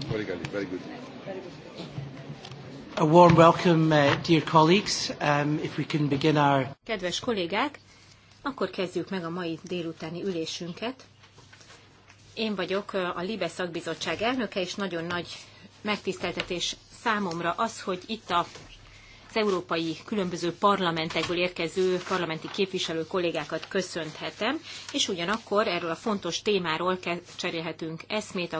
Very good. Very good. A warm welcome, uh, dear colleagues. Um, if we can begin our... Kedves kollégák, akkor kezdjük meg a mai délutáni ülésünket. Én vagyok uh, a Libe szakbizottság elnöke, és nagyon nagy megtiszteltetés számomra az, hogy itt a az európai különböző parlamentekből érkező parlamenti képviselő kollégákat köszönhetem, és ugyanakkor erről a fontos témáról cserélhetünk eszmét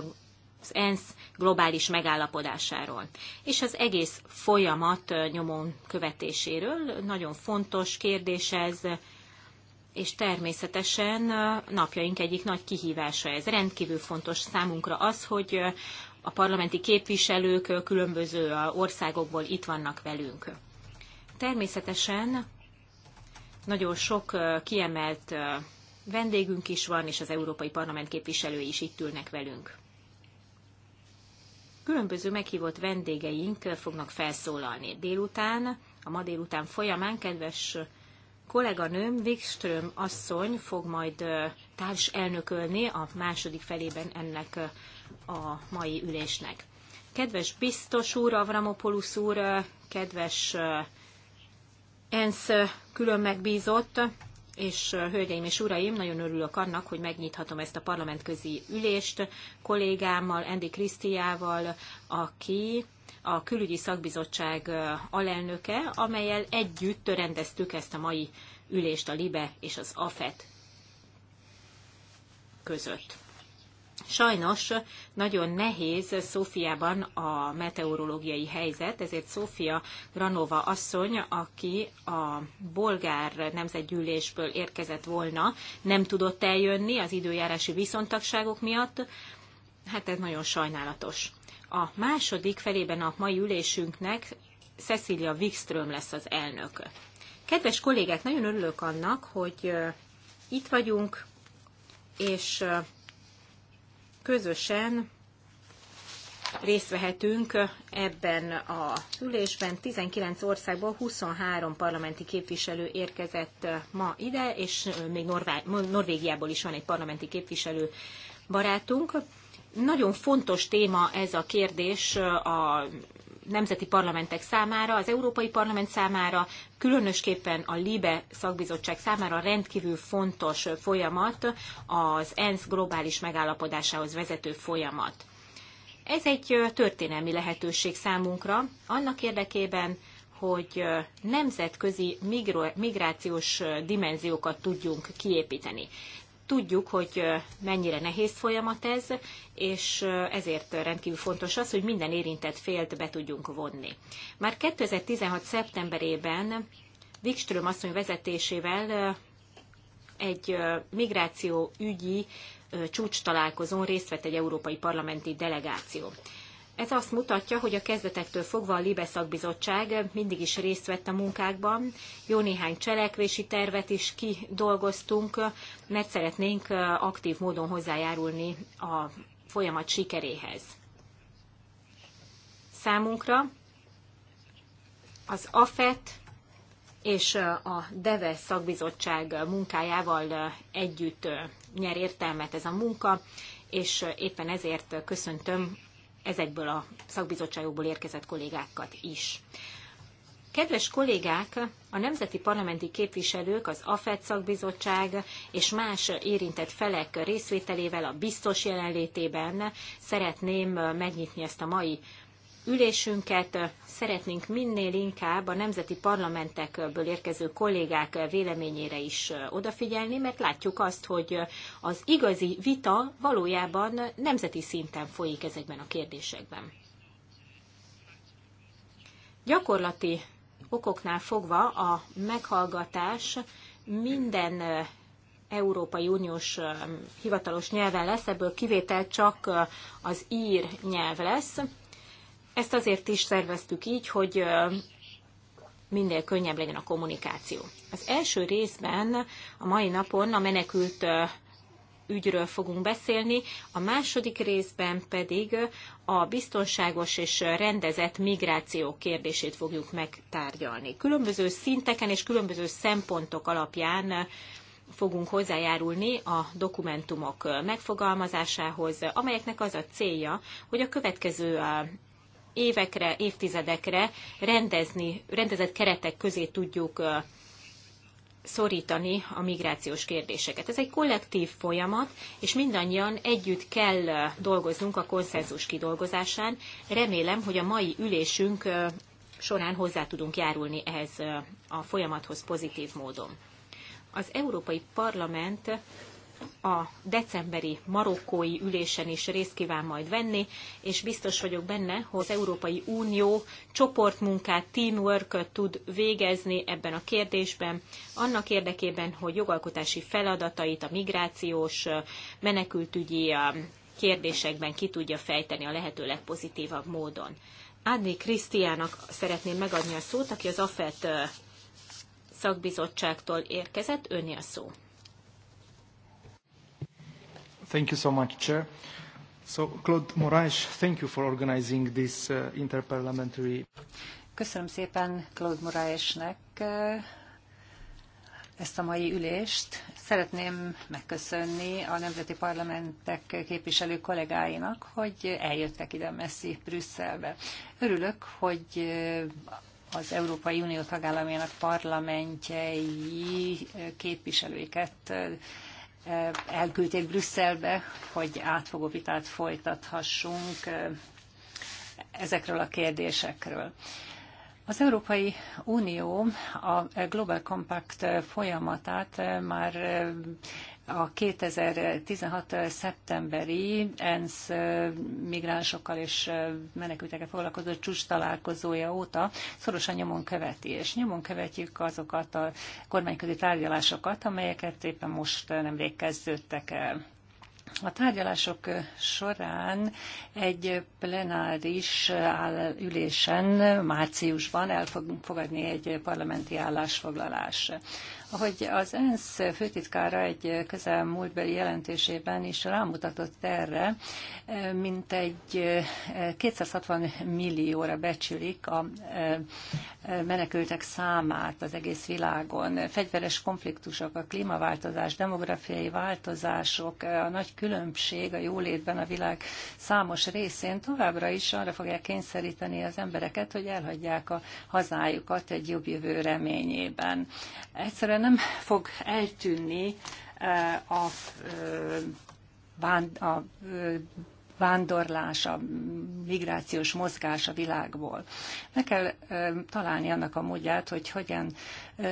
az ENSZ globális megállapodásáról. És az egész folyamat nyomon követéséről nagyon fontos kérdés ez, és természetesen napjaink egyik nagy kihívása ez. Rendkívül fontos számunkra az, hogy a parlamenti képviselők különböző országokból itt vannak velünk. Természetesen nagyon sok kiemelt vendégünk is van, és az Európai Parlament képviselői is itt ülnek velünk. Különböző meghívott vendégeink fognak felszólalni. Délután, a ma délután folyamán kedves kolléganőm Wikström asszony fog majd társ elnökölni a második felében ennek a mai ülésnek. Kedves biztos úr, Avramopoulos úr, kedves ENSZ külön megbízott, és hölgyeim és uraim, nagyon örülök annak, hogy megnyithatom ezt a parlamentközi ülést kollégámmal, Andy Krisztiával, aki a külügyi szakbizottság alelnöke, amelyel együtt rendeztük ezt a mai ülést a LIBE és az AFET között. Sajnos nagyon nehéz Szófiában a meteorológiai helyzet, ezért Szófia Granova asszony, aki a bolgár nemzetgyűlésből érkezett volna, nem tudott eljönni az időjárási viszontagságok miatt. Hát ez nagyon sajnálatos. A második felében a mai ülésünknek Cecilia Wikström lesz az elnök. Kedves kollégák, nagyon örülök annak, hogy itt vagyunk, és közösen részt vehetünk ebben a ülésben. 19 országból 23 parlamenti képviselő érkezett ma ide, és még Norvá- Norvégiából is van egy parlamenti képviselő barátunk. Nagyon fontos téma ez a kérdés a nemzeti parlamentek számára, az Európai Parlament számára, különösképpen a LIBE szakbizottság számára rendkívül fontos folyamat az ENSZ globális megállapodásához vezető folyamat. Ez egy történelmi lehetőség számunkra, annak érdekében, hogy nemzetközi migrációs dimenziókat tudjunk kiépíteni. Tudjuk, hogy mennyire nehéz folyamat ez, és ezért rendkívül fontos az, hogy minden érintett félt be tudjunk vonni. Már 2016. szeptemberében Wikström asszony vezetésével egy migráció ügyi csúcs találkozón részt vett egy európai parlamenti delegáció. Ez azt mutatja, hogy a kezdetektől fogva a Libe szakbizottság mindig is részt vett a munkákban. Jó néhány cselekvési tervet is kidolgoztunk, mert szeretnénk aktív módon hozzájárulni a folyamat sikeréhez. Számunkra az AFET és a DEVE szakbizottság munkájával együtt nyer értelmet ez a munka, és éppen ezért köszöntöm ezekből a szakbizottságokból érkezett kollégákat is. Kedves kollégák, a nemzeti parlamenti képviselők, az AFED szakbizottság és más érintett felek részvételével a biztos jelenlétében szeretném megnyitni ezt a mai ülésünket szeretnénk minél inkább a nemzeti parlamentekből érkező kollégák véleményére is odafigyelni, mert látjuk azt, hogy az igazi vita valójában nemzeti szinten folyik ezekben a kérdésekben. Gyakorlati okoknál fogva a meghallgatás minden Európai Uniós hivatalos nyelven lesz, ebből kivétel csak az ír nyelv lesz. Ezt azért is szerveztük így, hogy minél könnyebb legyen a kommunikáció. Az első részben a mai napon a menekült ügyről fogunk beszélni, a második részben pedig a biztonságos és rendezett migráció kérdését fogjuk megtárgyalni. Különböző szinteken és különböző szempontok alapján fogunk hozzájárulni a dokumentumok megfogalmazásához, amelyeknek az a célja, hogy a következő évekre, évtizedekre rendezni, rendezett keretek közé tudjuk szorítani a migrációs kérdéseket. Ez egy kollektív folyamat, és mindannyian együtt kell dolgoznunk a konszenzus kidolgozásán. Remélem, hogy a mai ülésünk során hozzá tudunk járulni ehhez a folyamathoz pozitív módon. Az Európai Parlament a decemberi marokkói ülésen is részt kíván majd venni, és biztos vagyok benne, hogy az Európai Unió csoportmunkát, teamwork tud végezni ebben a kérdésben, annak érdekében, hogy jogalkotási feladatait a migrációs, menekültügyi kérdésekben ki tudja fejteni a lehető legpozitívabb módon. Adni Krisztiának szeretném megadni a szót, aki az AFET szakbizottságtól érkezett, önni a szó. Thank you so much, Chair. So, Claude Moraes, thank you for organizing this uh, interparliamentary... Köszönöm szépen Claude Moraesnek uh, ezt a mai ülést. Szeretném megköszönni a nemzeti parlamentek képviselő kollégáinak, hogy eljöttek ide messzi Brüsszelbe. Örülök, hogy uh, az Európai Unió tagállamának parlamentjei uh, képviselőiket Eh, elküldték Brüsszelbe, hogy átfogó vitát folytathassunk eh, ezekről a kérdésekről. Az Európai Unió a Global Compact eh, folyamatát már a 2016. szeptemberi ENSZ migránsokkal és menekültekkel foglalkozó csúcs találkozója óta szorosan nyomon követi, és nyomon követjük azokat a kormányközi tárgyalásokat, amelyeket éppen most nemrég kezdődtek el. A tárgyalások során egy plenáris ülésen márciusban el fogunk fogadni egy parlamenti állásfoglalás. Ahogy az ENSZ főtitkára egy közelmúltbeli jelentésében is rámutatott erre, mint egy 260 millióra becsülik a menekültek számát az egész világon. Fegyveres konfliktusok, a klímaváltozás, demográfiai változások, a nagy különbség a jólétben a világ számos részén továbbra is arra fogják kényszeríteni az embereket, hogy elhagyják a hazájukat egy jobb jövő reményében. Egyszerűen nem fog eltűnni a, a, vándorlás, a migrációs mozgás a világból. Meg kell találni annak a módját, hogy hogyan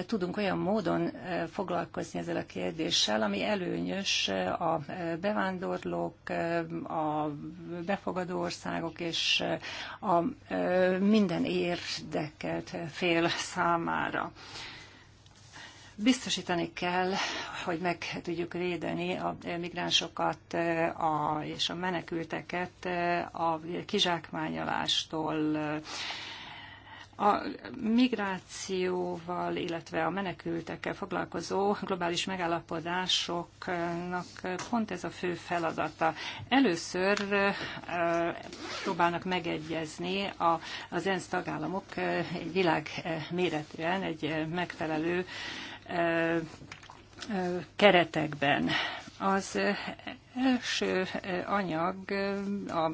tudunk olyan módon foglalkozni ezzel a kérdéssel, ami előnyös a bevándorlók, a befogadó országok és a minden érdekelt fél számára. Biztosítani kell, hogy meg tudjuk védeni a migránsokat a, és a menekülteket a kizsákmányolástól, a migrációval, illetve a menekültekkel foglalkozó globális megállapodásoknak pont ez a fő feladata. Először próbálnak megegyezni az ENSZ tagállamok világméretűen egy megfelelő keretekben. Az első anyag a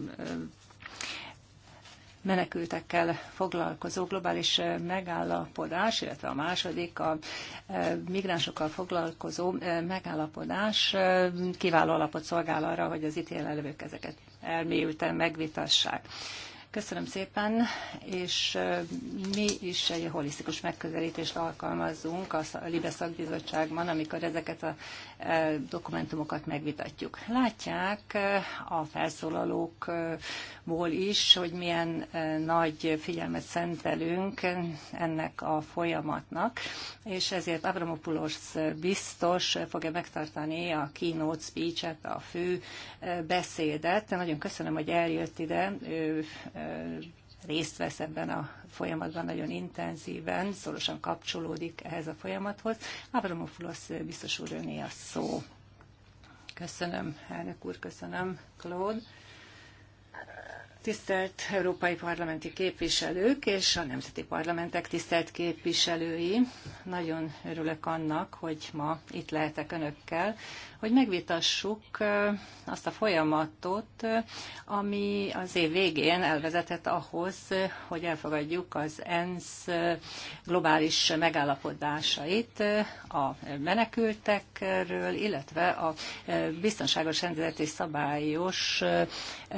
menekültekkel foglalkozó globális megállapodás, illetve a második a migránsokkal foglalkozó megállapodás kiváló alapot szolgál arra, hogy az ítélelők ezeket elmélyülten megvitassák. Köszönöm szépen, és mi is egy holisztikus megközelítést alkalmazzunk a Libe szakbizottságban, amikor ezeket a dokumentumokat megvitatjuk. Látják a felszólalókból is, hogy milyen nagy figyelmet szentelünk ennek a folyamatnak, és ezért Abramopoulos biztos fogja megtartani a keynote speech-et, a fő beszédet. Nagyon köszönöm, hogy eljött ide, ő részt vesz ebben a folyamatban nagyon intenzíven, szorosan kapcsolódik ehhez a folyamathoz. Avramopoulos biztos úr öné a szó. Köszönöm, elnök úr, köszönöm, Claude. Tisztelt Európai Parlamenti képviselők és a Nemzeti Parlamentek tisztelt képviselői, nagyon örülök annak, hogy ma itt lehetek önökkel hogy megvitassuk eh, azt a folyamatot, eh, ami az év végén elvezetett ahhoz, hogy elfogadjuk az ENSZ eh, globális megállapodásait a menekültekről, illetve a biztonságos rendezeti szabályos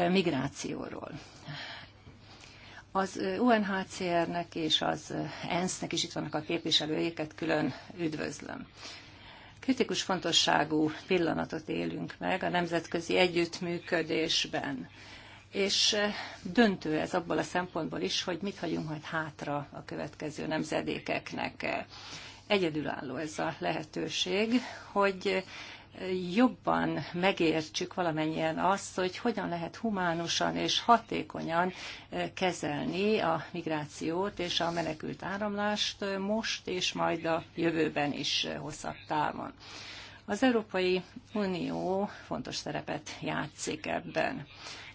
migrációról. Az UNHCR-nek és az ENSZ-nek is itt vannak a képviselőjéket, külön üdvözlöm kritikus fontosságú pillanatot élünk meg a nemzetközi együttműködésben. És eh, döntő ez abból a szempontból is, hogy mit hagyunk majd hátra a következő nemzedékeknek. Egyedülálló ez a lehetőség, hogy jobban megértsük valamennyien azt, hogy hogyan lehet humánusan és hatékonyan kezelni a migrációt és a menekült áramlást most és majd a jövőben is hosszabb távon. Az Európai Unió fontos szerepet játszik ebben.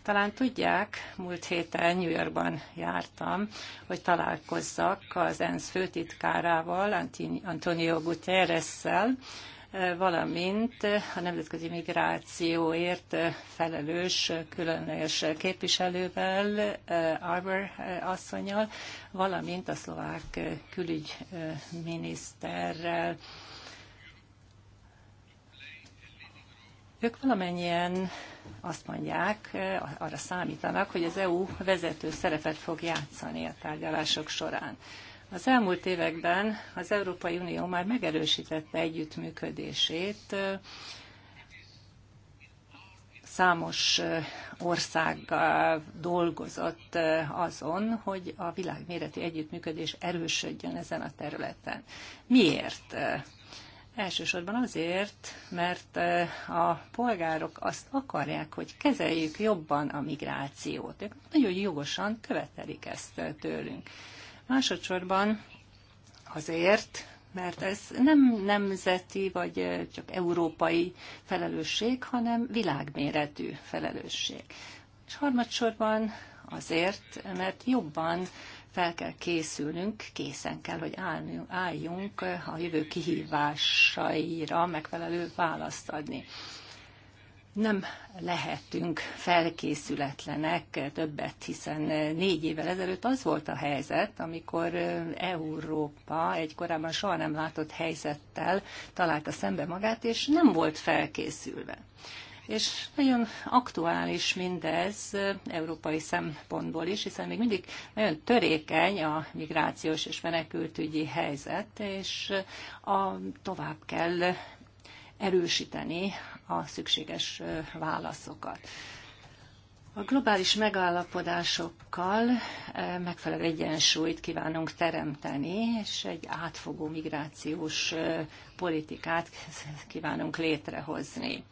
Talán tudják, múlt héten New Yorkban jártam, hogy találkozzak az ENSZ főtitkárával, Antonio Guterres-szel, valamint a nemzetközi migrációért felelős különleges képviselővel, eh, Arbor eh, asszonyal, valamint a szlovák külügyminiszterrel. Eh, Ők valamennyien azt mondják, arra számítanak, hogy az EU vezető szerepet fog játszani a tárgyalások során. Az elmúlt években az Európai Unió már megerősítette együttműködését számos ország dolgozott azon, hogy a világméreti együttműködés erősödjön ezen a területen. Miért? Elsősorban azért, mert a polgárok azt akarják, hogy kezeljük jobban a migrációt. Ők nagyon jogosan követelik ezt tőlünk. Másodszorban azért, mert ez nem nemzeti vagy csak európai felelősség, hanem világméretű felelősség. És harmadsorban azért, mert jobban fel kell készülnünk, készen kell, hogy álljunk a jövő kihívásaira megfelelő választ adni nem lehetünk felkészületlenek többet, hiszen négy évvel ezelőtt az volt a helyzet, amikor Európa egy korábban soha nem látott helyzettel találta szembe magát, és nem volt felkészülve. És nagyon aktuális mindez európai szempontból is, hiszen még mindig nagyon törékeny a migrációs és menekültügyi helyzet, és a, tovább kell erősíteni a szükséges válaszokat. A globális megállapodásokkal megfelelő egyensúlyt kívánunk teremteni, és egy átfogó migrációs politikát kívánunk létrehozni.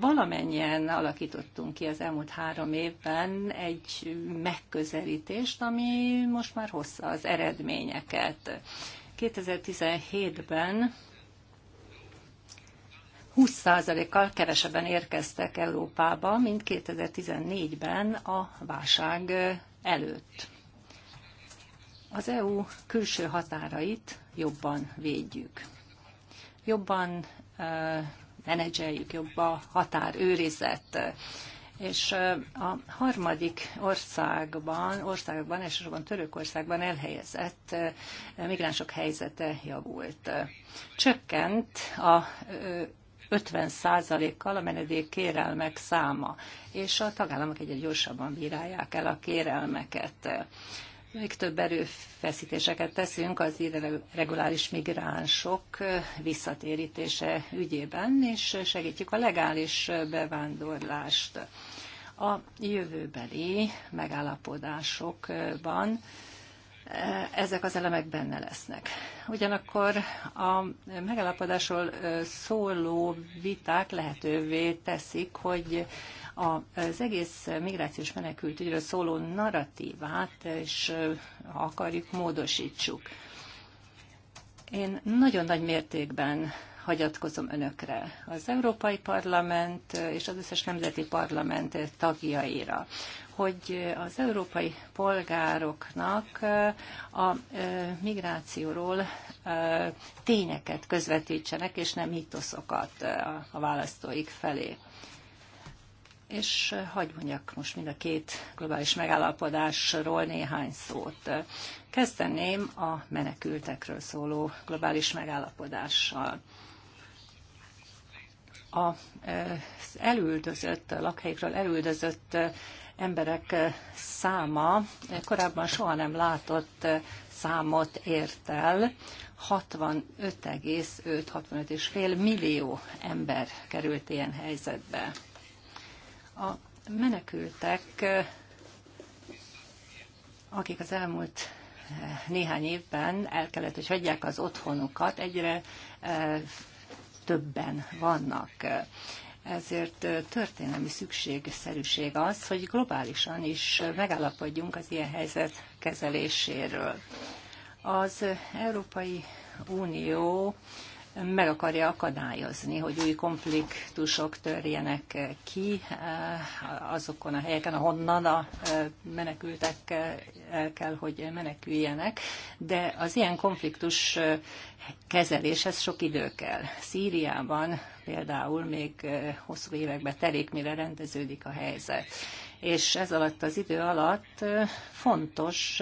Valamennyien alakítottunk ki az elmúlt három évben egy megközelítést, ami most már hozza az eredményeket. 2017-ben 20%-kal kevesebben érkeztek Európába, mint 2014-ben a válság előtt. Az EU külső határait jobban védjük. Jobban menedzseljük, jobb a határőrizet. És a harmadik országban, országokban, elsősorban Törökországban elhelyezett migránsok helyzete javult. Csökkent a 50%-kal a menedék kérelmek száma, és a tagállamok egyre gyorsabban bírálják el a kérelmeket. Még több erőfeszítéseket teszünk az irreguláris migránsok visszatérítése ügyében, és segítjük a legális bevándorlást. A jövőbeli megállapodásokban ezek az elemek benne lesznek. Ugyanakkor a megállapodásról szóló viták lehetővé teszik, hogy az egész migrációs menekült, ügyről szóló narratívát, és akarjuk, módosítsuk. Én nagyon nagy mértékben hagyatkozom önökre, az Európai Parlament és az összes nemzeti parlament tagjaira hogy az európai polgároknak a migrációról tényeket közvetítsenek, és nem hitoszokat a választóik felé. És hagyd mondjak most mind a két globális megállapodásról néhány szót. Kezdeném a menekültekről szóló globális megállapodással az elüldözött, a lakhelyükről elüldözött emberek eh, száma eh, korábban soha nem látott eh, számot ért el. 65,5-65,5 millió ember került ilyen helyzetbe. A menekültek, akik az elmúlt néhány évben el kellett, hogy hagyják az otthonukat, egyre többen vannak ezért történelmi szükségszerűség az, hogy globálisan is megállapodjunk az ilyen helyzet kezeléséről. Az Európai Unió meg akarja akadályozni, hogy új konfliktusok törjenek ki eh, azokon a helyeken, ahonnan a eh, menekültek eh, el kell, hogy meneküljenek, de az ilyen konfliktus kezeléshez sok idő kell. Szíriában például még hosszú évekbe telik, mire rendeződik a helyzet és ez alatt az idő alatt fontos,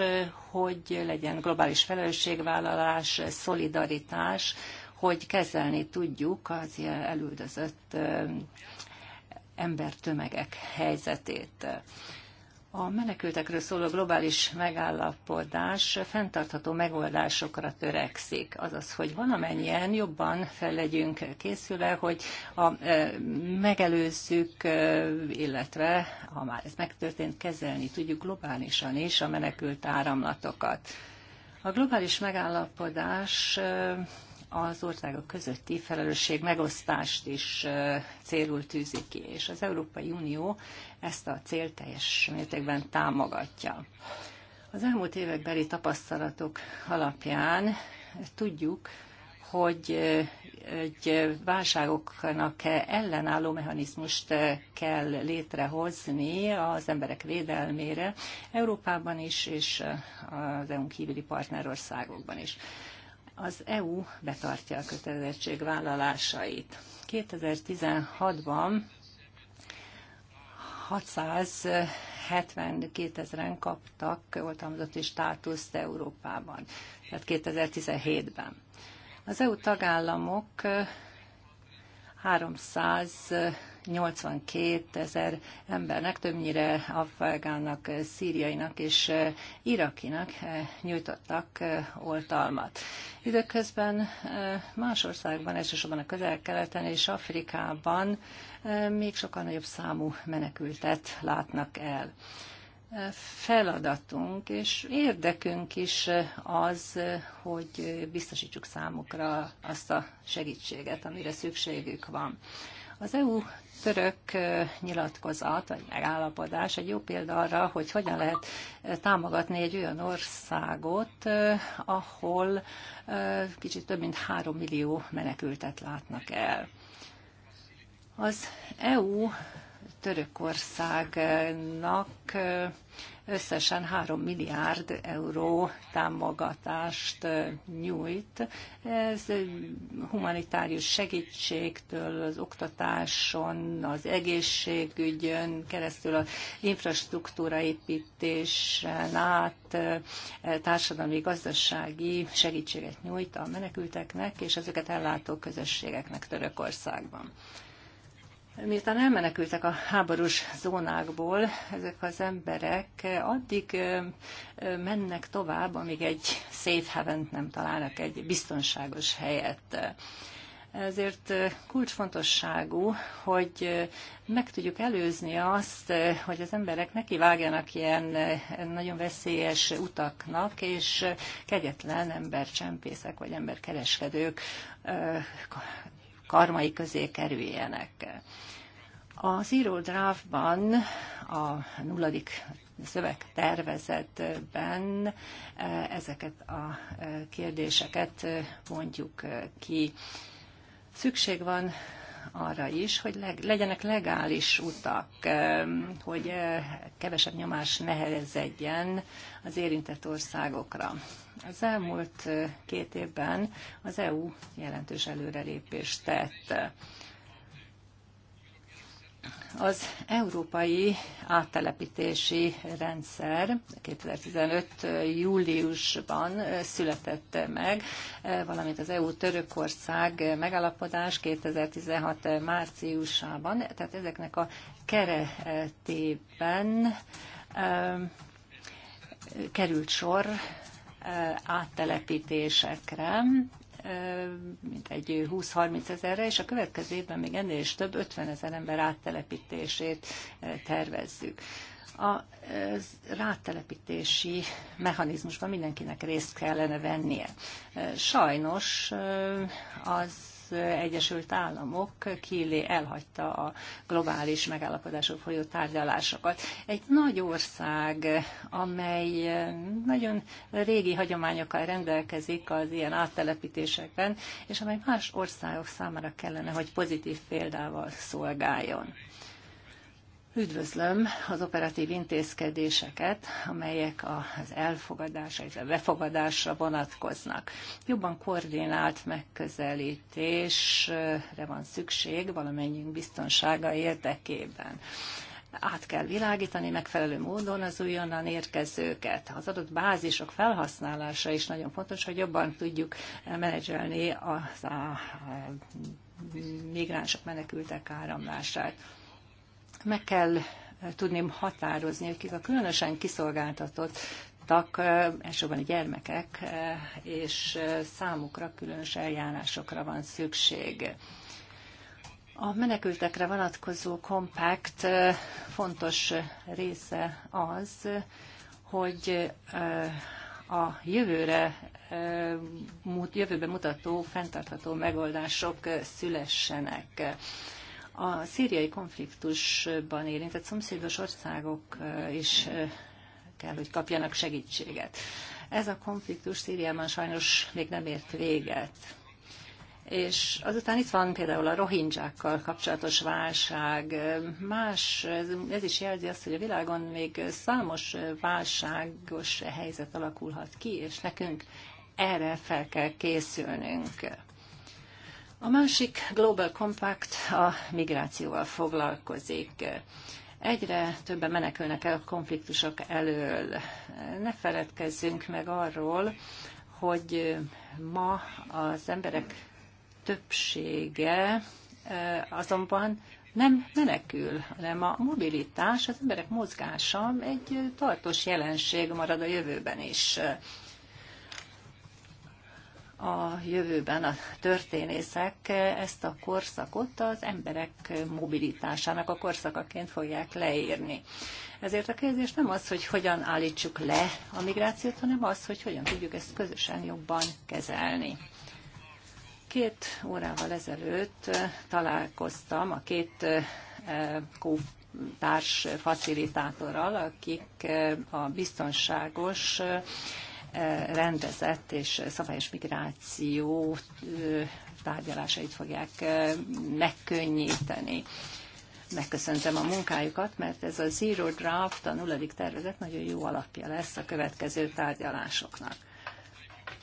hogy legyen globális felelősségvállalás, szolidaritás, hogy kezelni tudjuk az ilyen elüldözött embertömegek helyzetét. A menekültekről szóló globális megállapodás fenntartható megoldásokra törekszik, azaz, hogy valamennyien jobban fel legyünk készülve, hogy a, e, megelőzzük, e, illetve, ha már ez megtörtént, kezelni tudjuk globálisan is a menekült áramlatokat. A globális megállapodás e, az országok közötti felelősség megosztást is célul tűzik ki, és az Európai Unió ezt a cél teljes mértékben támogatja. Az elmúlt évekbeli tapasztalatok alapján tudjuk, hogy egy válságoknak ellenálló mechanizmust kell létrehozni az emberek védelmére Európában is, és az EU-n kívüli partnerországokban is az EU betartja a kötelezettség vállalásait. 2016-ban 672 ezeren kaptak oltalmazotti státuszt Európában, tehát 2017-ben. Az EU tagállamok 300 82 ezer embernek, többnyire afgának, szíriainak és eh, irakinak eh, nyújtottak eh, oltalmat. Időközben más országban, elsősorban a közel-keleten és Afrikában még sokkal nagyobb számú menekültet látnak el feladatunk és érdekünk is az, hogy biztosítsuk számukra azt a segítséget, amire szükségük van. Az EU török nyilatkozat, vagy megállapodás egy jó példa arra, hogy hogyan lehet támogatni egy olyan országot, ahol kicsit több mint három millió menekültet látnak el. Az EU Törökországnak összesen 3 milliárd euró támogatást nyújt. Ez humanitárius segítségtől, az oktatáson, az egészségügyön keresztül, az infrastruktúraépítésen át társadalmi, gazdasági segítséget nyújt a menekülteknek és ezeket ellátó közösségeknek Törökországban. Miután elmenekültek a háborús zónákból, ezek az emberek eh, addig eh, eh, mennek tovább, amíg egy safe haven nem találnak, egy biztonságos helyet. Ezért kulcsfontosságú, hogy meg tudjuk előzni azt, hogy az emberek kivágjanak ilyen nagyon veszélyes utaknak, és kegyetlen embercsempészek vagy emberkereskedők karmai közé kerüljenek. A író Draftban, a nulladik szöveg tervezetben e, ezeket a e, kérdéseket e, mondjuk ki. Szükség van arra is, hogy leg, legyenek legális utak, hogy kevesebb nyomás nehezedjen az érintett országokra. Az elmúlt két évben az EU jelentős előrelépést tett az európai áttelepítési rendszer 2015. júliusban született meg, valamint az EU-Törökország megállapodás 2016. márciusában, tehát ezeknek a keretében került sor áttelepítésekre mint egy 20-30 ezerre, és a következő évben még ennél is több 50 ezer ember áttelepítését e, tervezzük. A rátelepítési mechanizmusban mindenkinek részt kellene vennie. E, sajnos e, az Egyesült Államok Kíli elhagyta a globális megállapodások folyó tárgyalásokat. Egy nagy ország, amely nagyon régi hagyományokkal rendelkezik az ilyen áttelepítésekben, és amely más országok számára kellene, hogy pozitív példával szolgáljon. Üdvözlöm az operatív intézkedéseket, amelyek az elfogadásra, illetve befogadásra vonatkoznak. Jobban koordinált megközelítésre van szükség valamennyiünk biztonsága érdekében át kell világítani megfelelő módon az újonnan érkezőket. Az adott bázisok felhasználása is nagyon fontos, hogy jobban tudjuk menedzselni az a migránsok menekültek áramlását meg kell eh, tudném határozni, hogy kik a különösen kiszolgáltatott eh, elsősorban a gyermekek, eh, és számukra különös eljárásokra van szükség. A menekültekre vonatkozó kompakt fontos része az, hogy a jövőre jövőbe mutató, fenntartható megoldások szülessenek a szíriai konfliktusban érintett szomszédos országok is kell, hogy kapjanak segítséget. Ez a konfliktus Szíriában sajnos még nem ért véget. És azután itt van például a rohingyákkal kapcsolatos válság. Más, ez, ez is jelzi azt, hogy a világon még számos válságos helyzet alakulhat ki, és nekünk erre fel kell készülnünk. A másik Global Compact a migrációval foglalkozik. Egyre többen menekülnek el a konfliktusok elől. Ne feledkezzünk meg arról, hogy ma az emberek többsége azonban nem menekül, hanem a mobilitás, az emberek mozgása egy tartós jelenség marad a jövőben is a jövőben a történészek ezt a korszakot az emberek mobilitásának a korszakaként fogják leírni. Ezért a kérdés nem az, hogy hogyan állítsuk le a migrációt, hanem az, hogy hogyan tudjuk ezt közösen jobban kezelni. Két órával ezelőtt találkoztam a két e, társ facilitátorral, akik e, a biztonságos rendezett és szabályos migráció tárgyalásait fogják megkönnyíteni. Megköszöntem a munkájukat, mert ez a Zero Draft, a nulladik tervezet nagyon jó alapja lesz a következő tárgyalásoknak.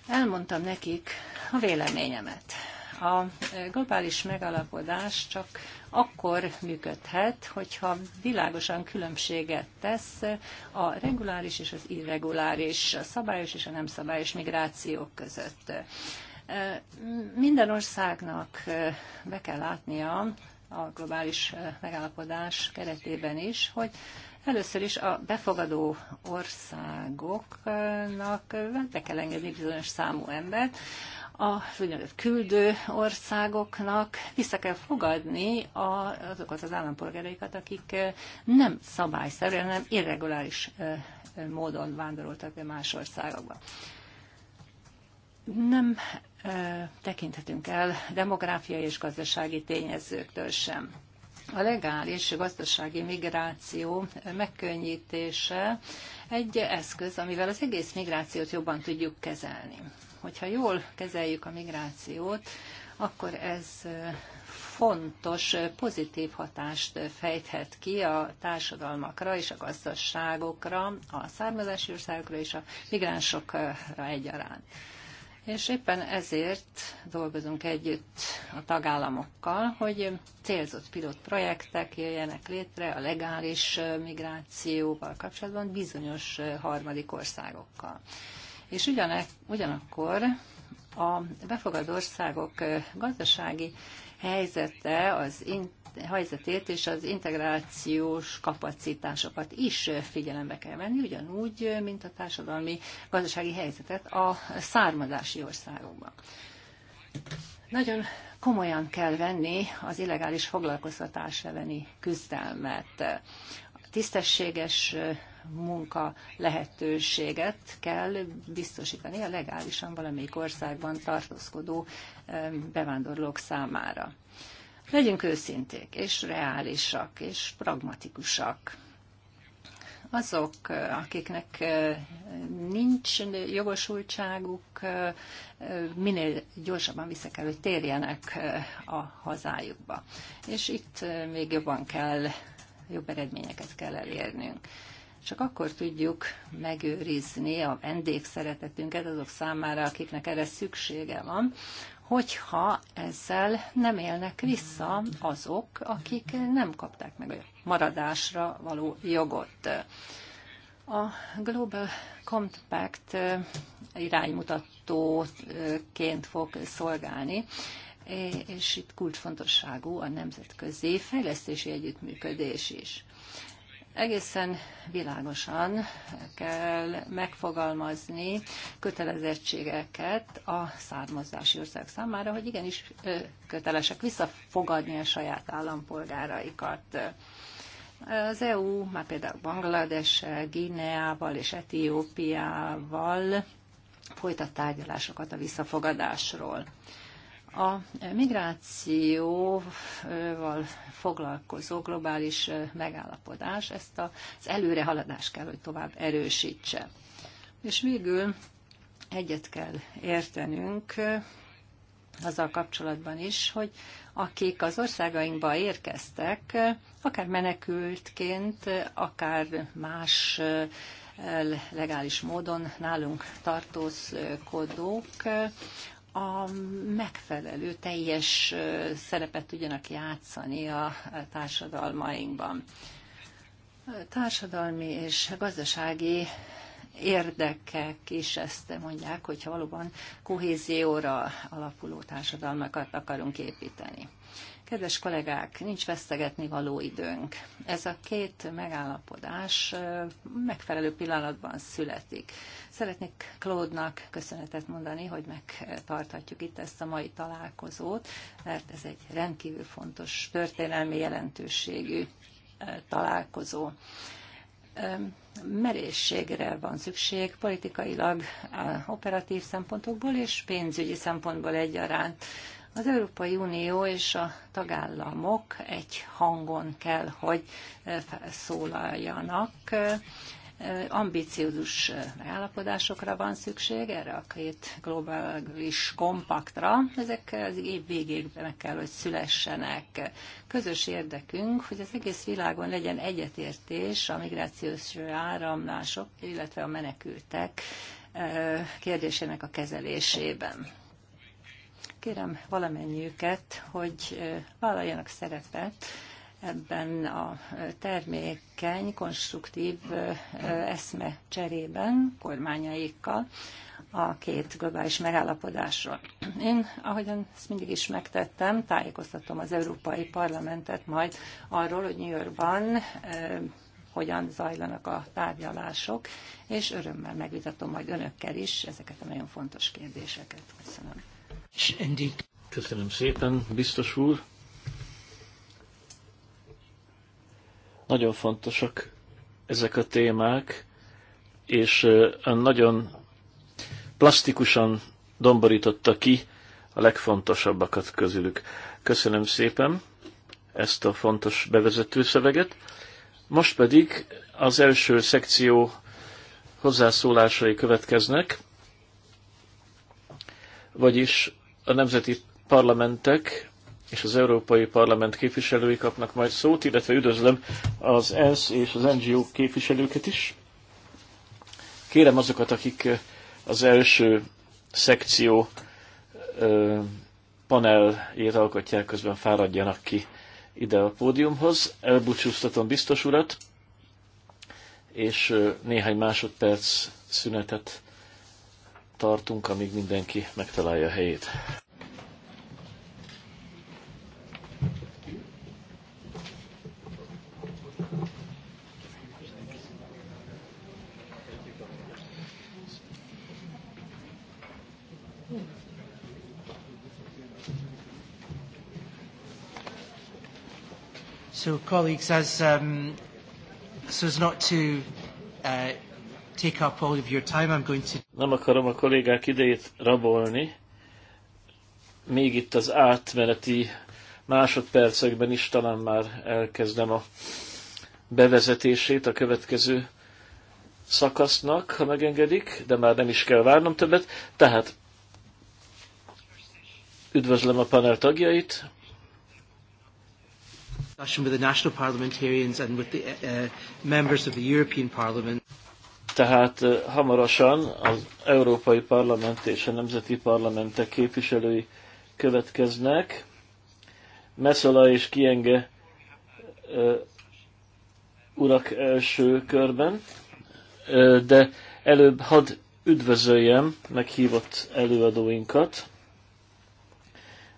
Elmondtam nekik a véleményemet a e, globális megalapodás csak akkor működhet, hogyha világosan különbséget tesz a reguláris és az irreguláris, a szabályos és a nem szabályos migrációk között. E, minden országnak e, be kell látnia a globális megállapodás keretében is, hogy Először is a befogadó országoknak be kell engedni bizonyos számú embert, az úgynevezett küldő országoknak vissza kell fogadni azokat az állampolgáraikat, akik nem szabályszerűen, hanem irreguláris módon vándoroltak be más országokba. Nem tekinthetünk el demográfiai és gazdasági tényezőktől sem. A legális gazdasági migráció megkönnyítése egy eszköz, amivel az egész migrációt jobban tudjuk kezelni hogyha jól kezeljük a migrációt, akkor ez fontos, pozitív hatást fejthet ki a társadalmakra és a gazdaságokra, a származási országokra és a migránsokra egyaránt. És éppen ezért dolgozunk együtt a tagállamokkal, hogy célzott pilot projektek jöjjenek létre a legális migrációval kapcsolatban bizonyos harmadik országokkal. És ugyanek, ugyanakkor a befogadó országok gazdasági helyzete az in, helyzetét és az integrációs kapacitásokat is figyelembe kell venni, ugyanúgy, mint a társadalmi gazdasági helyzetet a származási országokban. Nagyon komolyan kell venni az illegális foglalkoztatás elleni küzdelmet. A tisztességes munka lehetőséget kell biztosítani a legálisan valamelyik országban tartózkodó eh, bevándorlók számára. Legyünk őszinték, és reálisak, és pragmatikusak azok, eh, akiknek eh, nincs jogosultságuk, minél gyorsabban vissza kell, hogy térjenek a hazájukba. És itt még jobban kell, jobb eredményeket kell elérnünk. Csak akkor tudjuk megőrizni a vendégszeretetünket azok számára, akiknek erre szüksége van, hogyha ezzel nem élnek vissza azok, akik nem kapták meg a maradásra való jogot. A Global Compact iránymutatóként fog szolgálni, és itt kulcsfontosságú a nemzetközi fejlesztési együttműködés is. Egészen világosan kell megfogalmazni kötelezettségeket a származási ország számára, hogy igenis kötelesek visszafogadni a saját állampolgáraikat. Az EU már például Banglades, Gineával és Etiópiával folytat tárgyalásokat a visszafogadásról. A migrációval foglalkozó globális megállapodás ezt az előrehaladást kell, hogy tovább erősítse. És végül egyet kell értenünk azzal kapcsolatban is, hogy akik az országainkba érkeztek, akár menekültként, akár más legális módon nálunk tartózkodók, a megfelelő, teljes szerepet tudjanak játszani a társadalmainkban. Társadalmi és gazdasági érdekek is ezt mondják, hogyha valóban kohézióra alapuló társadalmakat akarunk építeni. Kedves kollégák, nincs vesztegetni való időnk. Ez a két megállapodás megfelelő pillanatban születik. Szeretnék Klódnak köszönetet mondani, hogy megtarthatjuk itt ezt a mai találkozót, mert ez egy rendkívül fontos, történelmi jelentőségű találkozó merészségre van szükség politikailag, operatív szempontokból és pénzügyi szempontból egyaránt. Az Európai Unió és a tagállamok egy hangon kell, hogy szólaljanak ambiciózus megállapodásokra van szükség, erre a két globális kompaktra. Ezek az év végéig meg kell, hogy szülessenek. Közös érdekünk, hogy az egész világon legyen egyetértés a migrációs áramlások, illetve a menekültek kérdésének a kezelésében. Kérem valamennyiüket, hogy vállaljanak szerepet ebben a termékeny, konstruktív eszme cserében kormányaikkal a két globális megállapodásról. Én, ahogyan ezt mindig is megtettem, tájékoztatom az Európai Parlamentet majd arról, hogy New Yorkban hogyan zajlanak a tárgyalások, és örömmel megvitatom majd önökkel is ezeket a nagyon fontos kérdéseket. Köszönöm. Köszönöm szépen, biztos úr. Nagyon fontosak ezek a témák, és nagyon plastikusan domborította ki a legfontosabbakat közülük. Köszönöm szépen ezt a fontos bevezető szöveget. Most pedig az első szekció hozzászólásai következnek, vagyis a nemzeti parlamentek és az Európai Parlament képviselői kapnak majd szót, illetve üdvözlöm az ENSZ és az NGO képviselőket is. Kérem azokat, akik az első szekció paneljét alkotják, közben fáradjanak ki ide a pódiumhoz. Elbúcsúztatom biztos urat, és néhány másodperc szünetet tartunk, amíg mindenki megtalálja a helyét. So, colleagues, as, um, so as not to uh, take up all of your time, I'm going to... Nem akarom a kollégák idejét rabolni. Még itt az átmeneti másodpercekben is talán már elkezdem a bevezetését a következő szakasznak, ha megengedik, de már nem is kell várnom többet. Tehát üdvözlöm a panel tagjait, tehát hamarosan az Európai Parlament és a Nemzeti Parlamentek képviselői következnek. Meszola és Kienge uh, urak első körben, uh, de előbb had üdvözöljem meghívott előadóinkat,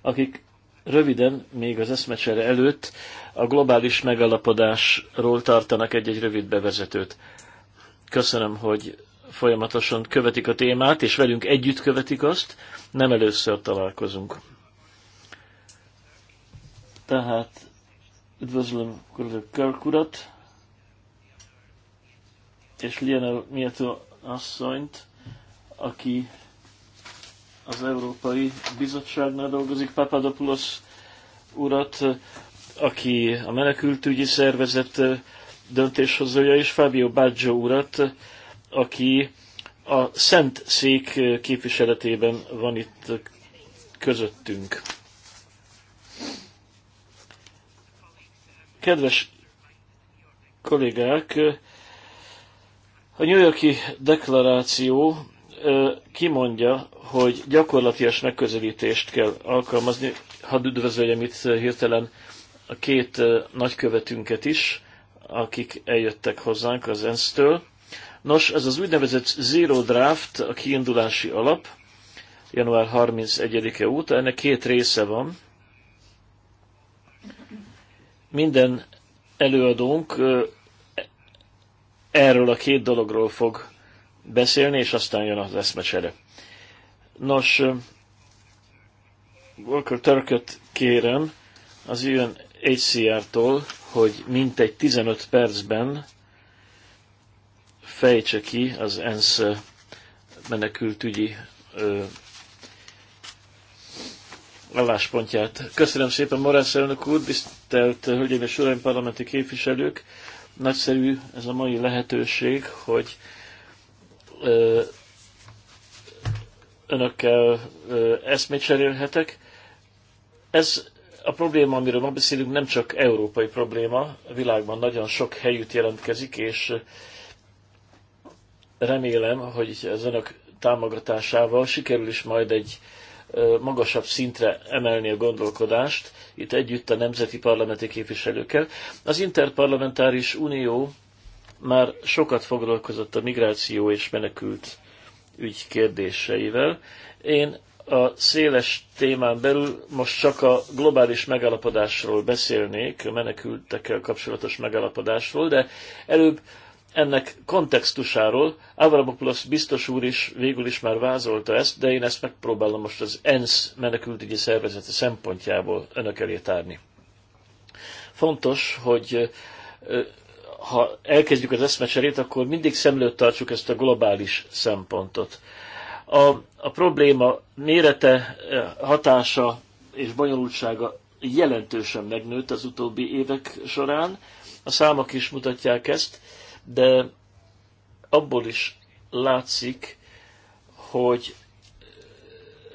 akik Röviden, még az eszmecsere előtt a globális megalapodásról tartanak egy-egy rövid bevezetőt. Köszönöm, hogy folyamatosan követik a témát, és velünk együtt követik azt, nem először találkozunk. Tehát üdvözlöm Körk urat, és Lionel Mieto asszonyt, aki az Európai Bizottságnál dolgozik, Papadopoulos urat, aki a menekültügyi szervezet döntéshozója, és Fábio Baggio urat, aki a Szent Szék képviseletében van itt közöttünk. Kedves kollégák, a New Yorki deklaráció kimondja, hogy gyakorlatias megközelítést kell alkalmazni. Hadd üdvözöljem itt hirtelen a két nagykövetünket is, akik eljöttek hozzánk az ENSZ-től. Nos, ez az úgynevezett Zero Draft, a kiindulási alap, január 31-e óta, ennek két része van. Minden előadónk erről a két dologról fog beszélni, és aztán jön az eszmecsere. Nos, Walker Törköt kérem az ilyen HCR-tól, hogy mintegy 15 percben fejtse ki az ENSZ menekültügyi ö, álláspontját. Köszönöm szépen, Morász elnök úr, tisztelt Hölgyeim és Uraim parlamenti képviselők! Nagyszerű ez a mai lehetőség, hogy ö, önökkel ö, eszmét cserélhetek. Ez a probléma, amiről ma beszélünk, nem csak európai probléma, a világban nagyon sok helyütt jelentkezik, és remélem, hogy az önök támogatásával sikerül is majd egy magasabb szintre emelni a gondolkodást, itt együtt a nemzeti parlamenti képviselőkkel. Az Interparlamentáris Unió már sokat foglalkozott a migráció és menekült ügy kérdéseivel. Én a széles témán belül most csak a globális megállapodásról beszélnék, a menekültekkel kapcsolatos megállapodásról, de előbb ennek kontextusáról Avramopoulos biztos úr is végül is már vázolta ezt, de én ezt megpróbálom most az ENSZ menekültügyi szervezete szempontjából önök elé tárni. Fontos, hogy ha elkezdjük az eszmecserét, akkor mindig szemlőtt tartsuk ezt a globális szempontot. A, a probléma mérete, e, hatása és bonyolultsága jelentősen megnőtt az utóbbi évek során. A számok is mutatják ezt, de abból is látszik, hogy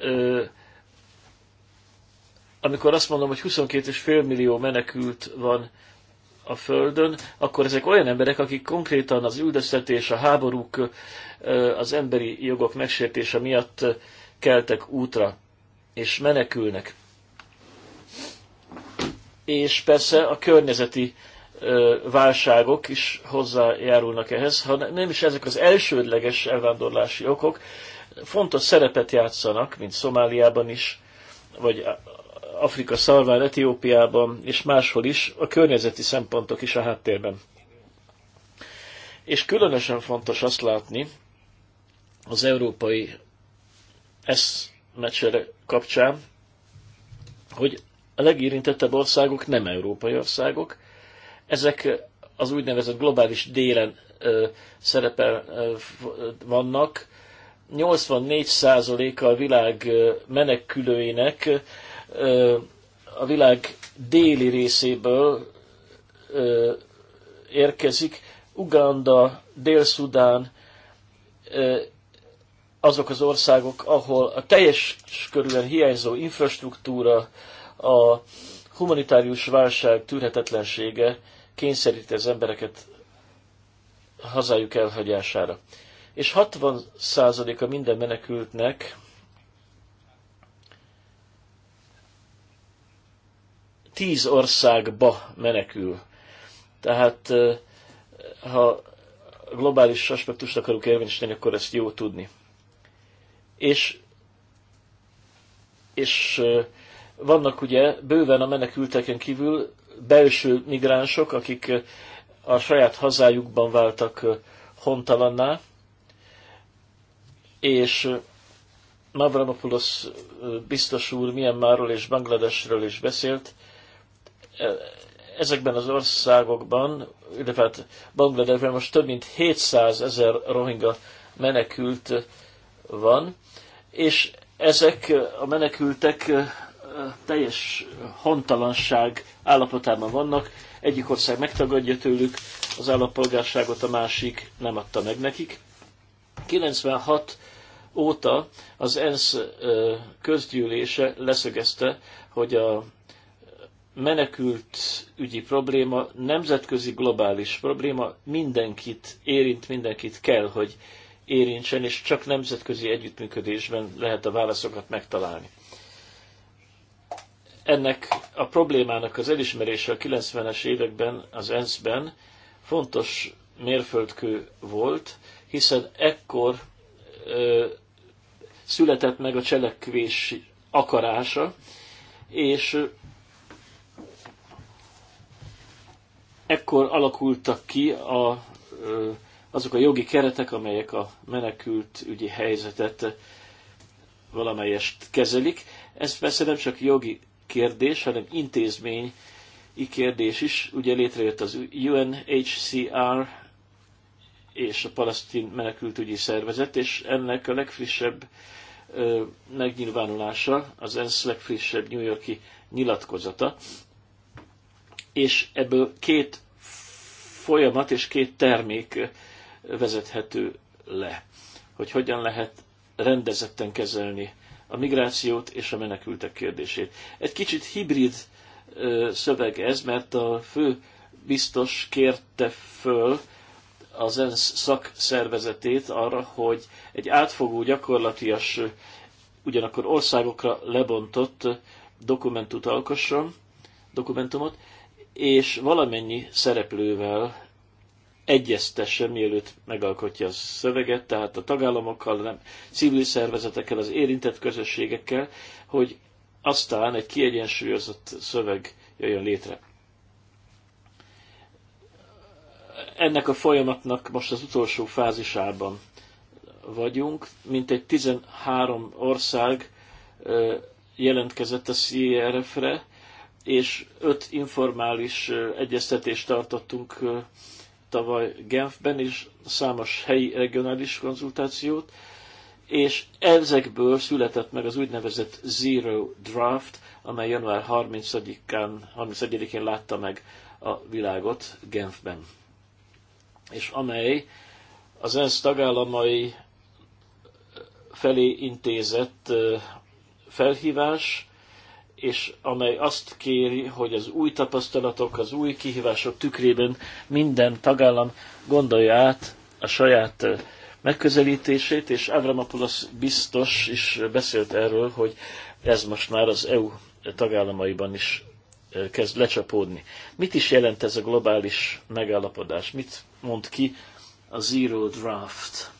ö, e, amikor azt mondom, hogy 22,5 millió menekült van a Földön, akkor ezek olyan emberek, akik konkrétan az üldöztetés, a háborúk, az emberi jogok megsértése miatt keltek útra, és menekülnek. És persze a környezeti válságok is hozzájárulnak ehhez, ha nem is ezek az elsődleges elvándorlási okok, fontos szerepet játszanak, mint Szomáliában is, vagy Afrika szalván, Etiópiában és máshol is a környezeti szempontok is a háttérben. És különösen fontos azt látni az európai eszmecsere kapcsán, hogy a legérintettebb országok nem európai országok. Ezek az úgynevezett globális délen ö, szerepel ö, vannak. 84% a világ menekülőinek a világ déli részéből érkezik, Uganda, Dél-Szudán, azok az országok, ahol a teljes körülön hiányzó infrastruktúra, a humanitárius válság tűrhetetlensége kényszeríti az embereket hazájuk elhagyására. És 60%-a minden menekültnek tíz országba menekül. Tehát ha globális aspektust akarunk érvényesíteni, akkor ezt jó tudni. És, és vannak ugye bőven a menekülteken kívül belső migránsok, akik a saját hazájukban váltak hontalanná, és Mavramopoulos biztos úr Myanmarról és Bangladesről is beszélt, ezekben az országokban, illetve hát Bangladesben most több mint 700 ezer rohingya menekült van, és ezek a menekültek teljes hontalanság állapotában vannak. Egyik ország megtagadja tőlük az állampolgárságot, a másik nem adta meg nekik. 96 óta az ENSZ közgyűlése leszögezte, hogy a menekült ügyi probléma, nemzetközi globális probléma, mindenkit érint, mindenkit kell, hogy érintsen, és csak nemzetközi együttműködésben lehet a válaszokat megtalálni. Ennek a problémának az elismerése a 90-es években az ENSZ-ben fontos mérföldkő volt, hiszen ekkor ö, született meg a cselekvés akarása, és Ekkor alakultak ki a, azok a jogi keretek, amelyek a menekült ügyi helyzetet valamelyest kezelik. Ez persze nem csak jogi kérdés, hanem intézményi kérdés is. Ugye létrejött az UNHCR és a palesztin menekültügyi szervezet, és ennek a legfrissebb megnyilvánulása, az ENSZ legfrissebb New Yorki nyilatkozata, és ebből két folyamat és két termék vezethető le, hogy hogyan lehet rendezetten kezelni a migrációt és a menekültek kérdését. Egy kicsit hibrid szöveg ez, mert a fő biztos kérte föl az ENSZ szakszervezetét arra, hogy egy átfogó, gyakorlatias, ugyanakkor országokra lebontott dokumentumot alkosson, dokumentumot, és valamennyi szereplővel egyeztesse, mielőtt megalkotja a szöveget, tehát a tagállamokkal, nem, civil szervezetekkel, az érintett közösségekkel, hogy aztán egy kiegyensúlyozott szöveg jöjjön létre. Ennek a folyamatnak most az utolsó fázisában vagyunk, mint egy 13 ország jelentkezett a CRF-re, és öt informális egyeztetést tartottunk tavaly Genfben, és számos helyi regionális konzultációt, és ezekből született meg az úgynevezett Zero Draft, amely január 30-án, 31-én látta meg a világot Genfben, és amely az ENSZ tagállamai felé intézett felhívás, és amely azt kéri, hogy az új tapasztalatok, az új kihívások tükrében minden tagállam gondolja át a saját megközelítését, és Avramopoulos biztos is beszélt erről, hogy ez most már az EU tagállamaiban is kezd lecsapódni. Mit is jelent ez a globális megállapodás? Mit mond ki a Zero Draft?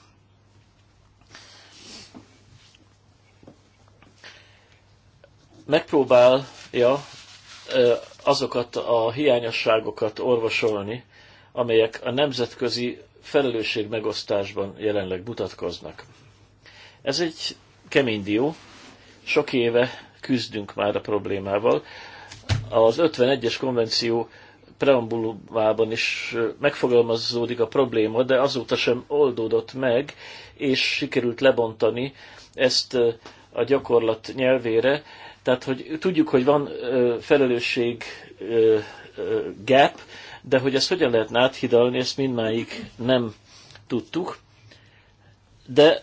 megpróbálja azokat a hiányosságokat orvosolni, amelyek a nemzetközi felelősség megosztásban jelenleg mutatkoznak. Ez egy kemény dió, sok éve küzdünk már a problémával. Az 51-es konvenció preambulumában is megfogalmazódik a probléma, de azóta sem oldódott meg, és sikerült lebontani ezt a gyakorlat nyelvére. Tehát, hogy tudjuk, hogy van ö, felelősség ö, ö, gap, de hogy ezt hogyan lehetne áthidalni, ezt mindmáig nem tudtuk. De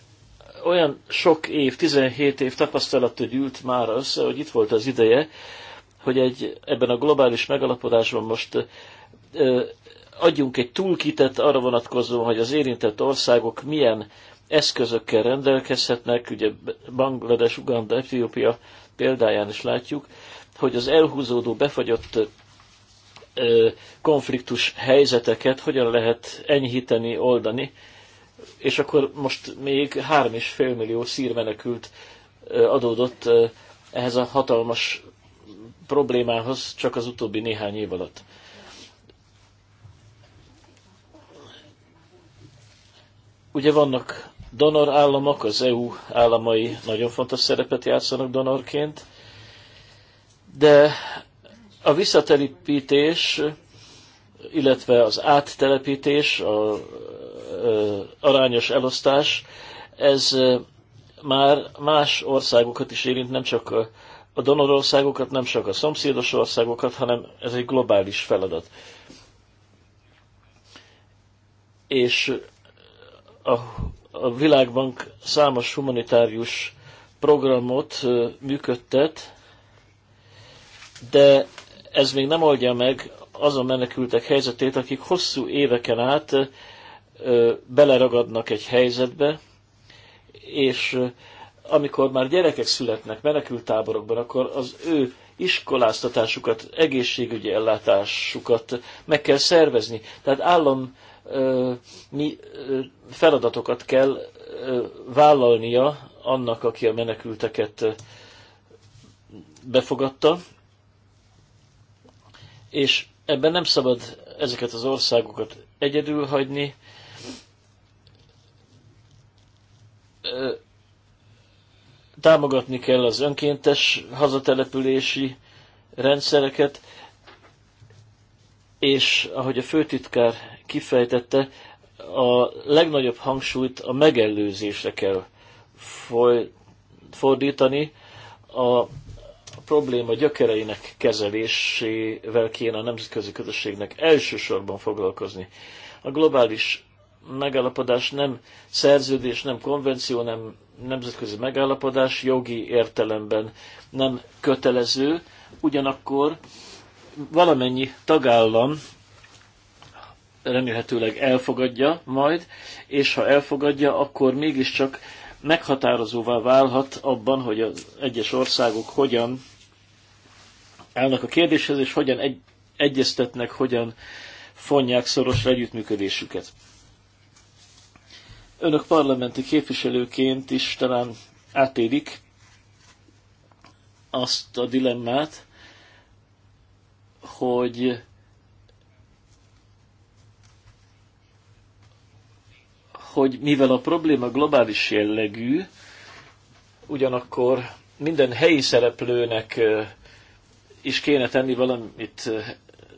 olyan sok év, 17 év tapasztalattal gyűlt már össze, hogy itt volt az ideje, hogy egy, ebben a globális megalapodásban most ö, adjunk egy túlkitet arra vonatkozóan, hogy az érintett országok milyen eszközökkel rendelkezhetnek, ugye Banglades, Uganda, Etiópia példáján is látjuk, hogy az elhúzódó, befagyott konfliktus helyzeteket hogyan lehet enyhíteni, oldani, és akkor most még 3,5 millió szírmenekült adódott ehhez a hatalmas problémához csak az utóbbi néhány év alatt. Ugye vannak donor államok, az EU államai nagyon fontos szerepet játszanak donorként, de a visszatelepítés, illetve az áttelepítés, a, a, a arányos elosztás, ez már más országokat is érint, nem csak a, a donorországokat, nem csak a szomszédos országokat, hanem ez egy globális feladat. És a a Világbank számos humanitárius programot működtet, de ez még nem oldja meg azon menekültek helyzetét, akik hosszú éveken át beleragadnak egy helyzetbe, és amikor már gyerekek születnek menekültáborokban, akkor az ő iskoláztatásukat, egészségügyi ellátásukat meg kell szervezni. Tehát állam mi feladatokat kell vállalnia annak, aki a menekülteket befogadta, és ebben nem szabad ezeket az országokat egyedül hagyni. Támogatni kell az önkéntes hazatelepülési rendszereket, és ahogy a főtitkár kifejtette, a legnagyobb hangsúlyt a megelőzésre kell foly, fordítani, a probléma gyökereinek kezelésével kéne a nemzetközi közösségnek elsősorban foglalkozni. A globális megállapodás nem szerződés, nem konvenció, nem nemzetközi megállapodás, jogi értelemben nem kötelező, ugyanakkor valamennyi tagállam remélhetőleg elfogadja majd, és ha elfogadja, akkor mégiscsak meghatározóvá válhat abban, hogy az egyes országok hogyan állnak a kérdéshez, és hogyan egy, egyeztetnek, hogyan fonják szoros együttműködésüket. Önök parlamenti képviselőként is talán átélik azt a dilemmát, hogy hogy mivel a probléma globális jellegű, ugyanakkor minden helyi szereplőnek is kéne tenni valamit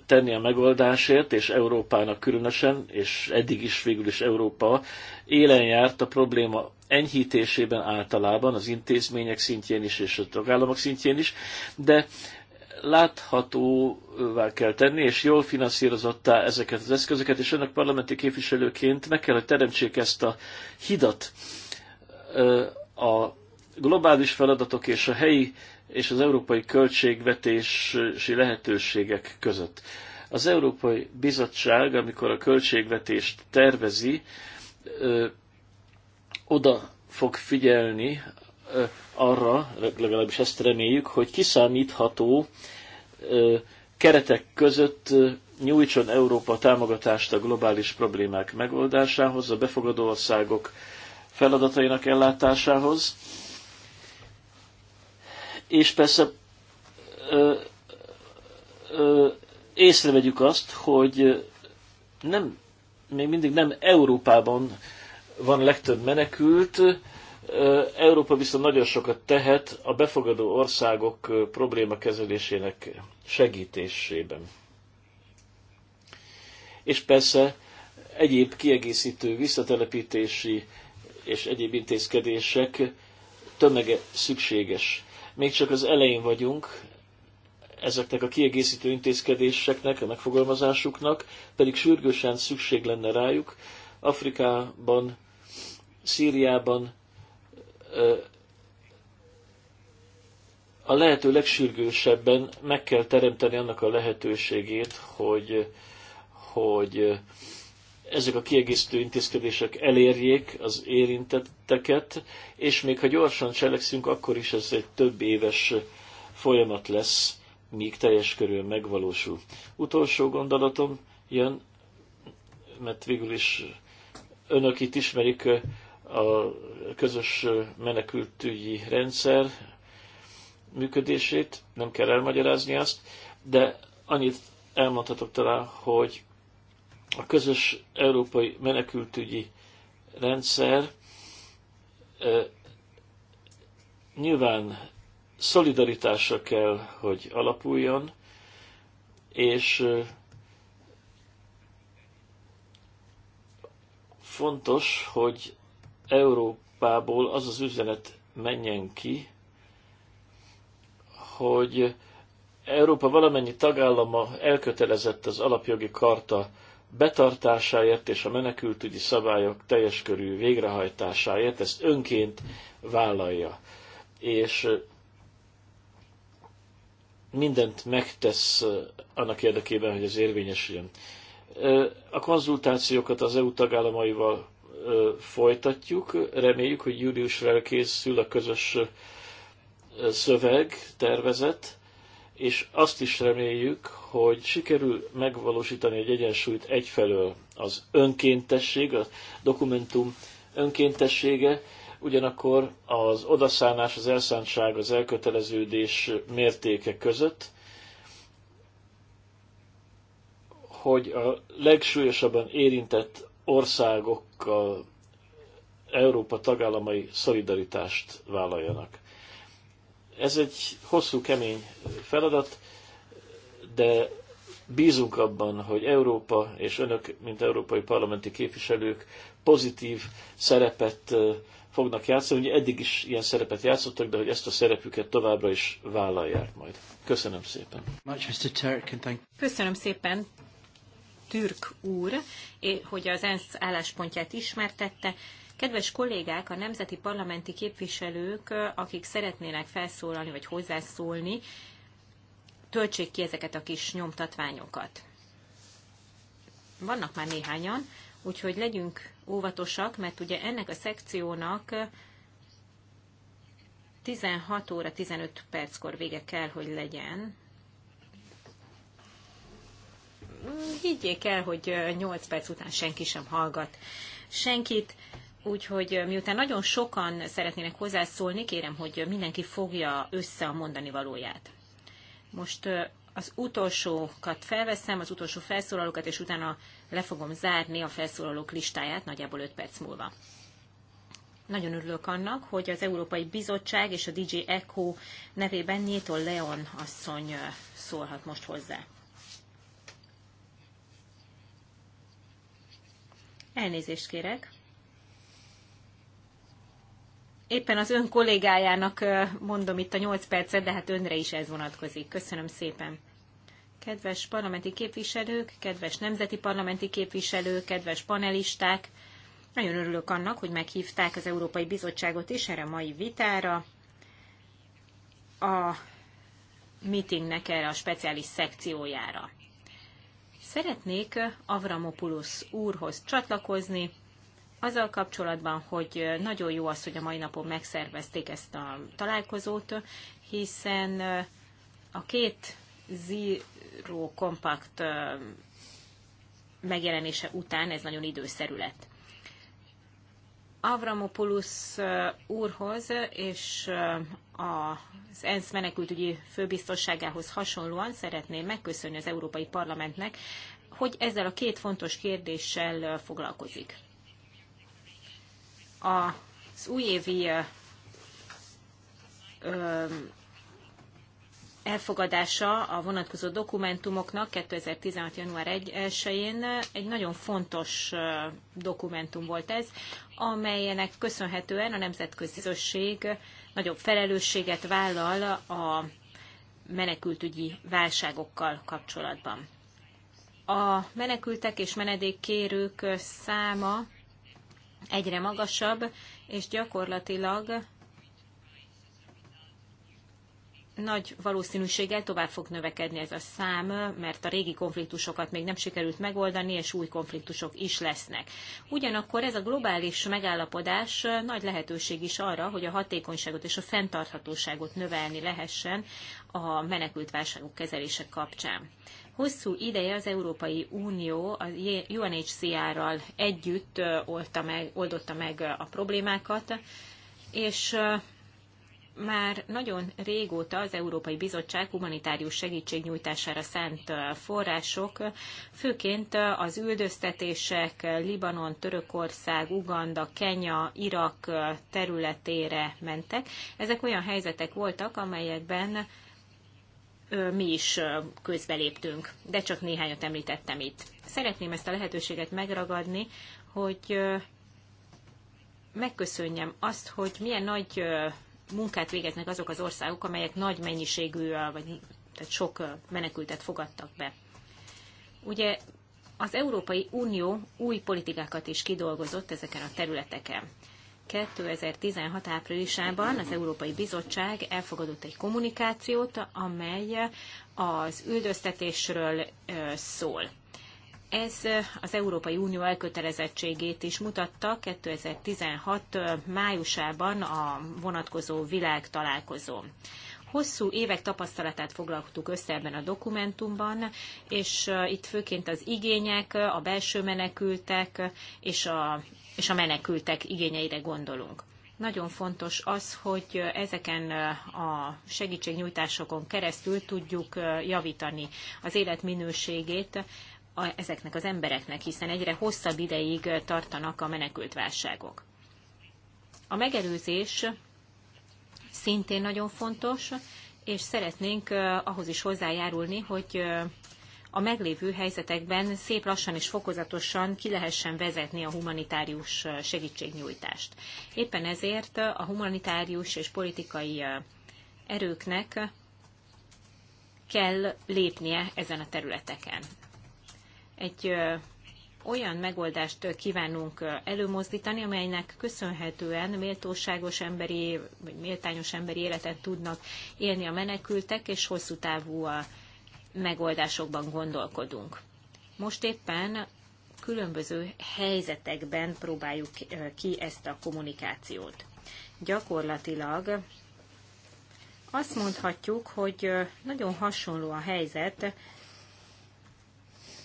tenni a megoldásért, és Európának különösen, és eddig is végül is Európa élen járt a probléma enyhítésében általában, az intézmények szintjén is, és a tagállamok szintjén is, de láthatóvá kell tenni, és jól finanszírozottá ezeket az eszközöket, és önök parlamenti képviselőként meg kell, hogy teremtsék ezt a hidat a globális feladatok és a helyi és az európai költségvetési lehetőségek között. Az Európai Bizottság, amikor a költségvetést tervezi, oda fog figyelni arra, legalábbis ezt reméljük, hogy kiszámítható keretek között nyújtson Európa támogatást a globális problémák megoldásához, a befogadó országok feladatainak ellátásához, és persze észrevegyük azt, hogy nem, még mindig nem Európában van legtöbb menekült, Európa viszont nagyon sokat tehet a befogadó országok probléma kezelésének segítésében. És persze egyéb kiegészítő visszatelepítési és egyéb intézkedések tömege szükséges. Még csak az elején vagyunk ezeknek a kiegészítő intézkedéseknek, a megfogalmazásuknak, pedig sürgősen szükség lenne rájuk. Afrikában, Szíriában, a lehető legsürgősebben meg kell teremteni annak a lehetőségét, hogy, hogy ezek a kiegészítő intézkedések elérjék az érintetteket, és még ha gyorsan cselekszünk, akkor is ez egy több éves folyamat lesz, míg teljes körül megvalósul. Utolsó gondolatom jön, mert végül is önök itt ismerik a közös menekültügyi rendszer működését, nem kell elmagyarázni azt, de annyit elmondhatok talán, hogy a közös európai menekültügyi rendszer nyilván szolidaritásra kell, hogy alapuljon, és fontos, hogy Európából az az üzenet menjen ki, hogy Európa valamennyi tagállama elkötelezett az alapjogi karta betartásáért és a menekültügyi szabályok teljes körű végrehajtásáért, ezt önként vállalja. És mindent megtesz annak érdekében, hogy az érvényesüljön. A konzultációkat az EU tagállamaival folytatjuk. Reméljük, hogy júliusra elkészül a közös szöveg, tervezet, és azt is reméljük, hogy sikerül megvalósítani egy egyensúlyt egyfelől az önkéntesség, a dokumentum önkéntessége, ugyanakkor az odaszánás, az elszántság, az elköteleződés mértéke között, hogy a legsúlyosabban érintett országokkal, Európa tagállamai szolidaritást vállaljanak. Ez egy hosszú, kemény feladat, de bízunk abban, hogy Európa és önök, mint európai parlamenti képviselők pozitív szerepet fognak játszani. Ugye eddig is ilyen szerepet játszottak, de hogy ezt a szerepüket továbbra is vállalják majd. Köszönöm szépen. Köszönöm szépen Türk úr, hogy az ENSZ álláspontját ismertette. Kedves kollégák, a nemzeti parlamenti képviselők, akik szeretnének felszólalni vagy hozzászólni, töltsék ki ezeket a kis nyomtatványokat. Vannak már néhányan, úgyhogy legyünk óvatosak, mert ugye ennek a szekciónak 16 óra 15 perckor vége kell, hogy legyen, higgyék el, hogy 8 perc után senki sem hallgat senkit, úgyhogy miután nagyon sokan szeretnének hozzászólni, kérem, hogy mindenki fogja össze a mondani valóját. Most az utolsókat felveszem, az utolsó felszólalókat, és utána le fogom zárni a felszólalók listáját nagyjából 5 perc múlva. Nagyon örülök annak, hogy az Európai Bizottság és a DJ Echo nevében Nyitol Leon asszony szólhat most hozzá. Elnézést kérek. Éppen az ön kollégájának mondom itt a 8 percet, de hát önre is ez vonatkozik. Köszönöm szépen. Kedves parlamenti képviselők, kedves nemzeti parlamenti képviselők, kedves panelisták, nagyon örülök annak, hogy meghívták az Európai Bizottságot is erre a mai vitára. A meetingnek erre a speciális szekciójára. Szeretnék Avramopulus úrhoz csatlakozni, azzal kapcsolatban, hogy nagyon jó az, hogy a mai napon megszervezték ezt a találkozót, hiszen a két Zero Compact megjelenése után ez nagyon időszerű lett. Avramopoulos úrhoz és az ENSZ menekültügyi főbiztosságához hasonlóan szeretném megköszönni az Európai Parlamentnek, hogy ezzel a két fontos kérdéssel foglalkozik. Az újévi elfogadása a vonatkozó dokumentumoknak 2016. január 1-én egy nagyon fontos dokumentum volt ez, amelyenek köszönhetően a nemzetközi közösség nagyobb felelősséget vállal a menekültügyi válságokkal kapcsolatban. A menekültek és menedékkérők száma egyre magasabb, és gyakorlatilag nagy valószínűséggel tovább fog növekedni ez a szám, mert a régi konfliktusokat még nem sikerült megoldani, és új konfliktusok is lesznek. Ugyanakkor ez a globális megállapodás nagy lehetőség is arra, hogy a hatékonyságot és a fenntarthatóságot növelni lehessen a menekült válságok kezelése kapcsán. Hosszú ideje az Európai Unió a UNHCR-ral együtt oldotta meg a problémákat, és már nagyon régóta az Európai Bizottság humanitárius segítségnyújtására szánt források, főként az üldöztetések Libanon, Törökország, Uganda, Kenya, Irak területére mentek. Ezek olyan helyzetek voltak, amelyekben mi is közbeléptünk, de csak néhányat említettem itt. Szeretném ezt a lehetőséget megragadni, hogy megköszönjem azt, hogy milyen nagy munkát végeznek azok az országok, amelyek nagy mennyiségű, vagy tehát sok menekültet fogadtak be. Ugye az Európai Unió új politikákat is kidolgozott ezeken a területeken. 2016 áprilisában az Európai Bizottság elfogadott egy kommunikációt, amely az üldöztetésről szól. Ez az Európai Unió elkötelezettségét is mutatta 2016. májusában a vonatkozó világ találkozón. Hosszú évek tapasztalatát foglaltuk össze ebben a dokumentumban, és itt főként az igények, a belső menekültek és a, és a menekültek igényeire gondolunk nagyon fontos az, hogy ezeken a segítségnyújtásokon keresztül tudjuk javítani az életminőségét a, ezeknek az embereknek, hiszen egyre hosszabb ideig tartanak a menekült válságok. A megelőzés szintén nagyon fontos, és szeretnénk ahhoz is hozzájárulni, hogy a meglévő helyzetekben szép lassan és fokozatosan ki lehessen vezetni a humanitárius segítségnyújtást. Éppen ezért a humanitárius és politikai erőknek kell lépnie ezen a területeken egy olyan megoldást kívánunk előmozdítani, amelynek köszönhetően méltóságos emberi, vagy méltányos emberi életet tudnak élni a menekültek, és hosszú távú a megoldásokban gondolkodunk. Most éppen különböző helyzetekben próbáljuk ki ezt a kommunikációt. Gyakorlatilag azt mondhatjuk, hogy nagyon hasonló a helyzet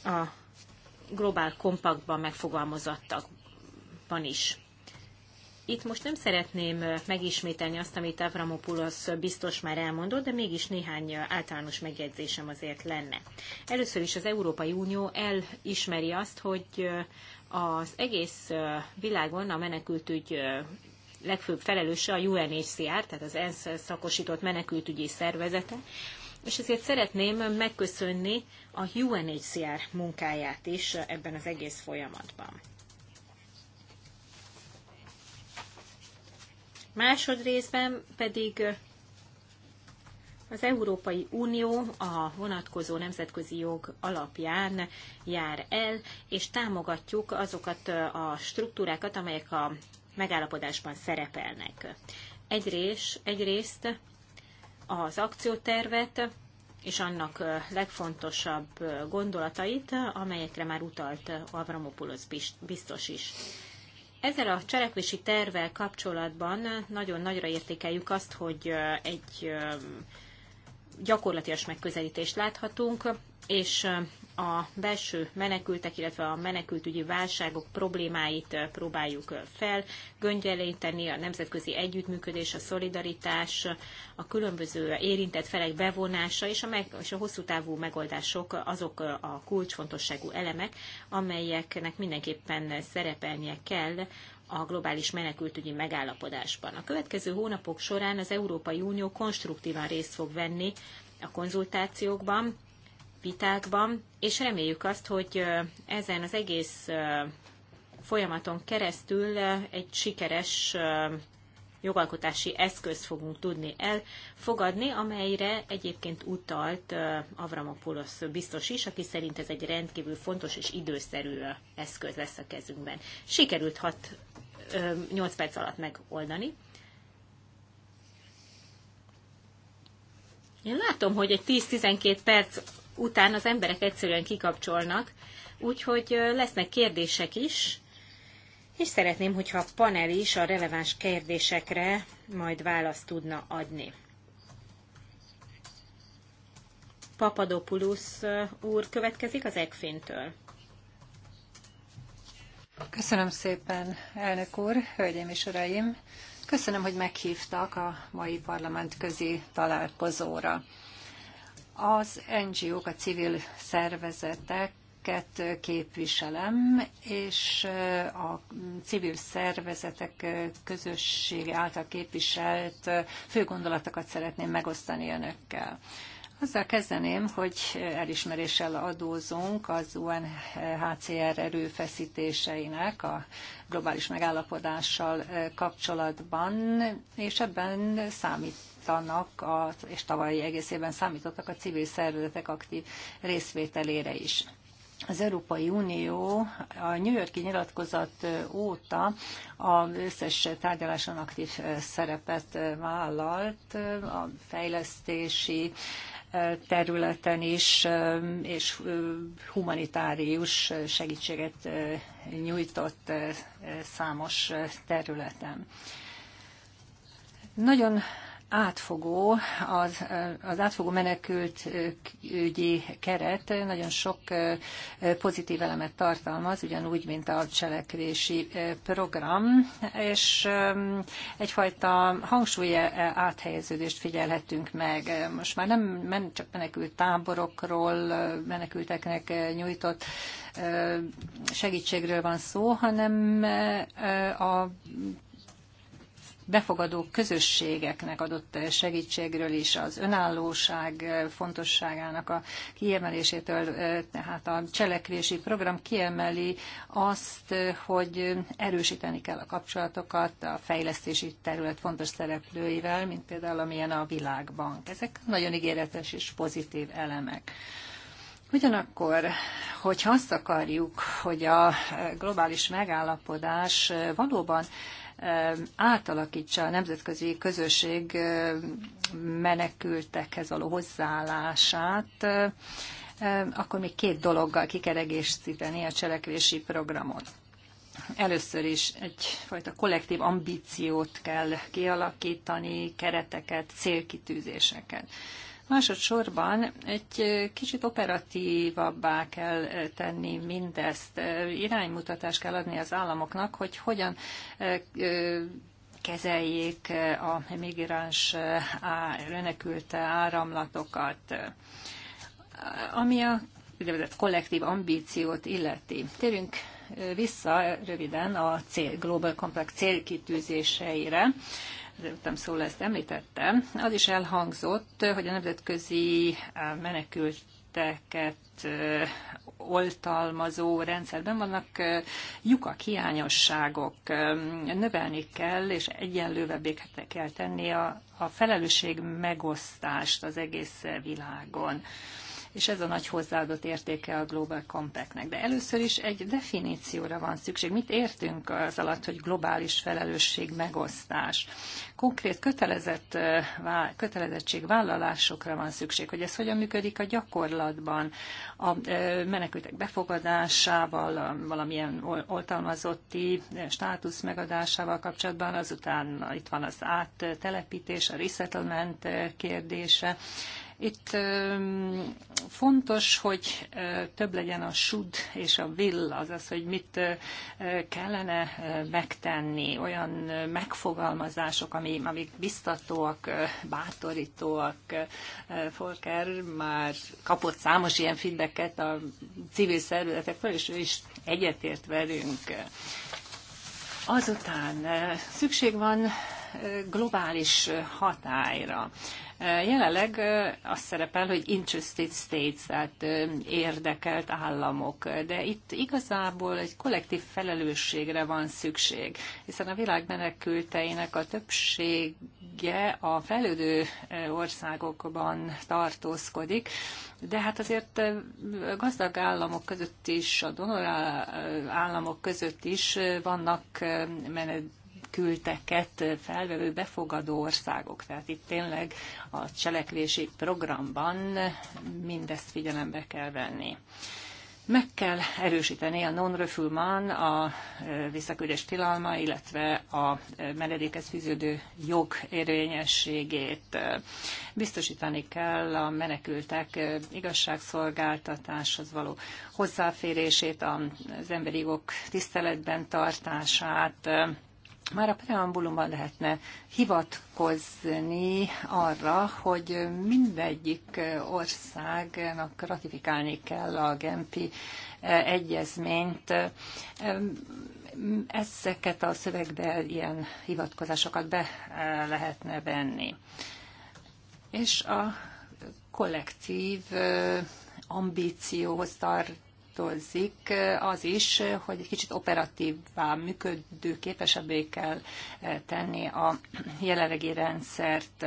a globál kompaktban megfogalmazottakban is. Itt most nem szeretném megismételni azt, amit Avramopoulos biztos már elmondott, de mégis néhány általános megjegyzésem azért lenne. Először is az Európai Unió elismeri azt, hogy az egész világon a menekültügy legfőbb felelőse a UNHCR, tehát az ENSZ szakosított menekültügyi szervezete, és ezért szeretném megköszönni a UNHCR munkáját is ebben az egész folyamatban. Másodrészben pedig az Európai Unió a vonatkozó nemzetközi jog alapján jár el, és támogatjuk azokat a struktúrákat, amelyek a megállapodásban szerepelnek. Egyrészt, egyrészt az akciótervet és annak legfontosabb gondolatait, amelyekre már utalt Avramopoulos biztos is. Ezzel a cselekvési tervvel kapcsolatban nagyon nagyra értékeljük azt, hogy egy gyakorlatias megközelítést láthatunk, és a belső menekültek, illetve a menekültügyi válságok problémáit próbáljuk fel a nemzetközi együttműködés, a szolidaritás, a különböző érintett felek bevonása és a, meg, és a hosszú távú megoldások azok a kulcsfontosságú elemek, amelyeknek mindenképpen szerepelnie kell a globális menekültügyi megállapodásban. A következő hónapok során az Európai Unió konstruktívan részt fog venni a konzultációkban, vitákban, és reméljük azt, hogy ezen az egész folyamaton keresztül egy sikeres jogalkotási eszközt fogunk tudni elfogadni, amelyre egyébként utalt Avramopoulos biztos is, aki szerint ez egy rendkívül fontos és időszerű eszköz lesz a kezünkben. Sikerült 6, 8 perc alatt megoldani. Én látom, hogy egy 10-12 perc után az emberek egyszerűen kikapcsolnak, úgyhogy lesznek kérdések is, és szeretném, hogyha a panel is a releváns kérdésekre majd választ tudna adni. Papadopoulos úr következik az ECFIN-től. Köszönöm szépen, elnök úr, hölgyeim és uraim! Köszönöm, hogy meghívtak a mai parlament közi találkozóra. Az NGO-k, a civil szervezetek képviselem, és a civil szervezetek közössége által képviselt főgondolatokat szeretném megosztani önökkel. Azzal kezdeném, hogy elismeréssel adózunk az UNHCR erőfeszítéseinek a globális megállapodással kapcsolatban, és ebben számít számítanak, a, és tavalyi egész évben számítottak a civil szervezetek aktív részvételére is. Az Európai Unió a New Yorki nyilatkozat óta az összes tárgyaláson aktív szerepet vállalt a fejlesztési területen is, és humanitárius segítséget nyújtott számos területen. Nagyon átfogó, az, az átfogó menekült ügyi keret nagyon sok pozitív elemet tartalmaz, ugyanúgy, mint a cselekvési program, és egyfajta hangsúly áthelyeződést figyelhetünk meg. Most már nem men, csak menekült táborokról, menekülteknek nyújtott segítségről van szó, hanem a befogadó közösségeknek adott segítségről is, az önállóság fontosságának a kiemelésétől, tehát a cselekvési program kiemeli azt, hogy erősíteni kell a kapcsolatokat a fejlesztési terület fontos szereplőivel, mint például amilyen a világbank. Ezek nagyon ígéretes és pozitív elemek. Ugyanakkor, hogyha azt akarjuk, hogy a globális megállapodás valóban átalakítsa a nemzetközi közösség menekültekhez való hozzáállását, akkor még két dologgal ki kell egészíteni a cselekvési programot. Először is egyfajta kollektív ambíciót kell kialakítani, kereteket, célkitűzéseket. Másodszorban egy kicsit operatívabbá kell tenni mindezt. Iránymutatást kell adni az államoknak, hogy hogyan kezeljék a migráns menekült áramlatokat. Ami a úgynevezett kollektív ambíciót illeti. Térjünk vissza röviden a cél, Global Compact célkitűzéseire előttem szóló ezt említettem, az is elhangzott, hogy a nemzetközi eh, menekülteket eh, oltalmazó rendszerben vannak eh, lyukak, hiányosságok, növelni kell, és egyenlővebbé kell tenni a, a felelősség megosztást az egész világon és ez a nagy hozzáadott értéke a Global Compactnek. De először is egy definícióra van szükség. Mit értünk az alatt, hogy globális felelősség megosztás? Konkrét kötelezett, vállalásokra van szükség, hogy ez hogyan működik a gyakorlatban, a menekültek befogadásával, a valamilyen oltalmazotti státusz megadásával kapcsolatban, azután itt van az áttelepítés, a resettlement kérdése, itt fontos, hogy több legyen a should és a will, azaz, hogy mit kellene megtenni, olyan megfogalmazások, amik biztatóak, bátorítóak. Folker már kapott számos ilyen feedbacket a civil szervezetekről, és ő is egyetért velünk. Azután szükség van globális hatályra. Jelenleg azt szerepel, hogy interested states, tehát érdekelt államok, de itt igazából egy kollektív felelősségre van szükség, hiszen a világ menekülteinek a többsége a fejlődő országokban tartózkodik, de hát azért gazdag államok között is, a donor államok között is vannak menet küldteket felvevő befogadó országok. Tehát itt tényleg a cselekvési programban mindezt figyelembe kell venni. Meg kell erősíteni a non-refoulement, a e, visszaküldés tilalma, illetve a e, menedékhez fűződő jog érvényességét. Biztosítani kell a menekültek e, igazságszolgáltatáshoz való hozzáférését, az emberi jogok tiszteletben tartását, már a preambulumban lehetne hivatkozni arra, hogy mindegyik országnak ratifikálni kell a Genfi e, egyezményt. E, ezeket a szövegbe ilyen hivatkozásokat be e, lehetne venni. És a kollektív ambícióhoz tart tartozik az is, hogy egy kicsit operatívvá, képesebbé kell eh, tenni a jelenlegi rendszert.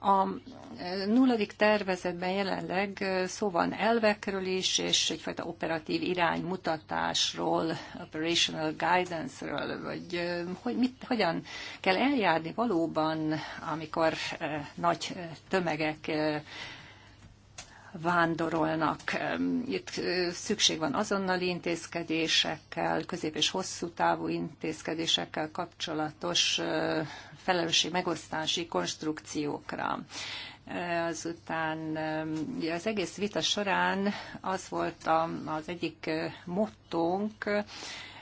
A eh, nulladik tervezetben jelenleg eh, szó van elvekről is, és egyfajta operatív iránymutatásról, operational guidance-ről, vagy hogy mit, hogyan kell eljárni valóban, amikor nagy tömegek vándorolnak. Itt szükség van azonnali intézkedésekkel, közép- és hosszú távú intézkedésekkel kapcsolatos felelősség megosztási konstrukciókra. Azután az egész vita során az volt az egyik mottónk,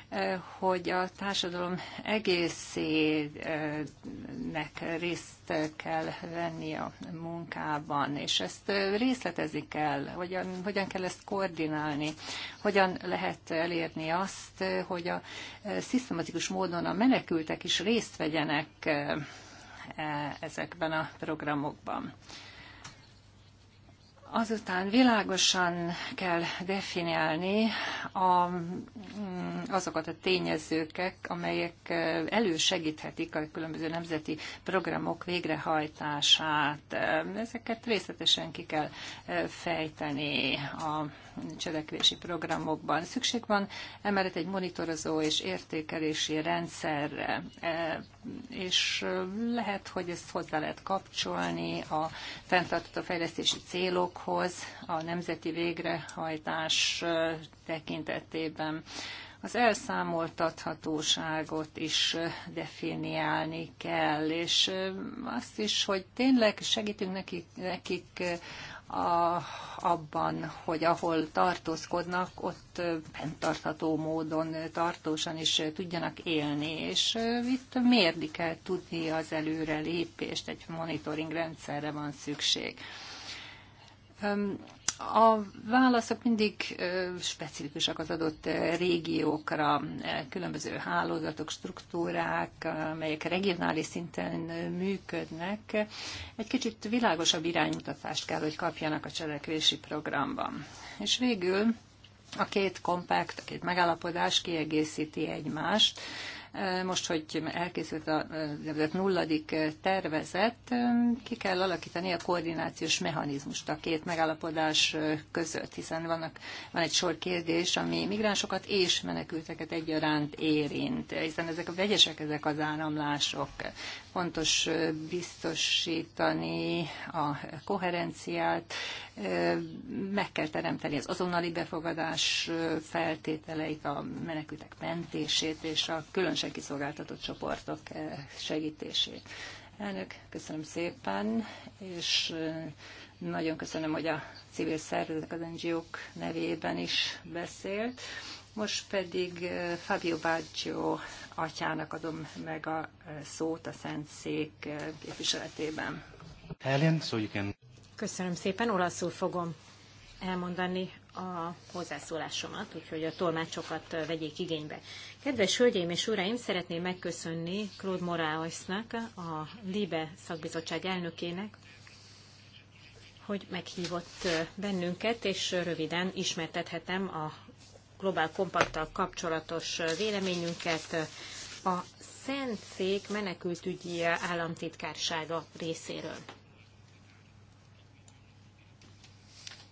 Eh, hogy a társadalom egészének részt kell venni a munkában, és ezt részletezni kell, hogyan, hogyan kell ezt koordinálni, hogyan lehet elérni azt, hogy a eh, szisztematikus módon a menekültek is részt vegyenek eh, ezekben a programokban. Azután világosan kell definiálni a, mm, azokat a tényezőket, amelyek elősegíthetik a különböző nemzeti programok végrehajtását. Ezeket részletesen ki kell fejteni a cselekvési programokban. Szükség van emellett egy monitorozó és értékelési rendszerre, és lehet, hogy ezt hozzá lehet kapcsolni a fenntartható fejlesztési célok joghoz a nemzeti végrehajtás tekintetében. Az elszámoltathatóságot is definiálni kell, és azt is, hogy tényleg segítünk nekik, nekik a, abban, hogy ahol tartózkodnak, ott fenntartható módon tartósan is tudjanak élni, és itt mérni kell tudni az előrelépést, egy monitoring rendszerre van szükség. A válaszok mindig specifikusak az adott régiókra, különböző hálózatok, struktúrák, amelyek regionális szinten működnek. Egy kicsit világosabb iránymutatást kell, hogy kapjanak a cselekvési programban. És végül a két kompakt, a két megállapodás kiegészíti egymást, most, hogy elkészült a nulladik tervezet, ki kell alakítani a koordinációs mechanizmust a két megállapodás között, hiszen vannak, van egy sor kérdés, ami migránsokat és menekülteket egyaránt érint, hiszen ezek a vegyesek, ezek az áramlások fontos biztosítani a koherenciát, meg kell teremteni az azonnali befogadás feltételeit, a menekültek mentését és a különösen kiszolgáltatott csoportok segítését. Elnök, köszönöm szépen, és nagyon köszönöm, hogy a civil szervezetek, az NGO-k nevében is beszélt. Most pedig eh, Fabio Baggio atyának adom meg a eh, szót a Szent Szék eh, képviseletében. Helen, so you can... Köszönöm szépen, olaszul fogom elmondani a hozzászólásomat, úgyhogy a tolmácsokat vegyék igénybe. Kedves hölgyeim és uraim, szeretném megköszönni Claude Moraesnak, a LIBE szakbizottság elnökének, hogy meghívott bennünket, és röviden ismertethetem a Global Compacttal kapcsolatos véleményünket a Szék menekültügyi államtitkársága részéről.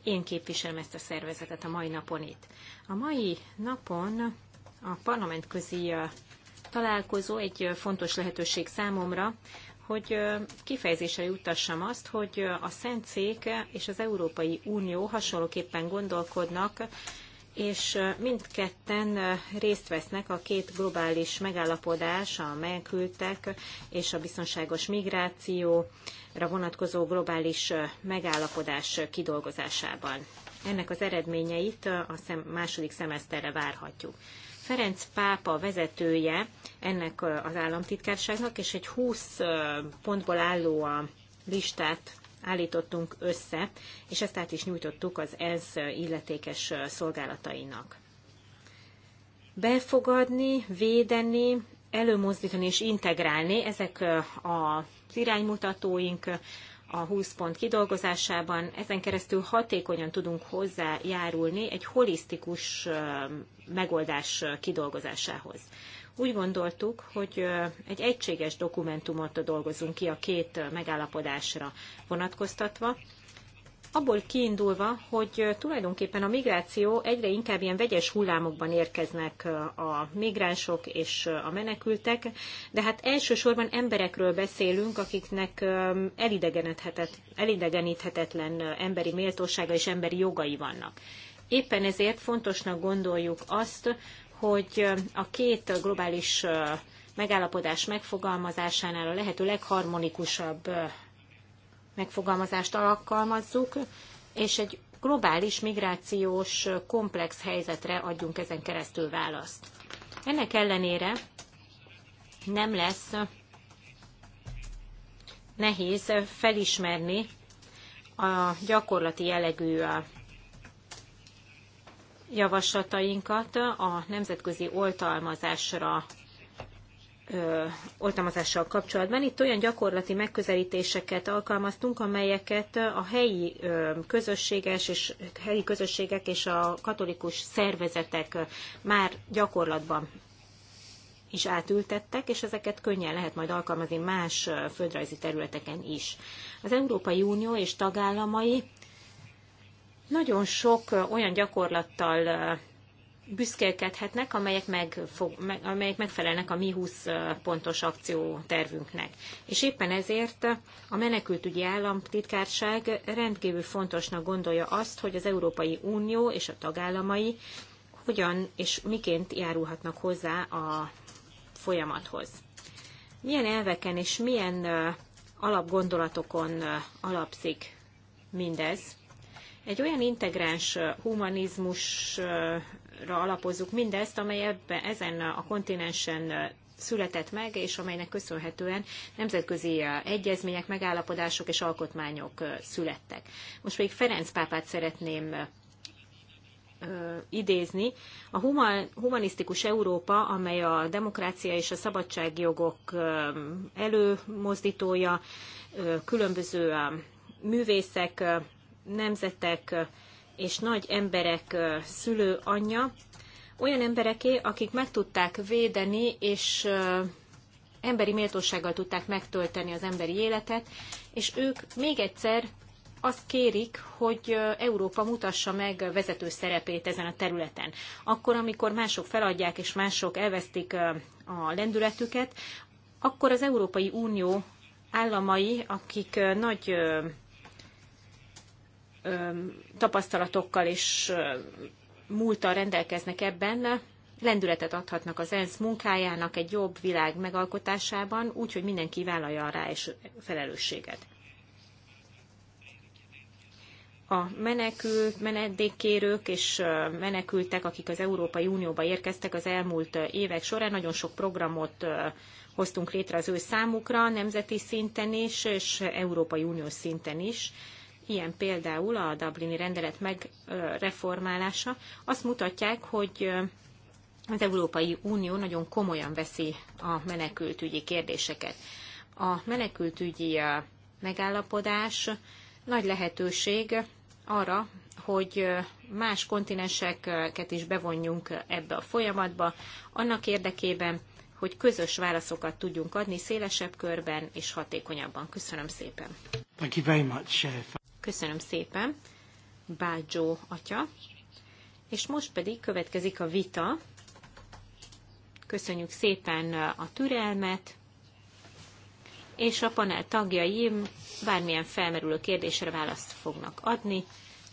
Én képviselem ezt a szervezetet a mai napon itt. A mai napon a parlamentközi találkozó egy fontos lehetőség számomra, hogy kifejezésre juttassam azt, hogy a Szék és az Európai Unió hasonlóképpen gondolkodnak és mindketten részt vesznek a két globális megállapodás, a menekültek és a biztonságos migrációra vonatkozó globális megállapodás kidolgozásában. Ennek az eredményeit a szem, második szemeszterre várhatjuk. Ferenc pápa vezetője ennek az államtitkárságnak, és egy 20 pontból álló a listát állítottunk össze, és ezt át is nyújtottuk az ez illetékes szolgálatainak. Befogadni, védeni, előmozdítani és integrálni, ezek az iránymutatóink a 20 pont kidolgozásában. Ezen keresztül hatékonyan tudunk hozzájárulni egy holisztikus megoldás kidolgozásához. Úgy gondoltuk, hogy egy egységes dokumentumot dolgozunk ki a két megállapodásra vonatkoztatva, abból kiindulva, hogy tulajdonképpen a migráció egyre inkább ilyen vegyes hullámokban érkeznek a migránsok és a menekültek, de hát elsősorban emberekről beszélünk, akiknek elidegeníthetetlen emberi méltósága és emberi jogai vannak. Éppen ezért fontosnak gondoljuk azt, hogy a két globális megállapodás megfogalmazásánál a lehető legharmonikusabb megfogalmazást alkalmazzuk, és egy globális migrációs komplex helyzetre adjunk ezen keresztül választ. Ennek ellenére nem lesz nehéz felismerni a gyakorlati jellegű javaslatainkat a nemzetközi oltalmazásra oltalmazással kapcsolatban. Itt olyan gyakorlati megközelítéseket alkalmaztunk, amelyeket a helyi közösséges és helyi közösségek és a katolikus szervezetek már gyakorlatban is átültettek, és ezeket könnyen lehet majd alkalmazni más földrajzi területeken is. Az Európai Unió és tagállamai nagyon sok olyan gyakorlattal büszkélkedhetnek, amelyek, megfog, meg, amelyek megfelelnek a mi 20 pontos akciótervünknek. És éppen ezért a menekültügyi államtitkárság rendkívül fontosnak gondolja azt, hogy az Európai Unió és a tagállamai hogyan és miként járulhatnak hozzá a folyamathoz. Milyen elveken és milyen alapgondolatokon alapszik mindez? egy olyan integráns humanizmusra alapozzuk mindezt, amely ebben, ezen a kontinensen született meg, és amelynek köszönhetően nemzetközi egyezmények, megállapodások és alkotmányok születtek. Most még Ferenc pápát szeretném idézni. A humanisztikus Európa, amely a demokrácia és a szabadságjogok előmozdítója, különböző művészek nemzetek és nagy emberek szülő anyja, olyan embereké, akik meg tudták védeni, és emberi méltósággal tudták megtölteni az emberi életet, és ők még egyszer azt kérik, hogy Európa mutassa meg vezető szerepét ezen a területen. Akkor, amikor mások feladják és mások elvesztik a lendületüket, akkor az Európai Unió államai, akik nagy tapasztalatokkal és múltal rendelkeznek ebben, lendületet adhatnak az ENSZ munkájának egy jobb világ megalkotásában, úgy, hogy mindenki vállalja rá és felelősséget. A menekült, menedékkérők és menekültek, akik az Európai Unióba érkeztek az elmúlt évek során, nagyon sok programot hoztunk létre az ő számukra, nemzeti szinten is, és Európai Unió szinten is ilyen például a Dublini rendelet megreformálása, azt mutatják, hogy az Európai Unió nagyon komolyan veszi a menekültügyi kérdéseket. A menekültügyi megállapodás nagy lehetőség arra, hogy más kontinenseket is bevonjunk ebbe a folyamatba, annak érdekében, hogy közös válaszokat tudjunk adni szélesebb körben és hatékonyabban. Köszönöm szépen. Thank you very much, Chef. Uh, Köszönöm szépen, Bágyó atya. És most pedig következik a vita. Köszönjük szépen uh, a türelmet, és a panel tagjai bármilyen felmerülő kérdésre választ fognak adni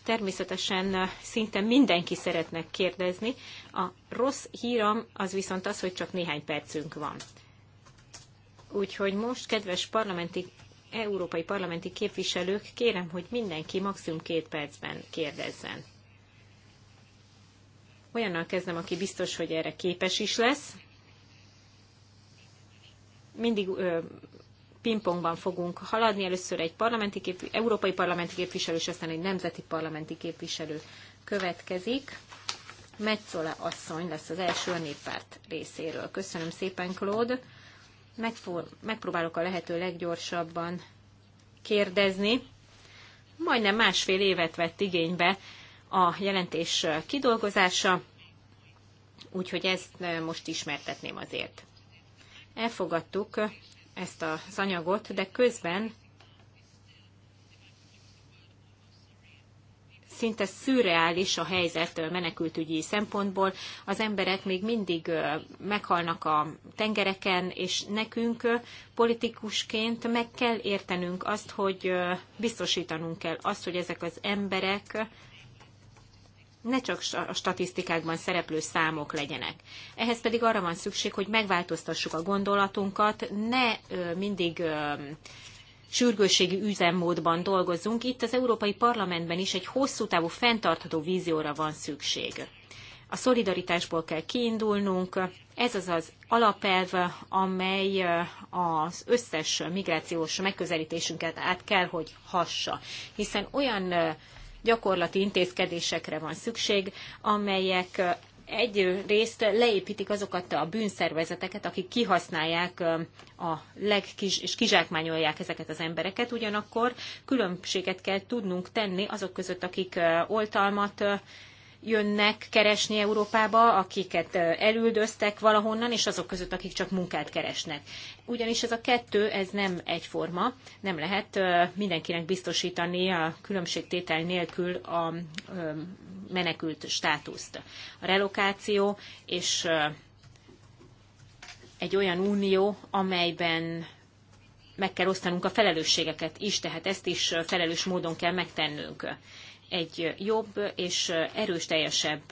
természetesen szinte mindenki szeretne kérdezni. A rossz hírom az viszont az, hogy csak néhány percünk van. Úgyhogy most, kedves parlamenti, európai parlamenti képviselők, kérem, hogy mindenki maximum két percben kérdezzen. Olyannal kezdem, aki biztos, hogy erre képes is lesz. Mindig ö, pingpongban fogunk haladni. Először egy parlamenti képvi, európai parlamenti képviselő, és aztán egy nemzeti parlamenti képviselő következik. Metzola asszony lesz az első a néppárt részéről. Köszönöm szépen, Claude. Megfor, megpróbálok a lehető leggyorsabban kérdezni. Majdnem másfél évet vett igénybe a jelentés kidolgozása, úgyhogy ezt most ismertetném azért. Elfogadtuk ezt az anyagot, de közben szinte szürreális a helyzet menekültügyi szempontból. Az emberek még mindig meghalnak a tengereken, és nekünk politikusként meg kell értenünk azt, hogy biztosítanunk kell azt, hogy ezek az emberek ne csak a statisztikákban szereplő számok legyenek. Ehhez pedig arra van szükség, hogy megváltoztassuk a gondolatunkat, ne mindig sürgősségi üzemmódban dolgozzunk. Itt az Európai Parlamentben is egy hosszú távú fenntartható vízióra van szükség. A szolidaritásból kell kiindulnunk, ez az az alapelv, amely az összes migrációs megközelítésünket át kell, hogy hassa. Hiszen olyan gyakorlati intézkedésekre van szükség, amelyek egyrészt leépítik azokat a bűnszervezeteket, akik kihasználják a legkis, és kizsákmányolják ezeket az embereket, ugyanakkor különbséget kell tudnunk tenni azok között, akik oltalmat jönnek keresni Európába, akiket elüldöztek valahonnan, és azok között, akik csak munkát keresnek. Ugyanis ez a kettő, ez nem egyforma, nem lehet mindenkinek biztosítani a különbségtétel nélkül a menekült státuszt. A relokáció és egy olyan unió, amelyben meg kell osztanunk a felelősségeket is, tehát ezt is felelős módon kell megtennünk egy jobb és erős teljesebb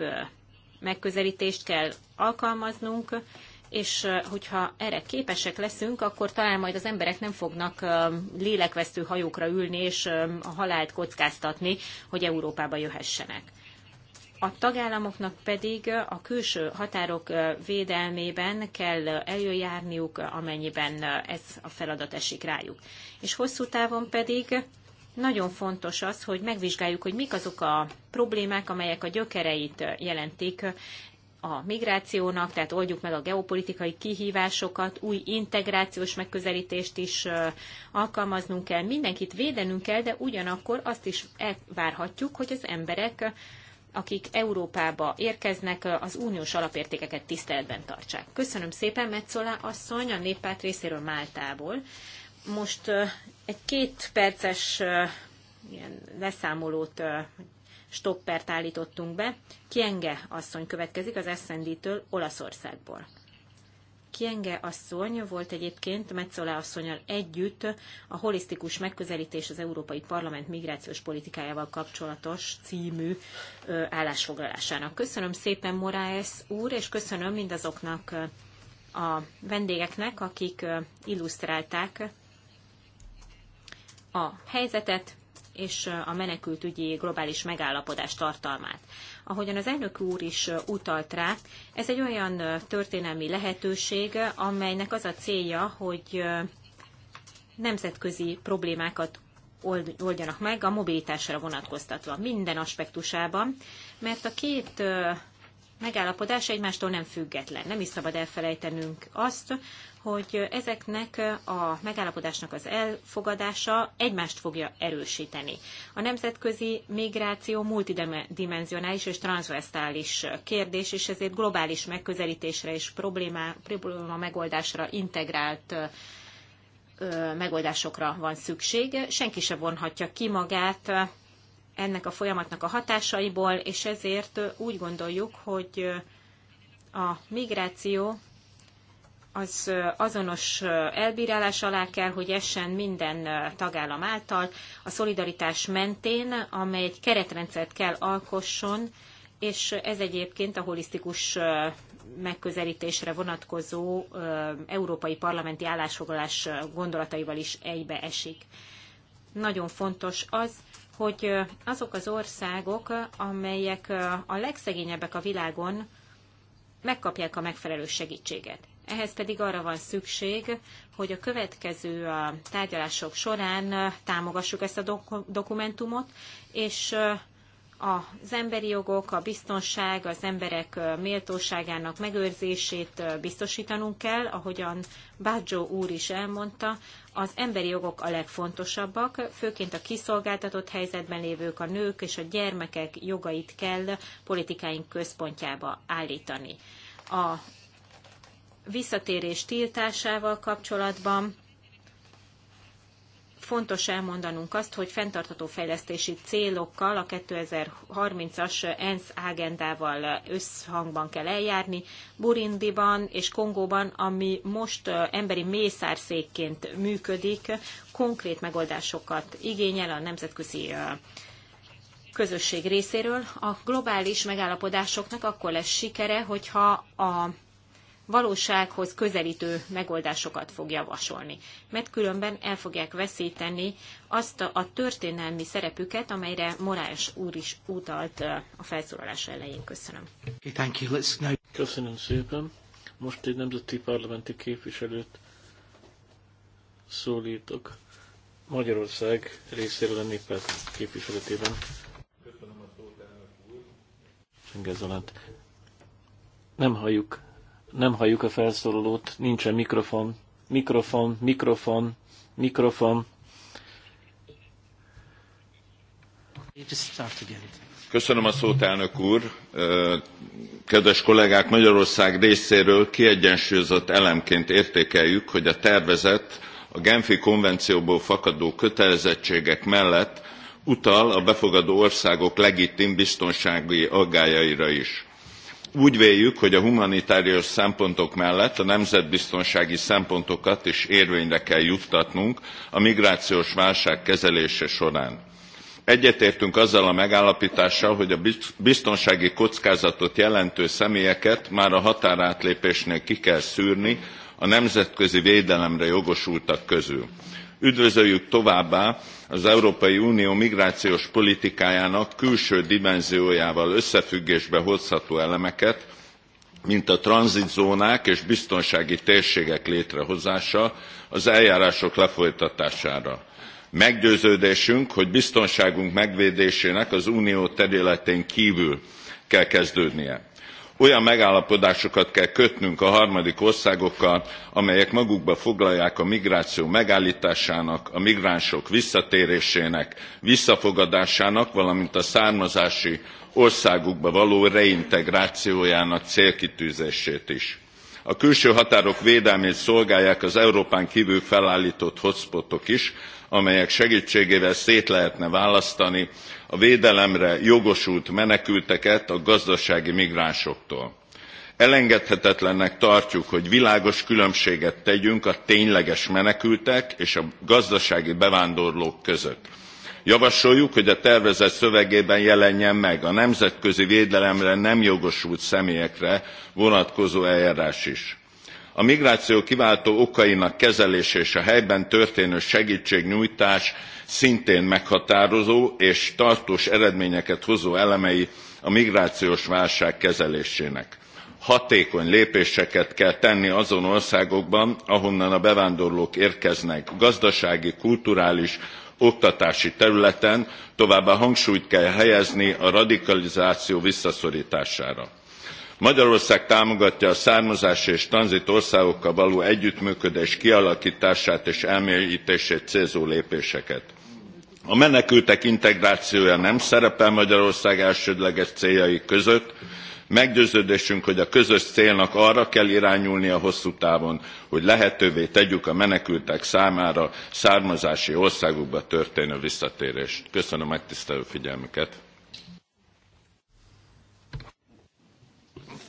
megközelítést kell alkalmaznunk, és hogyha erre képesek leszünk, akkor talán majd az emberek nem fognak lélekvesztő hajókra ülni és a halált kockáztatni, hogy Európába jöhessenek. A tagállamoknak pedig a külső határok védelmében kell eljöjárniuk, amennyiben ez a feladat esik rájuk. És hosszú távon pedig nagyon fontos az, hogy megvizsgáljuk, hogy mik azok a problémák, amelyek a gyökereit jelentik a migrációnak, tehát oldjuk meg a geopolitikai kihívásokat, új integrációs megközelítést is alkalmaznunk kell, mindenkit védenünk kell, de ugyanakkor azt is várhatjuk, hogy az emberek, akik Európába érkeznek, az uniós alapértékeket tiszteletben tartsák. Köszönöm szépen, Metzola asszony, a néppárt részéről Máltából. Most egy két perces ilyen leszámolót, stoppert állítottunk be. Kienge asszony következik az SND-től Olaszországból. Kienge asszony volt egyébként Metzola asszonyal együtt a holisztikus megközelítés az Európai Parlament migrációs politikájával kapcsolatos című állásfoglalásának. Köszönöm szépen Moraes úr, és köszönöm mindazoknak a vendégeknek, akik illusztrálták a helyzetet és a menekültügyi globális megállapodás tartalmát. Ahogyan az elnök úr is utalt rá, ez egy olyan történelmi lehetőség, amelynek az a célja, hogy nemzetközi problémákat oldjanak meg a mobilitásra vonatkoztatva minden aspektusában, mert a két megállapodás egymástól nem független. Nem is szabad elfelejtenünk azt, hogy ezeknek a megállapodásnak az elfogadása egymást fogja erősíteni. A nemzetközi migráció multidimensionális és transvestális kérdés, és ezért globális megközelítésre és problémá, probléma megoldásra integrált megoldásokra van szükség. Senki se vonhatja ki magát ennek a folyamatnak a hatásaiból, és ezért úgy gondoljuk, hogy a migráció az azonos elbírálás alá kell, hogy essen minden tagállam által a szolidaritás mentén, amely egy keretrendszert kell alkosson, és ez egyébként a holisztikus megközelítésre vonatkozó európai parlamenti állásfoglalás gondolataival is egybeesik. Nagyon fontos az, hogy azok az országok, amelyek a legszegényebbek a világon, megkapják a megfelelő segítséget. Ehhez pedig arra van szükség, hogy a következő tárgyalások során támogassuk ezt a dokumentumot, és az emberi jogok, a biztonság, az emberek méltóságának megőrzését biztosítanunk kell, ahogyan Bágyó úr is elmondta, az emberi jogok a legfontosabbak, főként a kiszolgáltatott helyzetben lévők, a nők és a gyermekek jogait kell politikáink központjába állítani. A visszatérés tiltásával kapcsolatban fontos elmondanunk azt, hogy fenntartható fejlesztési célokkal, a 2030-as ENSZ ágendával összhangban kell eljárni. Burindiban és Kongóban, ami most emberi mészárszékként működik, konkrét megoldásokat igényel a nemzetközi közösség részéről. A globális megállapodásoknak akkor lesz sikere, hogyha a valósághoz közelítő megoldásokat fog javasolni, mert különben el fogják veszíteni azt a, a történelmi szerepüket, amelyre Morás úr is utalt a felszólalás elején. Köszönöm. Köszönöm szépen. Most egy nemzeti parlamenti képviselőt szólítok. Magyarország részéről a népet képviseletében. Köszönöm a szót, elnök úr. Nem halljuk nem halljuk a felszólalót, nincsen mikrofon, mikrofon, mikrofon, mikrofon. Köszönöm a szót, elnök úr. Kedves kollégák, Magyarország részéről kiegyensúlyozott elemként értékeljük, hogy a tervezet a Genfi konvencióból fakadó kötelezettségek mellett utal a befogadó országok legitim biztonsági aggájaira is úgy véljük hogy a humanitárius szempontok mellett a nemzetbiztonsági szempontokat is érvényre kell juttatnunk a migrációs válság kezelése során. egyetértünk azzal a megállaptással hogy a biztonsági kockázatot jelentő személyeket már a határátlépésnél ki kell szűrni a nemzetközi védelemre jogosultak közül. üdvözöljük továbbá az európai unió migrációs politikájának külső dimenziójával összefüggésbe hozható elemeket mint a tranzitzónák és biztonsági térségek létrehozása az eljárások lefolytatására. meggyőződésünk hogy biztonságunk megvédésének az unió területén kvül kell kezdődnie olyan megállapodásokat kell kötnünk a harmadik országokkal amelyek magukba foglalják a migráció megálltásának a migránsok visszatérésének visszafogadásának valamint a származási országukba való reintegrációjának célkitűzését is a külső határok védelmét szolgálják az európán kvül felálltott hotspotok is amelyek segtségével szét lehetne választani a védelemre jogosult menekülteket a gazdasági migránsoktól. elengedhetetlennek tartjuk hogy világos különbséget tegyünk a tényleges menekültek és a gazdasági bevándorlók között javasoljuk hogy a tervezet szövegében jelenjen meg a nemzetközi védelemre nem jogosult személyekre vonatkozó eljárás is. a migráció kiváltó okainak kezelése és a helyben történő segtségnyújtás szintén meghatározó és tartós eredményeket hozó elemei a migrációs válság kezelésének hatékony lépéseket kell tenni azon országokban ahonnan a bevándorlók érkeznek gazdasági kulturális oktatási területen továbbá hangsúlyt kell helyezni a radikalizáció visszaszortására. magyarország támogatja a származási és tranzit országokkal való együttműködés kialaktását és elmélytését célzó lépéseket. a menekültek integrációja nem szerepel magyarország elsődleges céljai között meggyőződésünk hogy a közös célnak arra kell irányulnia hosszú távon hogy lehetővé tegyük a menekültek számára származási országukba történő visszatérést. köszönöm megtisztelő figyelmüket.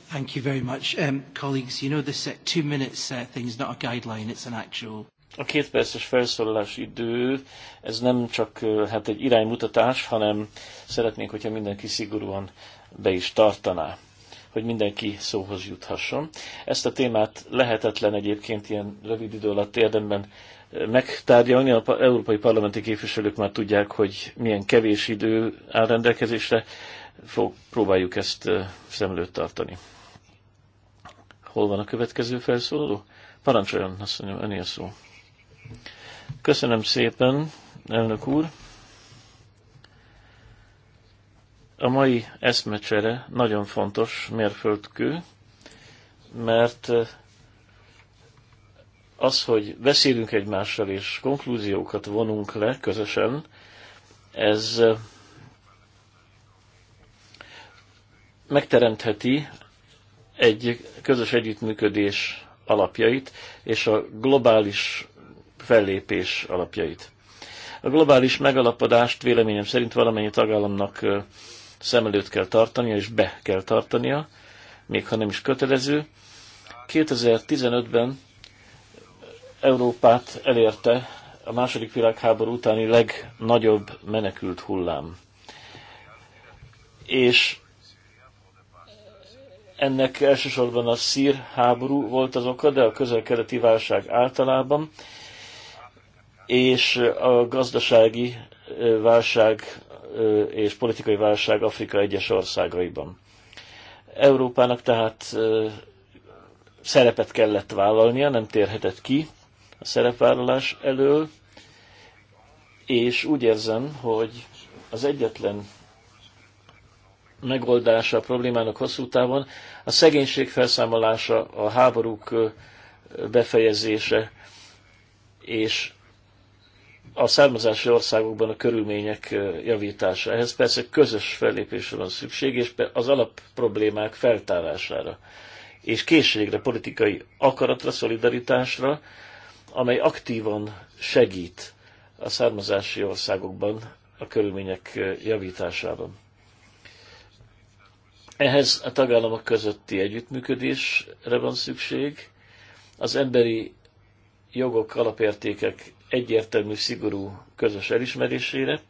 Thank you very much. Um, colleagues, you know this uh, two minutes uh, thing is not a guideline, it's an actual. A két perces felszólalás idő, ez nem csak uh, hát egy iránymutatás, hanem szeretnénk, hogyha mindenki szigorúan be is tartaná hogy mindenki szóhoz juthasson. Ezt a témát lehetetlen egyébként ilyen rövid idő alatt érdemben eh, megtárgyalni. A európai parlamenti képviselők már tudják, hogy milyen kevés idő áll rendelkezésre. Fog, próbáljuk ezt eh, szem előtt tartani. Hol van a következő felszólaló? Parancsoljon, azt mondjam, öné a szó. Köszönöm szépen, elnök úr. a mai eszmecsere nagyon fontos mérföldkő, mert az, hogy beszélünk egymással és konklúziókat vonunk le közösen, ez megteremtheti egy közös együttműködés alapjait és a globális fellépés alapjait. A globális megalapodást véleményem szerint valamennyi tagállamnak szem előtt kell tartania, és be kell tartania, még ha nem is kötelező. 2015-ben Európát elérte a második világháború utáni legnagyobb menekült hullám. És ennek elsősorban a szír háború volt az oka, de a közel-keleti válság általában, és a gazdasági válság és politikai válság Afrika egyes országaiban. Európának tehát szerepet kellett vállalnia, nem térhetett ki a szerepvállalás elől, és úgy érzem, hogy az egyetlen megoldása a problémának hosszú távon a szegénység felszámolása, a háborúk befejezése és a származási országokban a körülmények javítása. Ehhez persze közös fellépésre van szükség, és az alap problémák feltárására, és készségre, politikai akaratra, szolidaritásra, amely aktívan segít a származási országokban a körülmények javításában. Ehhez a tagállamok közötti együttműködésre van szükség, az emberi jogok, alapértékek egyértelmű, szigorú közös elismerésére.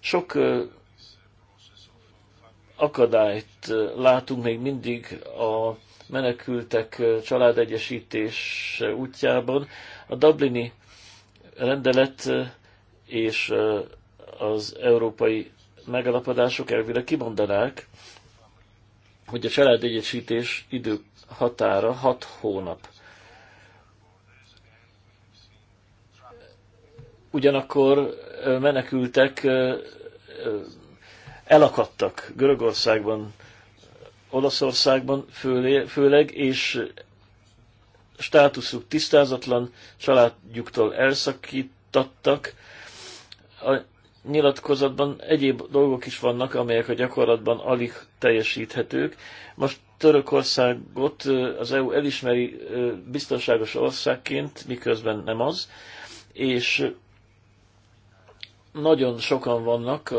Sok akadályt látunk még mindig a menekültek családegyesítés útjában. A Dublini rendelet és az európai megalapodások elvileg kimondanák, hogy a családegyesítés idő határa 6 hónap. ugyanakkor menekültek elakadtak Görögországban, Olaszországban főleg, és státuszuk tisztázatlan, családjuktól elszakítattak. A nyilatkozatban egyéb dolgok is vannak, amelyek a gyakorlatban alig teljesíthetők. Most Törökországot az EU elismeri biztonságos országként, miközben nem az, és nagyon sokan vannak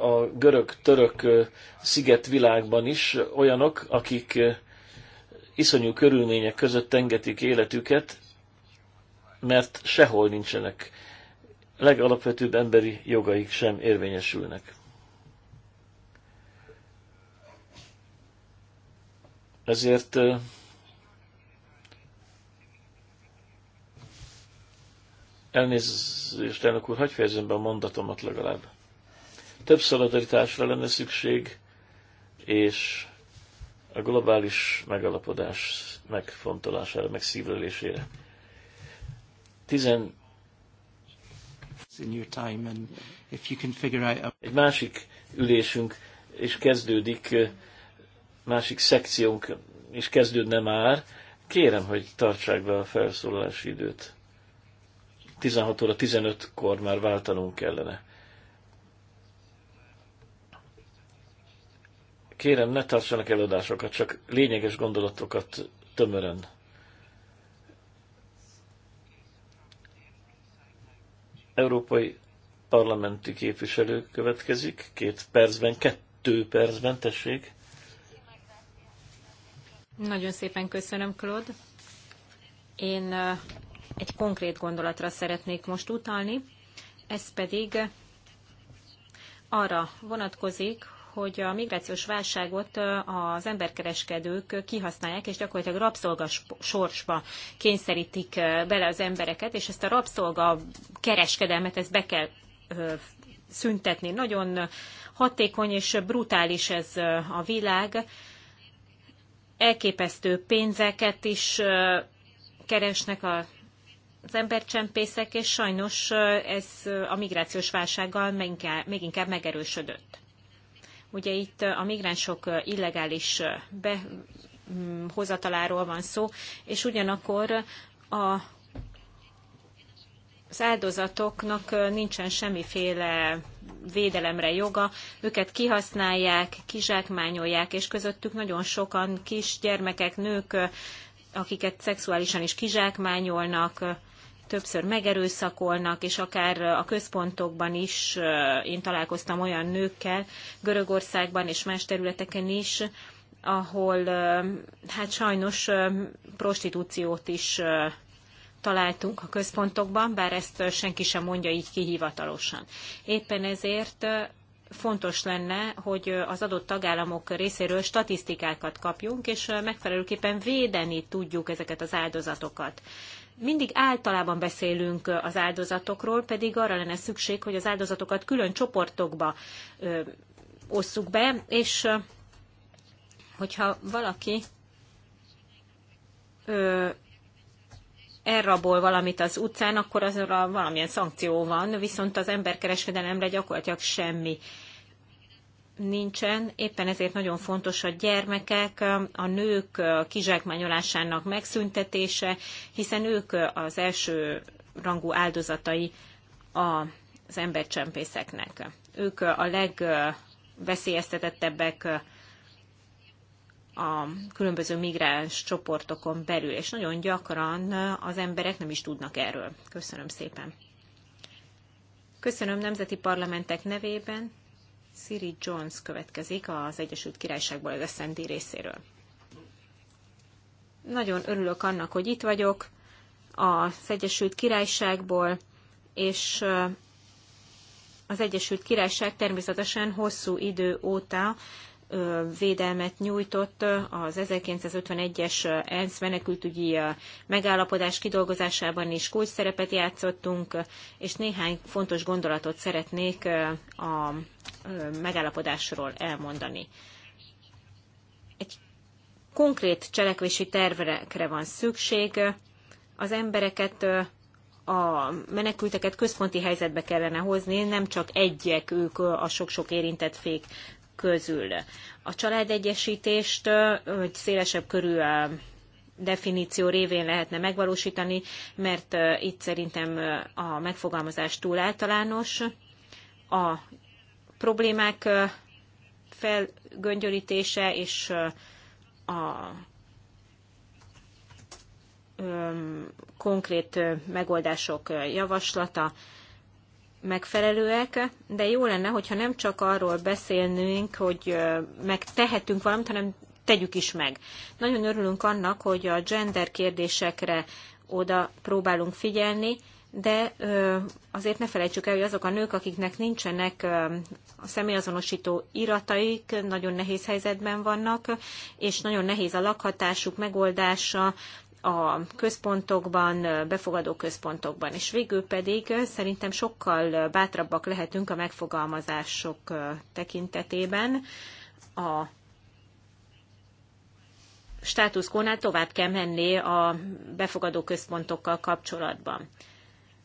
a görög-török szigetvilágban is olyanok, akik iszonyú körülmények között tengetik életüket, mert sehol nincsenek. Legalapvetőbb emberi jogaik sem érvényesülnek. Ezért Elnézést, elnök úr, hagyj fejezem be a mondatomat legalább. Több szolidaritásra lenne szükség, és a globális megalapodás megfontolására, megszívlelésére. Tizen... Egy másik ülésünk és kezdődik, másik szekciónk és kezdődne már. Kérem, hogy tartsák be a felszólalási időt. 16 óra 15-kor már váltanunk kellene. Kérem, ne tartsanak előadásokat, csak lényeges gondolatokat tömören. Európai parlamenti képviselő következik, két percben, kettő percben, tessék. Nagyon szépen köszönöm, Claude. Én egy konkrét gondolatra szeretnék most utalni, ez pedig arra vonatkozik, hogy a migrációs válságot az emberkereskedők kihasználják, és gyakorlatilag rabszolga sorsba kényszerítik bele az embereket, és ezt a rabszolga kereskedelmet ezt be kell szüntetni. Nagyon hatékony és brutális ez a világ. Elképesztő pénzeket is keresnek a az embercsempészek, és sajnos ez a migrációs válsággal még inkább megerősödött. Ugye itt a migránsok illegális behozataláról mm, van szó, és ugyanakkor a az áldozatoknak nincsen semmiféle védelemre joga, őket kihasználják, kizsákmányolják, és közöttük nagyon sokan kis gyermekek, nők, akiket szexuálisan is kizsákmányolnak, többször megerőszakolnak, és akár a központokban is én találkoztam olyan nőkkel, Görögországban és más területeken is, ahol hát sajnos prostitúciót is találtunk a központokban, bár ezt senki sem mondja így kihivatalosan. Éppen ezért fontos lenne, hogy az adott tagállamok részéről statisztikákat kapjunk, és megfelelőképpen védeni tudjuk ezeket az áldozatokat mindig általában beszélünk az áldozatokról, pedig arra lenne szükség, hogy az áldozatokat külön csoportokba osszuk be, és hogyha valaki ö, elrabol valamit az utcán, akkor azra valamilyen szankció van, viszont az emberkereskedelemre gyakorlatilag semmi nincsen, éppen ezért nagyon fontos a gyermekek, a nők kizsákmányolásának megszüntetése, hiszen ők az első rangú áldozatai az embercsempészeknek. Ők a legveszélyeztetettebbek a különböző migráns csoportokon belül, és nagyon gyakran az emberek nem is tudnak erről. Köszönöm szépen. Köszönöm nemzeti parlamentek nevében. Siri Jones következik az Egyesült Királyságból az SND részéről. Nagyon örülök annak, hogy itt vagyok az Egyesült Királyságból, és az Egyesült Királyság természetesen hosszú idő óta védelmet nyújtott az 1951-es ENSZ menekültügyi megállapodás kidolgozásában is kulcs szerepet játszottunk, és néhány fontos gondolatot szeretnék a megállapodásról elmondani. Egy konkrét cselekvési tervekre van szükség. Az embereket a menekülteket központi helyzetbe kellene hozni, nem csak egyek ők a sok-sok érintett fék közül. A családegyesítést egy szélesebb körű definíció révén lehetne megvalósítani, mert itt szerintem a megfogalmazás túl általános. A problémák felgöngyölítése és a konkrét megoldások javaslata megfelelőek, de jó lenne, hogyha nem csak arról beszélnünk, hogy megtehetünk valamit, hanem tegyük is meg. Nagyon örülünk annak, hogy a gender kérdésekre oda próbálunk figyelni, de azért ne felejtsük el, hogy azok a nők, akiknek nincsenek a személyazonosító irataik, nagyon nehéz helyzetben vannak, és nagyon nehéz a lakhatásuk megoldása, a központokban, befogadó központokban. És végül pedig szerintem sokkal bátrabbak lehetünk a megfogalmazások tekintetében. A státuszkónál tovább kell menni a befogadó központokkal kapcsolatban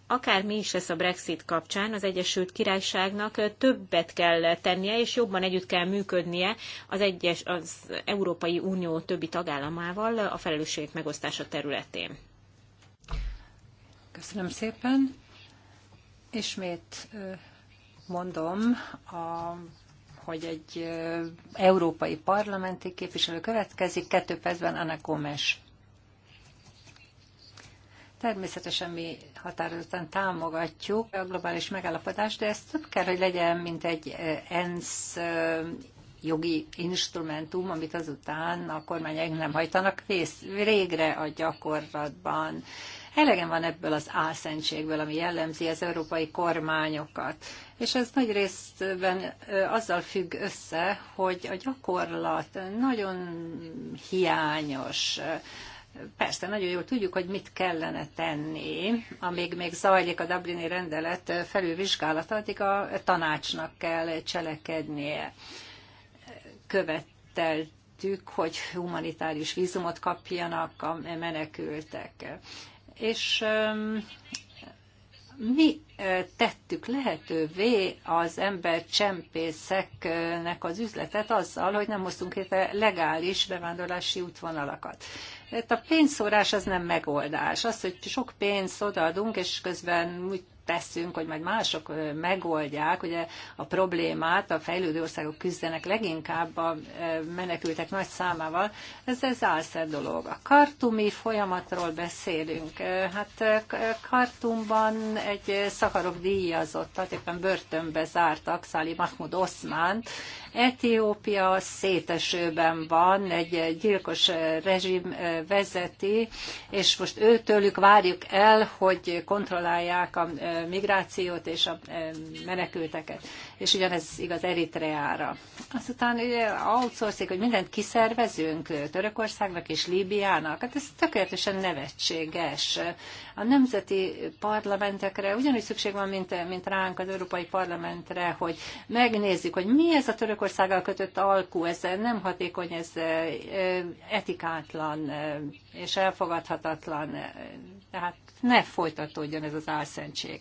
akár mi is lesz a Brexit kapcsán, az Egyesült Királyságnak többet kell tennie, és jobban együtt kell működnie az, egyes, az Európai Unió többi tagállamával a felelősségek megosztása területén. Köszönöm szépen. Ismét mondom, a, hogy egy európai parlamenti képviselő következik, kettő percben Anna Gomes. Természetesen mi határozottan támogatjuk a globális megállapodást, de ez több kell, hogy legyen, mint egy ENSZ jogi instrumentum, amit azután a kormányaink nem hajtanak vész, végre a gyakorlatban. Elegen van ebből az álszentségből, ami jellemzi az európai kormányokat. És ez nagy részben azzal függ össze, hogy a gyakorlat nagyon hiányos persze nagyon jól tudjuk, hogy mit kellene tenni, amíg még zajlik a Dublini rendelet felülvizsgálata, addig a tanácsnak kell cselekednie. Követeltük, hogy humanitárius vízumot kapjanak a menekültek. És mi tettük lehetővé az ember csempészeknek az üzletet azzal, hogy nem hoztunk létre legális bevándorlási útvonalakat. Tehát a pénzszórás az nem megoldás. Az, hogy sok pénzt odaadunk, és közben úgy teszünk, hogy majd mások megoldják. Ugye a problémát a fejlődő országok küzdenek leginkább a menekültek nagy számával. Ez, az álszer dolog. A kartumi folyamatról beszélünk. Hát Kartumban egy díjazott, tehát éppen börtönbe zártak, Száli Mahmud Oszmánt, Etiópia szétesőben van, egy gyilkos rezsim vezeti, és most őtőlük várjuk el, hogy kontrollálják a migrációt és a menekülteket. És ugyanez igaz Eritreára. Aztán ugye outsourcing, hogy mindent kiszervezünk Törökországnak és Líbiának, hát ez tökéletesen nevetséges. A nemzeti parlamentekre ugyanúgy szükség van, mint, mint ránk az Európai Parlamentre, hogy megnézzük, hogy mi ez a Törökországgal kötött alkú, ez nem hatékony, ez etikátlan és elfogadhatatlan. Tehát ne folytatódjon ez az álszentség.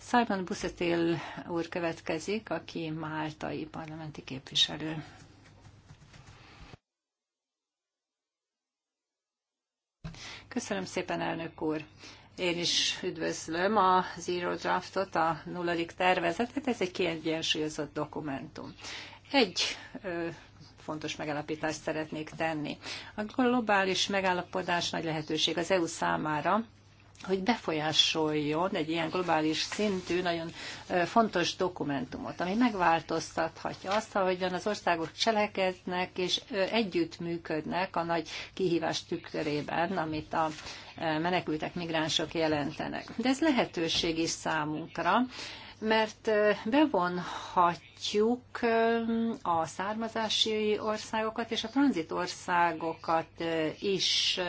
Simon Buszetil úr következik, aki máltai parlamenti képviselő. Köszönöm szépen, elnök úr. Én is üdvözlöm a Zero Draftot, a nulladik tervezetet. Ez egy kiegyensúlyozott dokumentum. Egy ö, fontos megállapítást szeretnék tenni. A globális megállapodás nagy lehetőség az EU számára, hogy befolyásoljon egy ilyen globális szintű, nagyon fontos dokumentumot, ami megváltoztathatja azt, ahogyan az országok cselekednek és együttműködnek a nagy kihívás tükrében, amit a menekültek, migránsok jelentenek. De ez lehetőség is számunkra, mert bevonhatjuk a származási országokat és a tranzitországokat is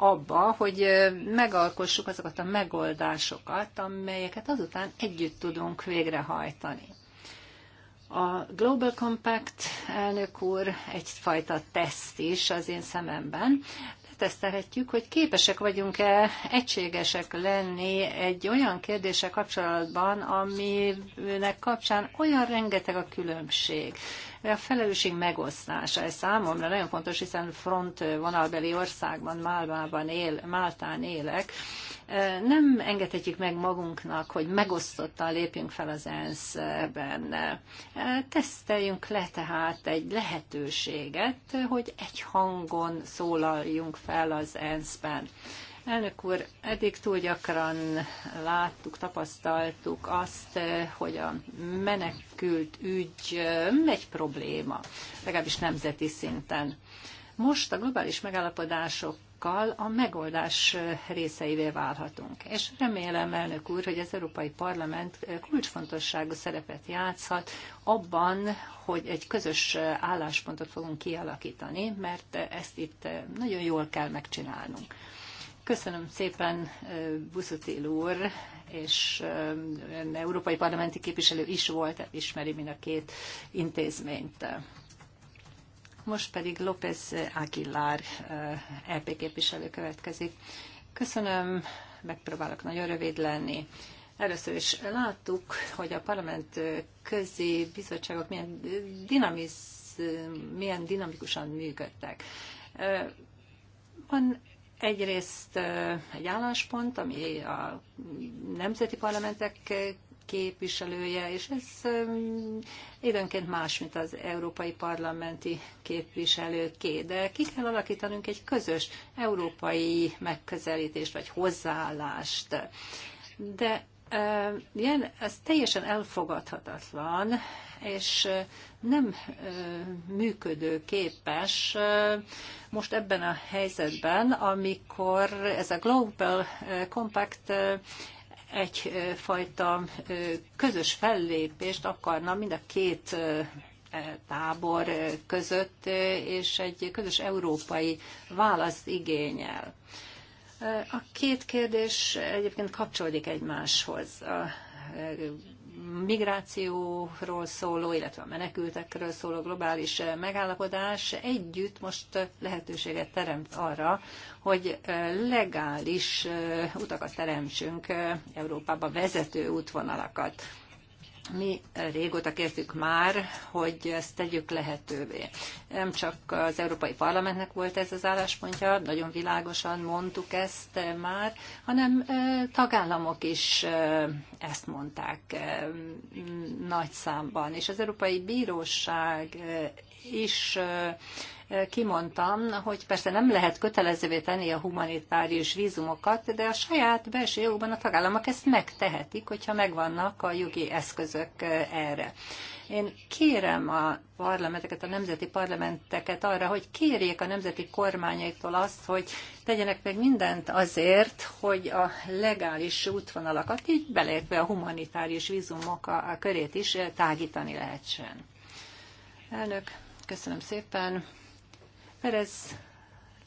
abba, hogy megalkossuk azokat a megoldásokat, amelyeket azután együtt tudunk végrehajtani. A Global Compact elnök úr egyfajta teszt is az én szememben. Tesztelhetjük, hogy képesek vagyunk-e egységesek lenni egy olyan kérdése kapcsolatban, aminek kapcsán olyan rengeteg a különbség. A felelősség megosztása, ez számomra nagyon fontos, hiszen front vonalbeli országban, Málmában él, Máltán élek, nem engedhetjük meg magunknak, hogy megosztottan lépjünk fel az ENSZ-ben. Teszteljünk le tehát egy lehetőséget, hogy egy hangon szólaljunk fel az ENSZ-ben. Elnök úr, eddig túl gyakran láttuk, tapasztaltuk azt, hogy a menekült ügy mm, egy probléma, legalábbis nemzeti szinten. Most a globális megállapodásokkal a megoldás részeivé válhatunk. És remélem, elnök úr, hogy az Európai Parlament kulcsfontosságú szerepet játszhat abban, hogy egy közös álláspontot fogunk kialakítani, mert ezt itt nagyon jól kell megcsinálnunk. Köszönöm szépen, Buszutél úr, és európai parlamenti képviselő is volt, ismeri mind a két intézményt. Most pedig López Aguilar EP képviselő következik. Köszönöm, megpróbálok nagyon rövid lenni. Először is láttuk, hogy a parlament közé bizottságok milyen, dinamiz, milyen dinamikusan működtek. Van Egyrészt egy álláspont, ami a nemzeti parlamentek képviselője, és ez időnként más, mint az európai parlamenti képviselőké, de ki kell alakítanunk egy közös európai megközelítést, vagy hozzáállást. De ilyen, ez teljesen elfogadhatatlan, és nem működőképes most ebben a helyzetben, amikor ez a Global Compact egyfajta közös fellépést akarna mind a két tábor között, és egy közös európai választ igényel. A két kérdés egyébként kapcsolódik egymáshoz. A migrációról szóló, illetve a menekültekről szóló globális eh, megállapodás együtt most eh, lehetőséget teremt arra, hogy eh, legális utakat teremtsünk Európába vezető útvonalakat. Mi régóta kértük már, hogy ezt tegyük lehetővé. Nem csak az Európai Parlamentnek volt ez az álláspontja, nagyon világosan mondtuk ezt már, hanem tagállamok is ezt mondták nagy számban, és az Európai Bíróság is kimondtam, hogy persze nem lehet kötelezővé tenni a humanitárius vízumokat, de a saját belső jogban a tagállamok ezt megtehetik, hogyha megvannak a jogi eszközök eh, erre. Én kérem a parlamenteket, a nemzeti parlamenteket arra, hogy kérjék a nemzeti kormányaitól azt, hogy tegyenek meg mindent azért, hogy a legális útvonalakat, így beleértve a humanitárius vízumok a, a körét is eh, tágítani lehessen. Elnök, köszönöm szépen. Perez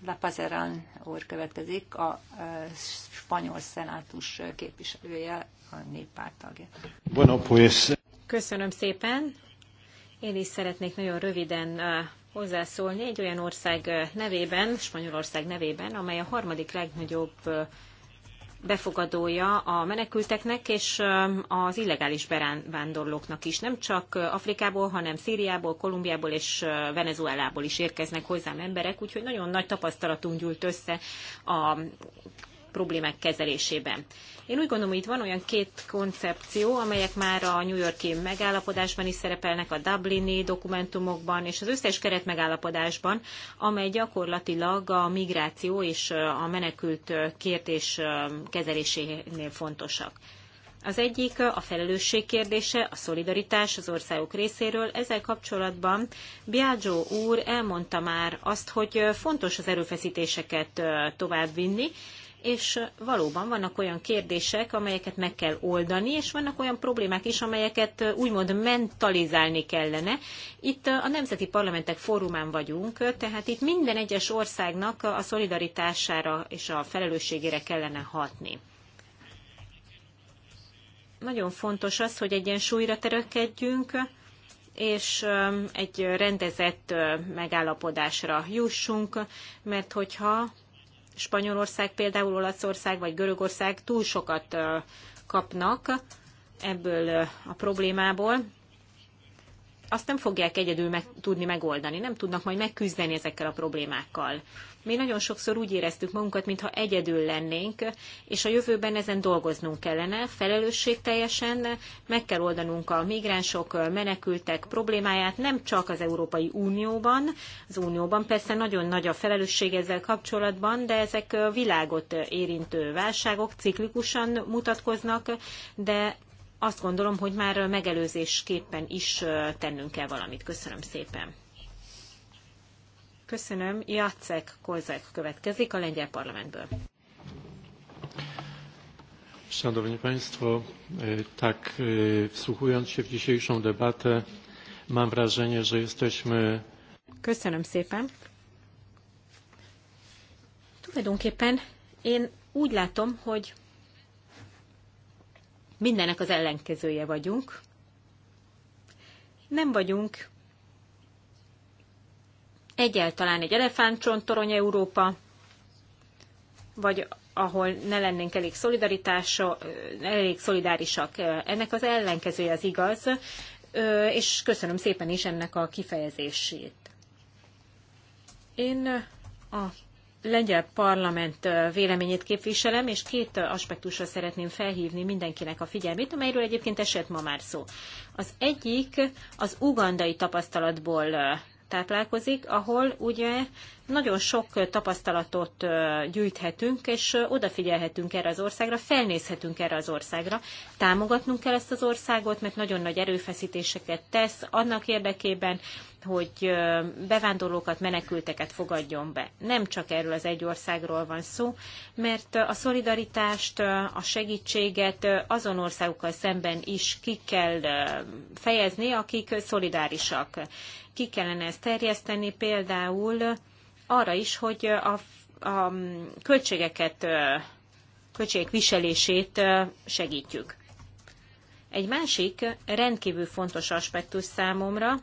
Lapazerán úr következik, a e, spanyol szenátus képviselője, a néppárt tagja. Bueno, pues. Köszönöm szépen. Én is szeretnék nagyon röviden e, hozzászólni egy olyan ország e, nevében, Spanyolország nevében, amely a harmadik legnagyobb befogadója a menekülteknek és az illegális bevándorlóknak is. Nem csak Afrikából, hanem Szíriából, Kolumbiából és Venezuelából is érkeznek hozzám emberek, úgyhogy nagyon nagy tapasztalatunk gyűlt össze a problémák kezelésében. Én úgy gondolom, hogy itt van olyan két koncepció, amelyek már a New Yorki megállapodásban is szerepelnek, a Dublini dokumentumokban és az összes keret megállapodásban, amely gyakorlatilag a migráció és a menekült kérdés kezelésénél fontosak. Az egyik a felelősség kérdése, a szolidaritás az országok részéről. Ezzel kapcsolatban Biagio úr elmondta már azt, hogy fontos az erőfeszítéseket továbbvinni, és valóban vannak olyan kérdések, amelyeket meg kell oldani, és vannak olyan problémák is, amelyeket úgymond mentalizálni kellene. Itt a Nemzeti Parlamentek fórumán vagyunk, tehát itt minden egyes országnak a szolidaritására és a felelősségére kellene hatni nagyon fontos az, hogy egyensúlyra törökedjünk, és egy rendezett megállapodásra jussunk, mert hogyha Spanyolország például, Olaszország vagy Görögország túl sokat kapnak ebből a problémából, azt nem fogják egyedül meg, tudni megoldani, nem tudnak majd megküzdeni ezekkel a problémákkal. Mi nagyon sokszor úgy éreztük magunkat, mintha egyedül lennénk, és a jövőben ezen dolgoznunk kellene, felelősségteljesen meg kell oldanunk a migránsok, menekültek problémáját, nem csak az Európai Unióban, az Unióban persze nagyon nagy a felelősség ezzel kapcsolatban, de ezek világot érintő válságok ciklikusan mutatkoznak, de azt gondolom, hogy már megelőzésképpen is tennünk kell valamit. Köszönöm szépen. Köszönöm. Jacek Kozek következik a lengyel parlamentből. Szanowni Państwo, e, tak e, wsłuchując się w dzisiejszą debatę, mam wrażenie, że jesteśmy... Köszönöm szépen. Tulajdonképpen én úgy látom, hogy mindennek az ellenkezője vagyunk. Nem vagyunk egyáltalán egy elefántcsontorony Európa, vagy ahol ne lennénk elég, elég szolidárisak. Ennek az ellenkezője az igaz, és köszönöm szépen is ennek a kifejezését. Én a lengyel parlament véleményét képviselem, és két aspektusra szeretném felhívni mindenkinek a figyelmét, amelyről egyébként esett ma már szó. Az egyik az ugandai tapasztalatból táplálkozik, ahol ugye nagyon sok tapasztalatot gyűjthetünk, és odafigyelhetünk erre az országra, felnézhetünk erre az országra. Támogatnunk kell ezt az országot, mert nagyon nagy erőfeszítéseket tesz annak érdekében, hogy bevándorlókat, menekülteket fogadjon be. Nem csak erről az egy országról van szó, mert a szolidaritást, a segítséget azon országokkal szemben is ki kell fejezni, akik szolidárisak. Ki kellene ezt terjeszteni például arra is, hogy a, a költségeket, költségek viselését segítjük. Egy másik rendkívül fontos aspektus számomra,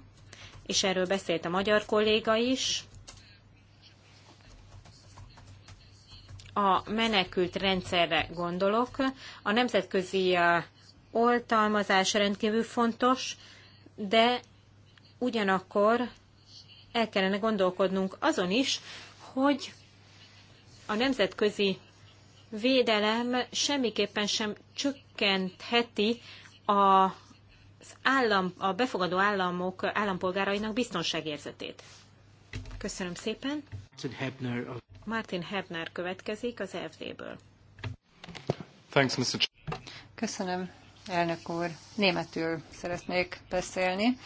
és erről beszélt a magyar kolléga is, a menekült rendszerre gondolok. A nemzetközi uh, oltalmazás rendkívül fontos, de ugyanakkor el kellene gondolkodnunk azon is, hogy a nemzetközi védelem semmiképpen sem csökkentheti a az állam, a befogadó államok állampolgárainak biztonságérzetét. Köszönöm szépen. Martin Hebner, következik az FD-ből. Köszönöm, elnök úr. Németül szeretnék beszélni.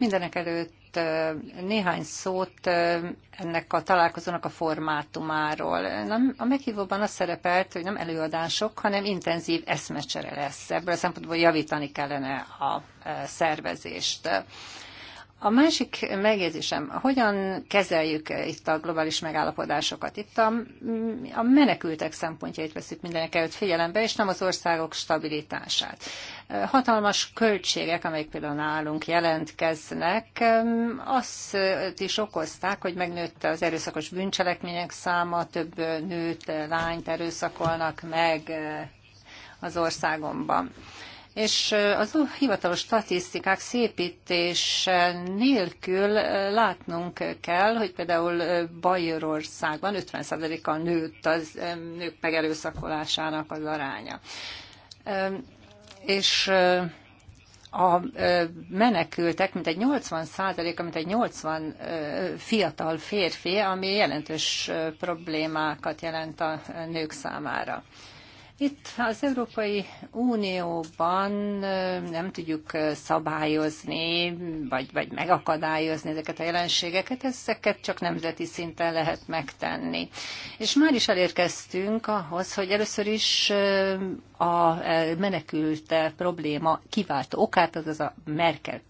Mindenek előtt néhány szót ennek a találkozónak a formátumáról. Nem, a meghívóban az szerepelt, hogy nem előadások, hanem intenzív eszmecsere lesz. Ebből a szempontból javítani kellene a szervezést. A másik megjegyzésem, hogyan kezeljük eh, itt a globális megállapodásokat? Itt a, mm, a menekültek szempontjait veszük mindenek előtt figyelembe, és nem az országok stabilitását. Eh, hatalmas költségek, amelyek például nálunk jelentkeznek, eh, azt is okozták, hogy megnőtt az erőszakos bűncselekmények száma, több nőt, lányt erőszakolnak meg az országomban és az hivatalos statisztikák szépítése nélkül látnunk kell, hogy például Bajorországban 50%-kal nőtt az nők megerőszakolásának az aránya. És a menekültek, mint egy 80 százaléka, mint egy 80 fiatal férfi, ami jelentős problémákat jelent a nők számára. Itt az Európai Unióban nem tudjuk szabályozni, vagy, vagy megakadályozni ezeket a jelenségeket, ezeket csak nemzeti szinten lehet megtenni. És már is elérkeztünk ahhoz, hogy először is a e, menekült probléma kiváltó okát, azaz a Merkel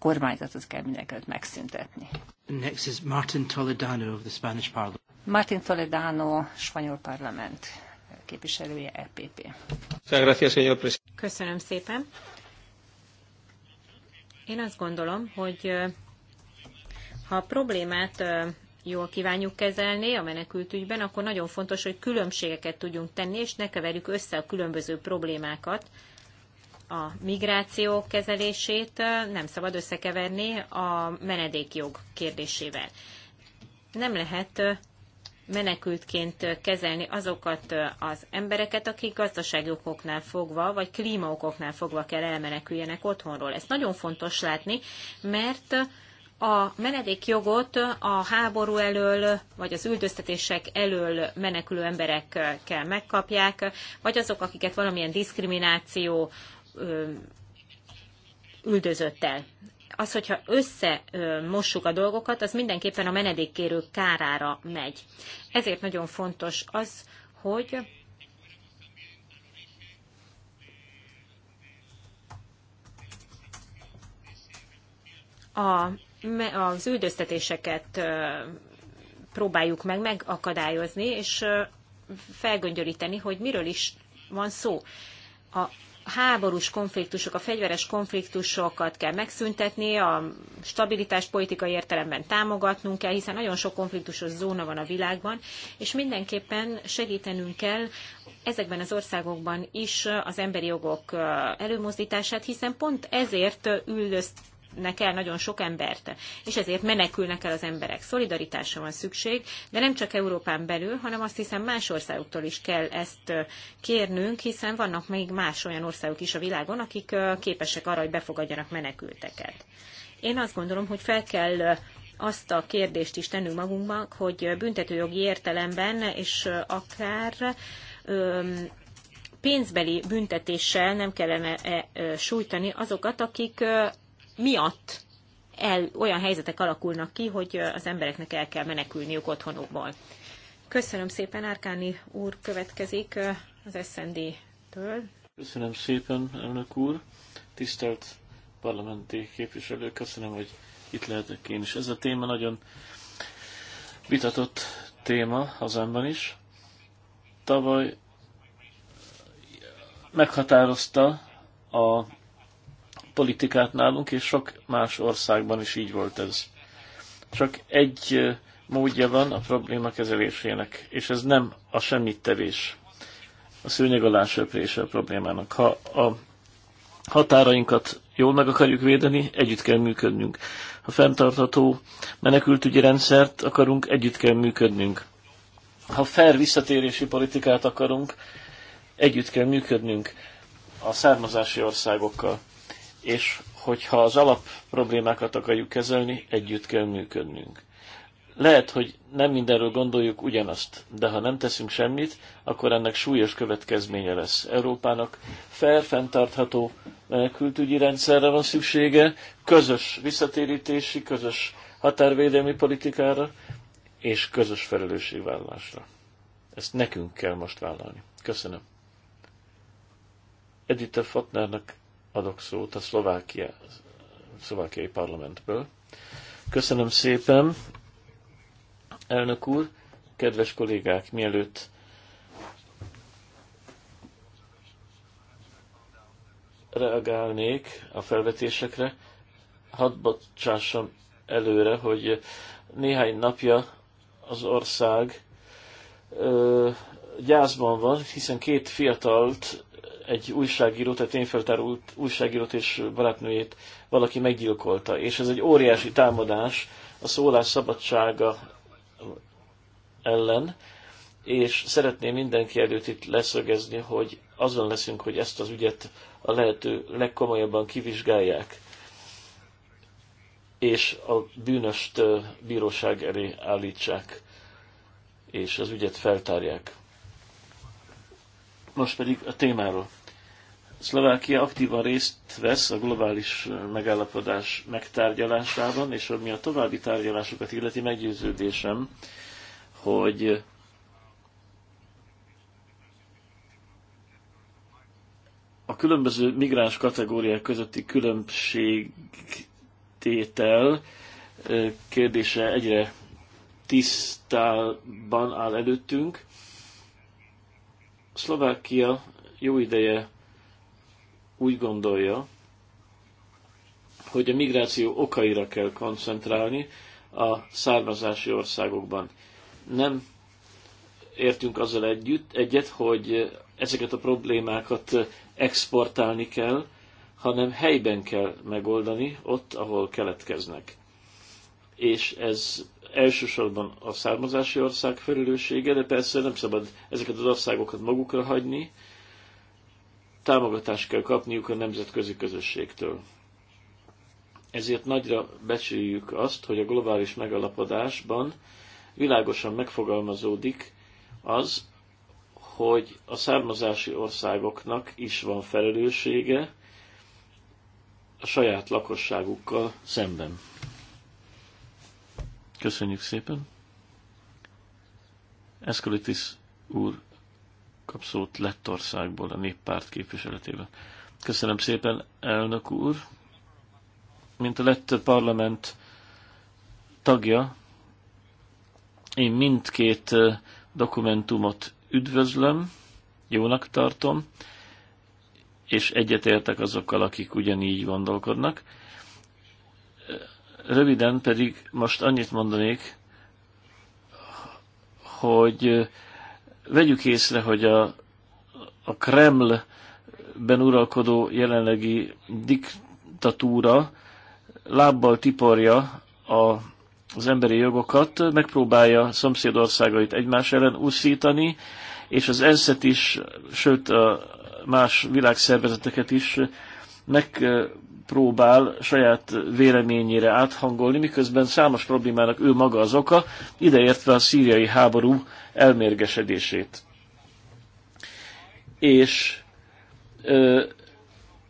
az kell mindenkit megszüntetni. Next is Martin Toledano of the Spanish Parliament. Martin Toledano, spanyol parlament képviselője EPP. Köszönöm szépen. Én azt gondolom, hogy ha a problémát jól kívánjuk kezelni a menekültügyben, akkor nagyon fontos, hogy különbségeket tudjunk tenni, és ne keverjük össze a különböző problémákat. A migráció kezelését nem szabad összekeverni a menedékjog kérdésével. Nem lehet menekültként kezelni azokat az embereket, akik gazdasági okoknál fogva, vagy klímaokoknál fogva kell elmeneküljenek otthonról. Ez nagyon fontos látni, mert a menedékjogot a háború elől, vagy az üldöztetések elől menekülő emberekkel megkapják, vagy azok, akiket valamilyen diszkrimináció üldözött el az, hogyha összemossuk a dolgokat, az mindenképpen a menedékkérő kárára megy. Ezért nagyon fontos az, hogy a, az üldöztetéseket próbáljuk meg megakadályozni, és felgöngyöríteni, hogy miről is van szó. A háborús konfliktusok, a fegyveres konfliktusokat kell megszüntetni, a stabilitás politikai értelemben támogatnunk kell, hiszen nagyon sok konfliktusos zóna van a világban, és mindenképpen segítenünk kell ezekben az országokban is az emberi jogok előmozdítását, hiszen pont ezért üldözt menekülnek el nagyon sok embert, és ezért menekülnek el az emberek. Szolidaritásra van szükség, de nem csak Európán belül, hanem azt hiszem más országoktól is kell ezt kérnünk, hiszen vannak még más olyan országok is a világon, akik képesek arra, hogy befogadjanak menekülteket. Én azt gondolom, hogy fel kell azt a kérdést is tennünk magunknak, hogy büntetőjogi értelemben és akár pénzbeli büntetéssel nem kellene -e sújtani azokat, akik miatt el, olyan helyzetek alakulnak ki, hogy az embereknek el kell menekülniük otthonukból. Köszönöm szépen, Árkáni úr következik az SND-től. Köszönöm szépen, elnök úr. Tisztelt parlamenti képviselő, köszönöm, hogy itt lehetek én is. Ez a téma nagyon vitatott téma hazámban is. Tavaly meghatározta a politikát nálunk, és sok más országban is így volt ez. Csak egy módja van a probléma kezelésének, és ez nem a semmit tevés A szőnyeg alá söprése a problémának. Ha a határainkat jól meg akarjuk védeni, együtt kell működnünk. Ha fenntartható menekültügyi rendszert akarunk, együtt kell működnünk. Ha fair visszatérési politikát akarunk, együtt kell működnünk a származási országokkal és hogyha az alap problémákat akarjuk kezelni, együtt kell működnünk. Lehet, hogy nem mindenről gondoljuk ugyanazt, de ha nem teszünk semmit, akkor ennek súlyos következménye lesz. Európának fel, fenntartható menekültügyi rendszerre van szüksége, közös visszatérítési, közös határvédelmi politikára és közös felelősségvállalásra. Ezt nekünk kell most vállalni. Köszönöm. Edith Fatnernak adok szót a Szlovákia, szlovákiai parlamentből. Köszönöm szépen, elnök úr, kedves kollégák, mielőtt reagálnék a felvetésekre, hadd bocsássam előre, hogy néhány napja az ország ö, gyászban van, hiszen két fiatalt egy újságírót, egy tényfeltáró újságírót és barátnőjét valaki meggyilkolta, és ez egy óriási támadás a szólás szabadsága ellen, és szeretném mindenki előtt itt leszögezni, hogy azon leszünk, hogy ezt az ügyet a lehető legkomolyabban kivizsgálják, és a bűnöst bíróság elé állítsák, és az ügyet feltárják. Most pedig a témáról. Szlovákia aktívan részt vesz a globális megállapodás megtárgyalásában, és ami a további tárgyalásokat illeti meggyőződésem, hogy a különböző migráns kategóriák közötti különbségtétel kérdése egyre tisztában áll előttünk. Szlovákia jó ideje úgy gondolja, hogy a migráció okaira kell koncentrálni a származási országokban. Nem értünk azzal együtt, egyet, hogy ezeket a problémákat exportálni kell, hanem helyben kell megoldani, ott, ahol keletkeznek. És ez elsősorban a származási ország felelőssége, de persze nem szabad ezeket az országokat magukra hagyni, támogatást kell kapniuk a nemzetközi közösségtől. Ezért nagyra becsüljük azt, hogy a globális megalapodásban világosan megfogalmazódik az, hogy a származási országoknak is van felelőssége a saját lakosságukkal szemben. Köszönjük szépen! Eszkolitis úr kapszót Lettországból a néppárt képviseletében. Köszönöm szépen, elnök úr! Mint a lett parlament tagja, én mindkét dokumentumot üdvözlöm, jónak tartom, és egyetértek azokkal, akik ugyanígy gondolkodnak. Röviden pedig most annyit mondanék, hogy vegyük észre, hogy a, a Kremlben uralkodó jelenlegi diktatúra lábbal tiporja a, az emberi jogokat, megpróbálja szomszédországait egymás ellen úszítani, és az ENSZ-et is, sőt a más világszervezeteket is megpróbál saját véleményére áthangolni, miközben számos problémának ő maga az oka, ideértve a szíriai háború elmérgesedését. És ö,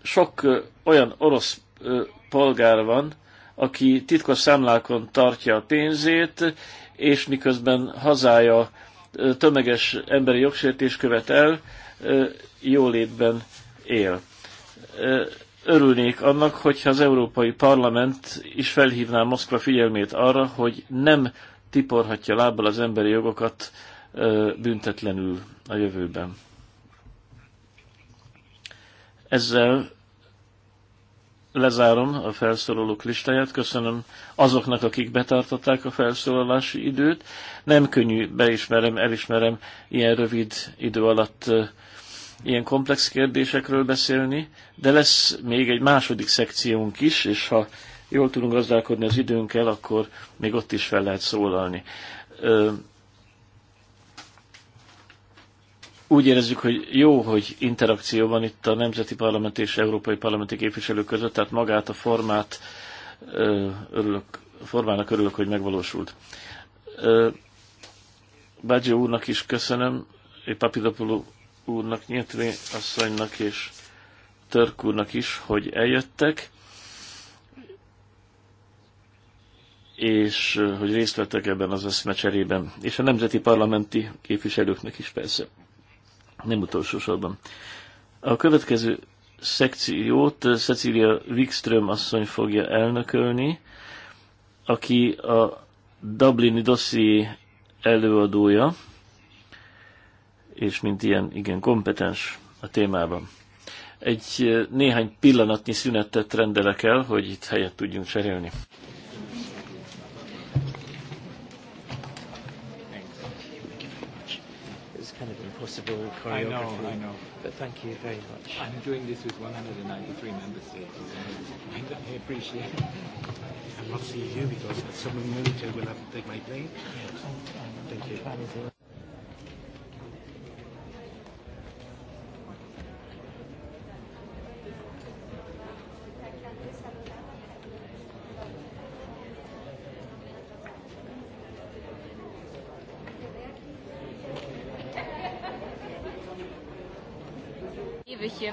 sok ö, olyan orosz ö, polgár van, aki titkos számlákon tartja a pénzét, és miközben hazája tömeges emberi jogsértés követ el, jólétben él örülnék annak, hogyha az Európai Parlament is felhívná Moszkva figyelmét arra, hogy nem tiporhatja lábbal az emberi jogokat büntetlenül a jövőben. Ezzel lezárom a felszólalók listáját. Köszönöm azoknak, akik betartották a felszólalási időt. Nem könnyű, beismerem, elismerem ilyen rövid idő alatt ilyen komplex kérdésekről beszélni, de lesz még egy második szekciónk is, és ha jól tudunk gazdálkodni az időnkkel, akkor még ott is fel lehet szólalni. Úgy érezzük, hogy jó, hogy interakció van itt a Nemzeti Parlament és Európai Parlamenti képviselők között, tehát magát a formát örülök, formának örülök, hogy megvalósult. Bágyó úrnak is köszönöm, Papidopoló úrnak, Nyitri asszonynak és Törk úrnak is, hogy eljöttek, és hogy részt vettek ebben az eszmecserében, és a nemzeti parlamenti képviselőknek is persze, nem utolsó sorban. A következő szekciót Cecilia Wikström asszony fogja elnökölni, aki a Dublini dosszié előadója, és mint ilyen igen kompetens a témában. Egy eh, néhány pillanatnyi szünetet rendelek el, hogy itt helyet tudjunk cserélni. choreography. I know, I know. But thank you very much. I'm doing this with 193 member states. And I appreciate it. not you because will have to take my plane. Yes. Thank you.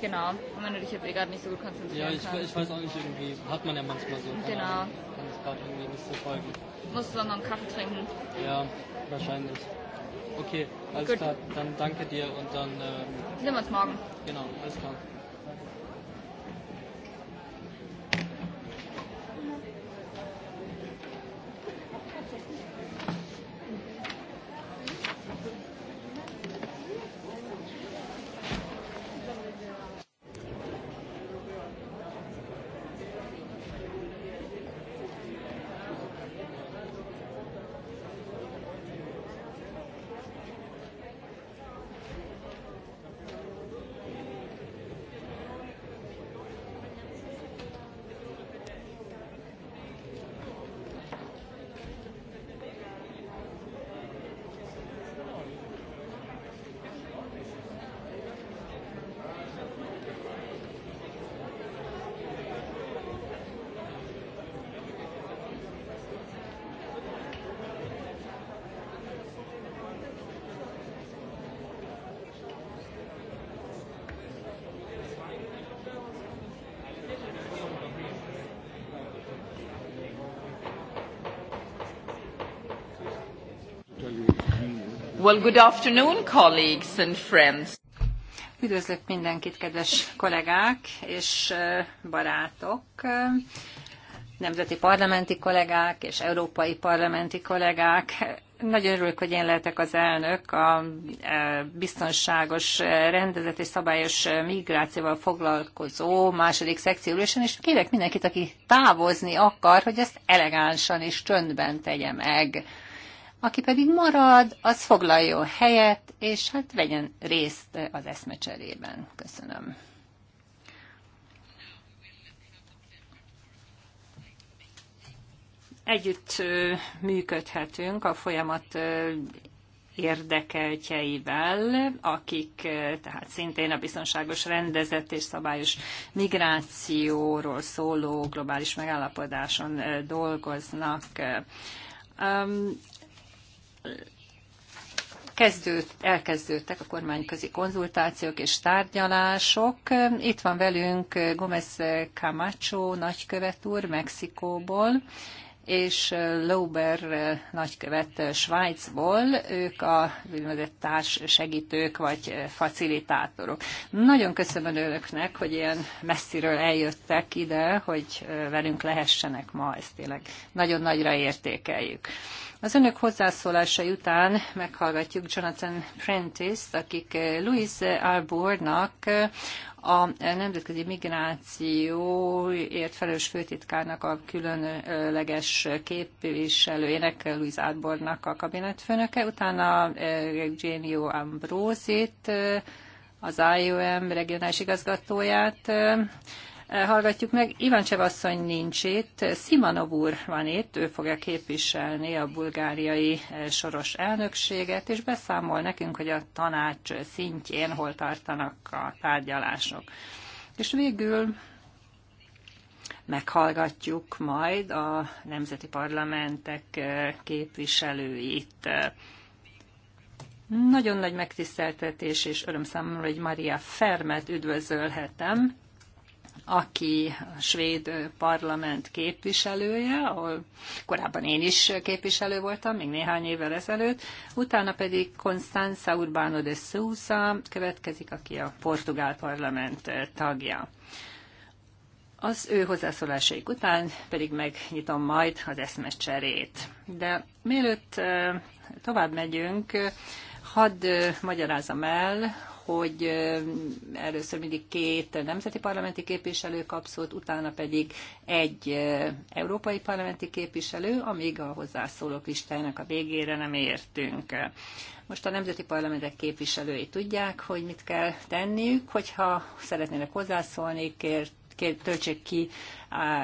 Genau, und wenn du dich jetzt eh gerade nicht so gut konzentrieren kannst. Ja, ich, kannst. ich weiß auch nicht, irgendwie hat man ja manchmal so. Genau. Ahnung, kann es gerade irgendwie nicht so folgen. Musst du dann noch einen Kaffee trinken. Ja, wahrscheinlich. Okay, alles gut. klar. Dann danke dir und dann... Ähm, Sehen wir uns morgen. Genau, alles klar. Well, good afternoon, colleagues and friends. Üdvözlök mindenkit, kedves kollégák és barátok, nemzeti parlamenti kollégák és európai parlamenti kollégák. Nagyon örülök, hogy én lehetek az elnök a biztonságos rendezet és szabályos migrációval foglalkozó második szekciólésen, és kérek mindenkit, aki távozni akar, hogy ezt elegánsan és csöndben tegye meg. Aki pedig marad, az foglaljon helyet, és hát vegyen részt az eszmecserében. Köszönöm. Együtt működhetünk a folyamat érdekeltjeivel, akik tehát szintén a biztonságos rendezett és szabályos migrációról szóló globális megállapodáson dolgoznak kezdőd, elkezdődtek a kormányközi konzultációk és tárgyalások. Itt van velünk Gomez Camacho nagykövet úr Mexikóból, és Lauber nagykövet Svájcból, ők a úgynevezett társ segítők vagy facilitátorok. Nagyon köszönöm önöknek, hogy ilyen messziről eljöttek ide, hogy velünk lehessenek ma, ezt tényleg nagyon nagyra értékeljük. Az önök hozzászólásai után meghallgatjuk Jonathan Prentice-t, akik eh, Louis Arbornak eh, a Nemzetközi Migrációért felelős főtitkárnak a különleges képviselőjének, Louis Arbornak a kabinetfőnöke, utána eh, Eugenio Ambrosit, az IOM regionális igazgatóját, Eh, hallgatjuk meg. Ivan Csevasszony nincs itt, Szimanov úr van itt, ő fogja képviselni a bulgáriai eh, soros elnökséget, és beszámol nekünk, hogy a tanács szintjén hol tartanak a tárgyalások. És végül meghallgatjuk majd a nemzeti parlamentek eh, képviselőit. Nagyon nagy megtiszteltetés és öröm számomra, hogy Maria Fermet üdvözölhetem, aki a svéd parlament képviselője, ahol korábban én is képviselő voltam, még néhány évvel ezelőtt, utána pedig Constanza Urbano de Sousa következik, aki a portugál parlament tagja. Az ő hozzászólásaik után pedig megnyitom majd az eszmecserét. De mielőtt eh, tovább megyünk, hadd eh, magyarázom el, hogy először mindig két nemzeti parlamenti képviselő kap szót, utána pedig egy európai parlamenti képviselő, amíg a hozzászólók listájának a végére nem értünk. Most a nemzeti parlamentek képviselői tudják, hogy mit kell tenniük, hogyha szeretnének hozzászólni, kért töltsék ki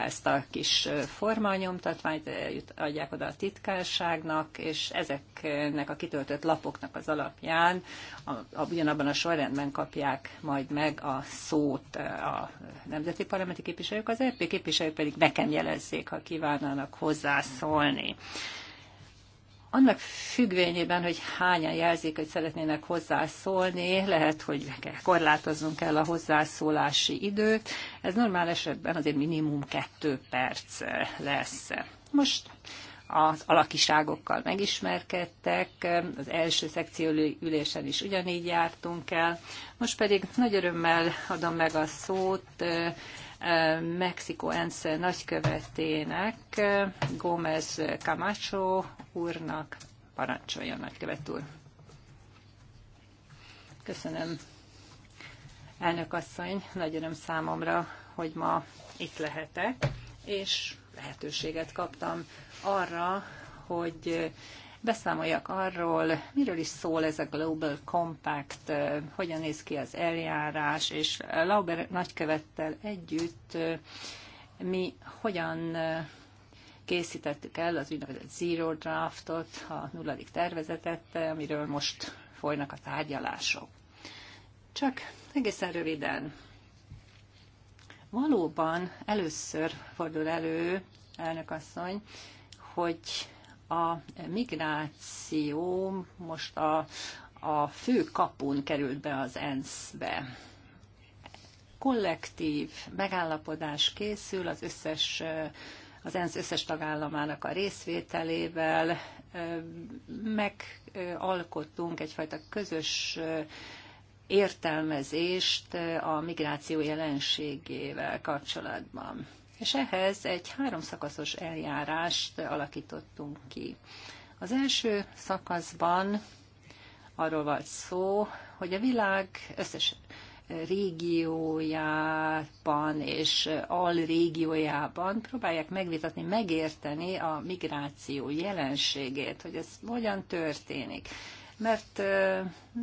ezt a kis formanyomtatványt, adják oda a titkárságnak, és ezeknek a kitöltött lapoknak az alapján a, a, ugyanabban a sorrendben kapják majd meg a szót a nemzeti parlamenti képviselők, az EP képviselők pedig nekem jelezzék, ha kívánnának hozzászólni. Annak függvényében, hogy hányan jelzik, hogy szeretnének hozzászólni, lehet, hogy korlátoznunk kell a hozzászólási időt. Ez normál esetben azért minimum kettő perc lesz. Most az alakiságokkal megismerkedtek, az első szekció ülésen is ugyanígy jártunk el. Most pedig nagy örömmel adom meg a szót Mexikó ENSZ nagykövetének, Gómez Camacho úrnak. a nagykövet úr! Köszönöm, elnök asszony, nagy öröm számomra, hogy ma itt lehetek, és lehetőséget kaptam arra, hogy beszámoljak arról, miről is szól ez a Global Compact, hogyan néz ki az eljárás, és Lauber nagykövettel együtt mi hogyan készítettük el az úgynevezett Zero Draftot, a nulladik tervezetet, amiről most folynak a tárgyalások. Csak egészen röviden. Valóban először fordul elő, elnök asszony, hogy a migráció most a, a fő kapun került be az ENSZ-be. Kollektív megállapodás készül az összes az ENSZ összes tagállamának a részvételével megalkottunk egyfajta közös értelmezést a migráció jelenségével kapcsolatban és ehhez egy háromszakaszos eljárást alakítottunk ki. Az első szakaszban arról volt szó, hogy a világ összes régiójában és alrégiójában próbálják megvitatni, megérteni a migráció jelenségét, hogy ez hogyan történik mert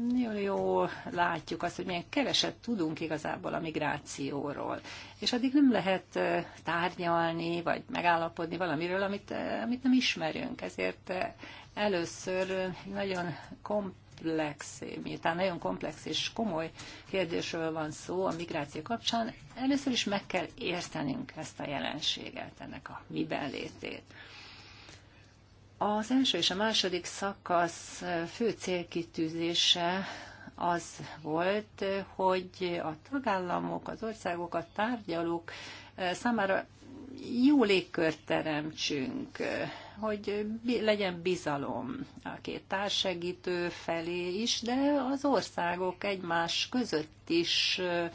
nagyon jó látjuk azt, hogy milyen keveset tudunk igazából a migrációról. És addig nem lehet tárgyalni, vagy megállapodni valamiről, amit, amit nem ismerünk. Ezért először nagyon komplex, miután nagyon komplex és komoly kérdésről van szó a migráció kapcsán, először is meg kell értenünk ezt a jelenséget, ennek a miben létét. Az első és a második szakasz fő célkitűzése az volt, hogy a tagállamok, az országok, a tárgyalók eh, számára jó légkört teremtsünk, hogy legyen bizalom a két társsegítő felé is, de az országok egymás között is eh,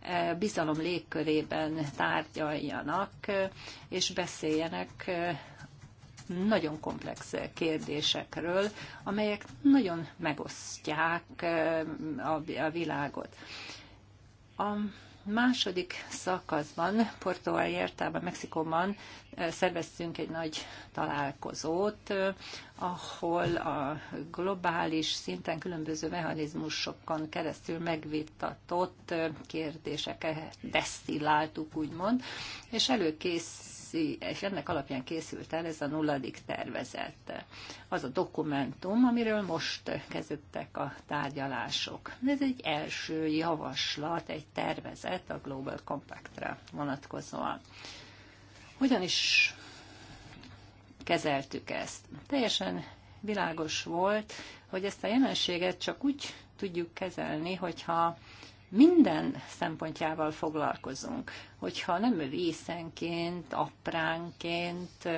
eh, bizalom légkörében tárgyaljanak, és beszéljenek nagyon komplex kérdésekről, amelyek nagyon megosztják a világot. A második szakaszban, Porto Vallartában, Mexikóban szerveztünk egy nagy találkozót, ahol a globális szinten különböző mechanizmusokon keresztül megvitatott kérdéseket desztilláltuk, úgymond, és előkész és ennek alapján készült el ez a nulladik tervezet. Az a dokumentum, amiről most kezdődtek a tárgyalások. Ez egy első javaslat, egy tervezet a Global Compactra vonatkozóan. Hogyan is kezeltük ezt? Teljesen világos volt, hogy ezt a jelenséget csak úgy tudjuk kezelni, hogyha minden szempontjával foglalkozunk. Hogyha nem részenként, apránként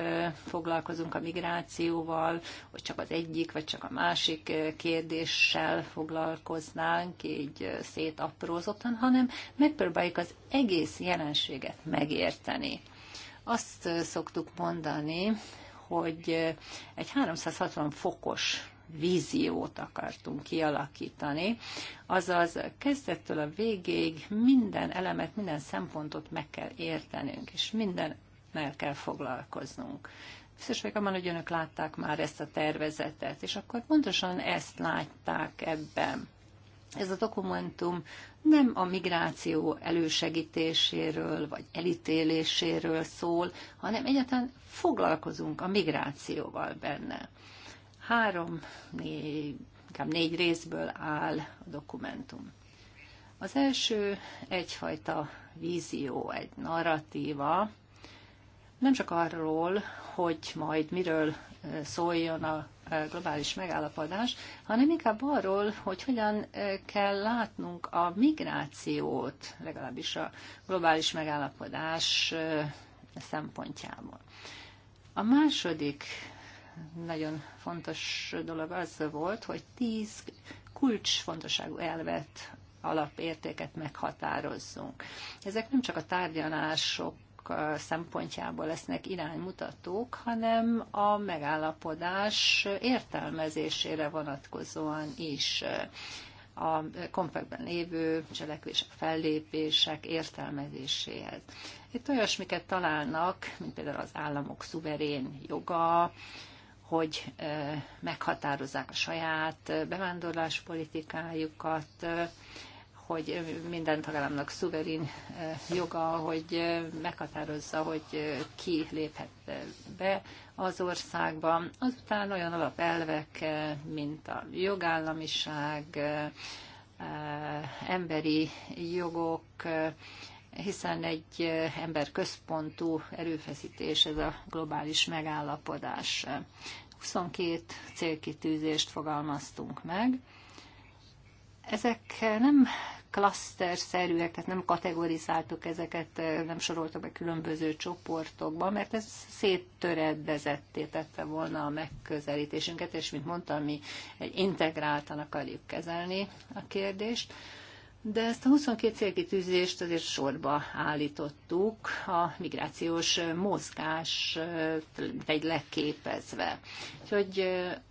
foglalkozunk a migrációval, hogy csak az egyik vagy csak a másik kérdéssel foglalkoznánk, így szétaprózottan, hanem megpróbáljuk az egész jelenséget megérteni. Azt szoktuk mondani, hogy egy 360 fokos víziót akartunk kialakítani, azaz kezdettől a végéig minden elemet, minden szempontot meg kell értenünk, és mindennel kell foglalkoznunk. Biztos vagyok abban, hogy önök látták már ezt a tervezetet, és akkor pontosan ezt látták ebben. Ez a dokumentum nem a migráció elősegítéséről vagy elítéléséről szól, hanem egyáltalán foglalkozunk a migrációval benne. Három, négy, inkább négy részből áll a dokumentum. Az első egyfajta vízió, egy narratíva, nem csak arról, hogy majd miről szóljon a globális megállapodás, hanem inkább arról, hogy hogyan kell látnunk a migrációt, legalábbis a globális megállapodás szempontjából. A második nagyon fontos dolog az volt, hogy tíz kulcsfontosságú elvet, alapértéket meghatározzunk. Ezek nem csak a tárgyalások szempontjából lesznek iránymutatók, hanem a megállapodás értelmezésére vonatkozóan is a komplektben lévő cselekvések, fellépések értelmezéséhez. Itt olyasmiket találnak, mint például az államok szuverén joga, hogy meghatározzák a saját politikájukat, hogy minden tagállamnak szuverén joga, hogy meghatározza, hogy ki léphet be az országba. Azután olyan alapelvek, mint a jogállamiság, emberi jogok, hiszen egy ember központú erőfeszítés ez a globális megállapodás. 22 célkitűzést fogalmaztunk meg. Ezek nem klaszterszerűek, tehát nem kategorizáltuk ezeket, nem soroltuk be különböző csoportokba, mert ez széttöredezetté tette volna a megközelítésünket, és mint mondtam, mi integráltan akarjuk kezelni a kérdést de ezt a 22 célkitűzést azért sorba állítottuk a migrációs mozgás egy leképezve. Úgyhogy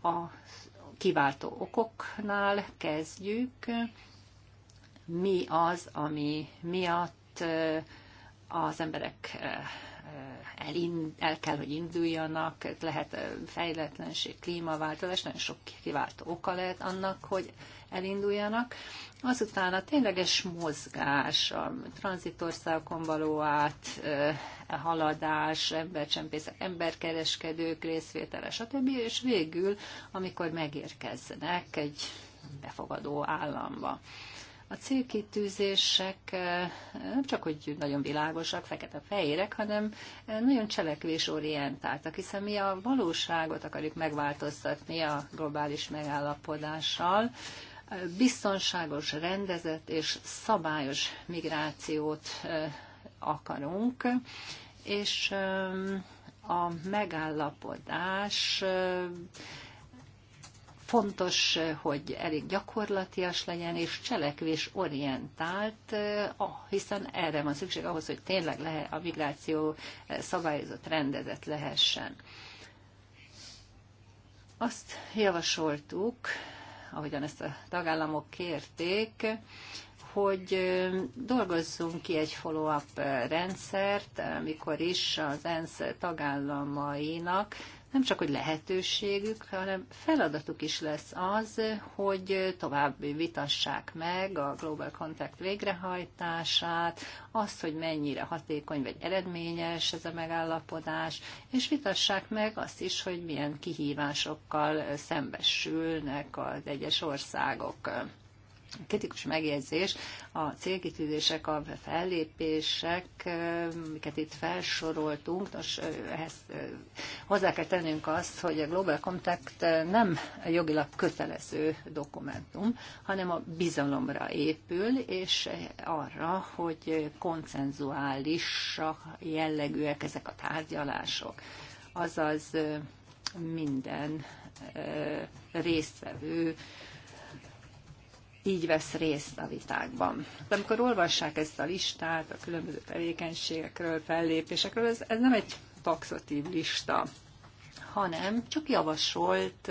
a kiváltó okoknál kezdjük. Mi az, ami miatt az emberek el kell, hogy induljanak, lehet fejletlenség, klímaváltozás, nagyon sok kiváltó oka lehet annak, hogy elinduljanak. Azután a tényleges mozgás, a tranzitországon való át, a haladás, embercsempészek, emberkereskedők részvétele, stb. És végül, amikor megérkeznek egy befogadó államba. A célkitűzések nem csak, hogy nagyon világosak, fekete-fehérek, hanem nagyon cselekvésorientáltak, hiszen mi a valóságot akarjuk megváltoztatni a globális megállapodással, biztonságos, rendezett és szabályos migrációt akarunk, és a megállapodás fontos, hogy elég gyakorlatias legyen és cselekvés orientált, hiszen erre van szükség ahhoz, hogy tényleg lehet a migráció szabályozott, rendezett lehessen. Azt javasoltuk, ahogyan ezt a tagállamok kérték, hogy dolgozzunk ki egy follow-up rendszert, amikor is az ENSZ tagállamainak nem csak, hogy lehetőségük, hanem feladatuk is lesz az, hogy tovább vitassák meg a Global contact végrehajtását, azt, hogy mennyire hatékony vagy eredményes ez a megállapodás, és vitassák meg azt is, hogy milyen kihívásokkal szembesülnek az egyes országok kritikus megjegyzés, a célkitűzések, a fellépések, amiket itt felsoroltunk, nos, ehhez hozzá kell tennünk azt, hogy a Global Compact nem jogilag kötelező dokumentum, hanem a bizalomra épül, és arra, hogy konszenzuális jellegűek ezek a tárgyalások. Azaz minden résztvevő így vesz részt a vitákban. De amikor olvassák ezt a listát a különböző tevékenységekről, fellépésekről, ez, ez nem egy taxatív lista, hanem csak javasolt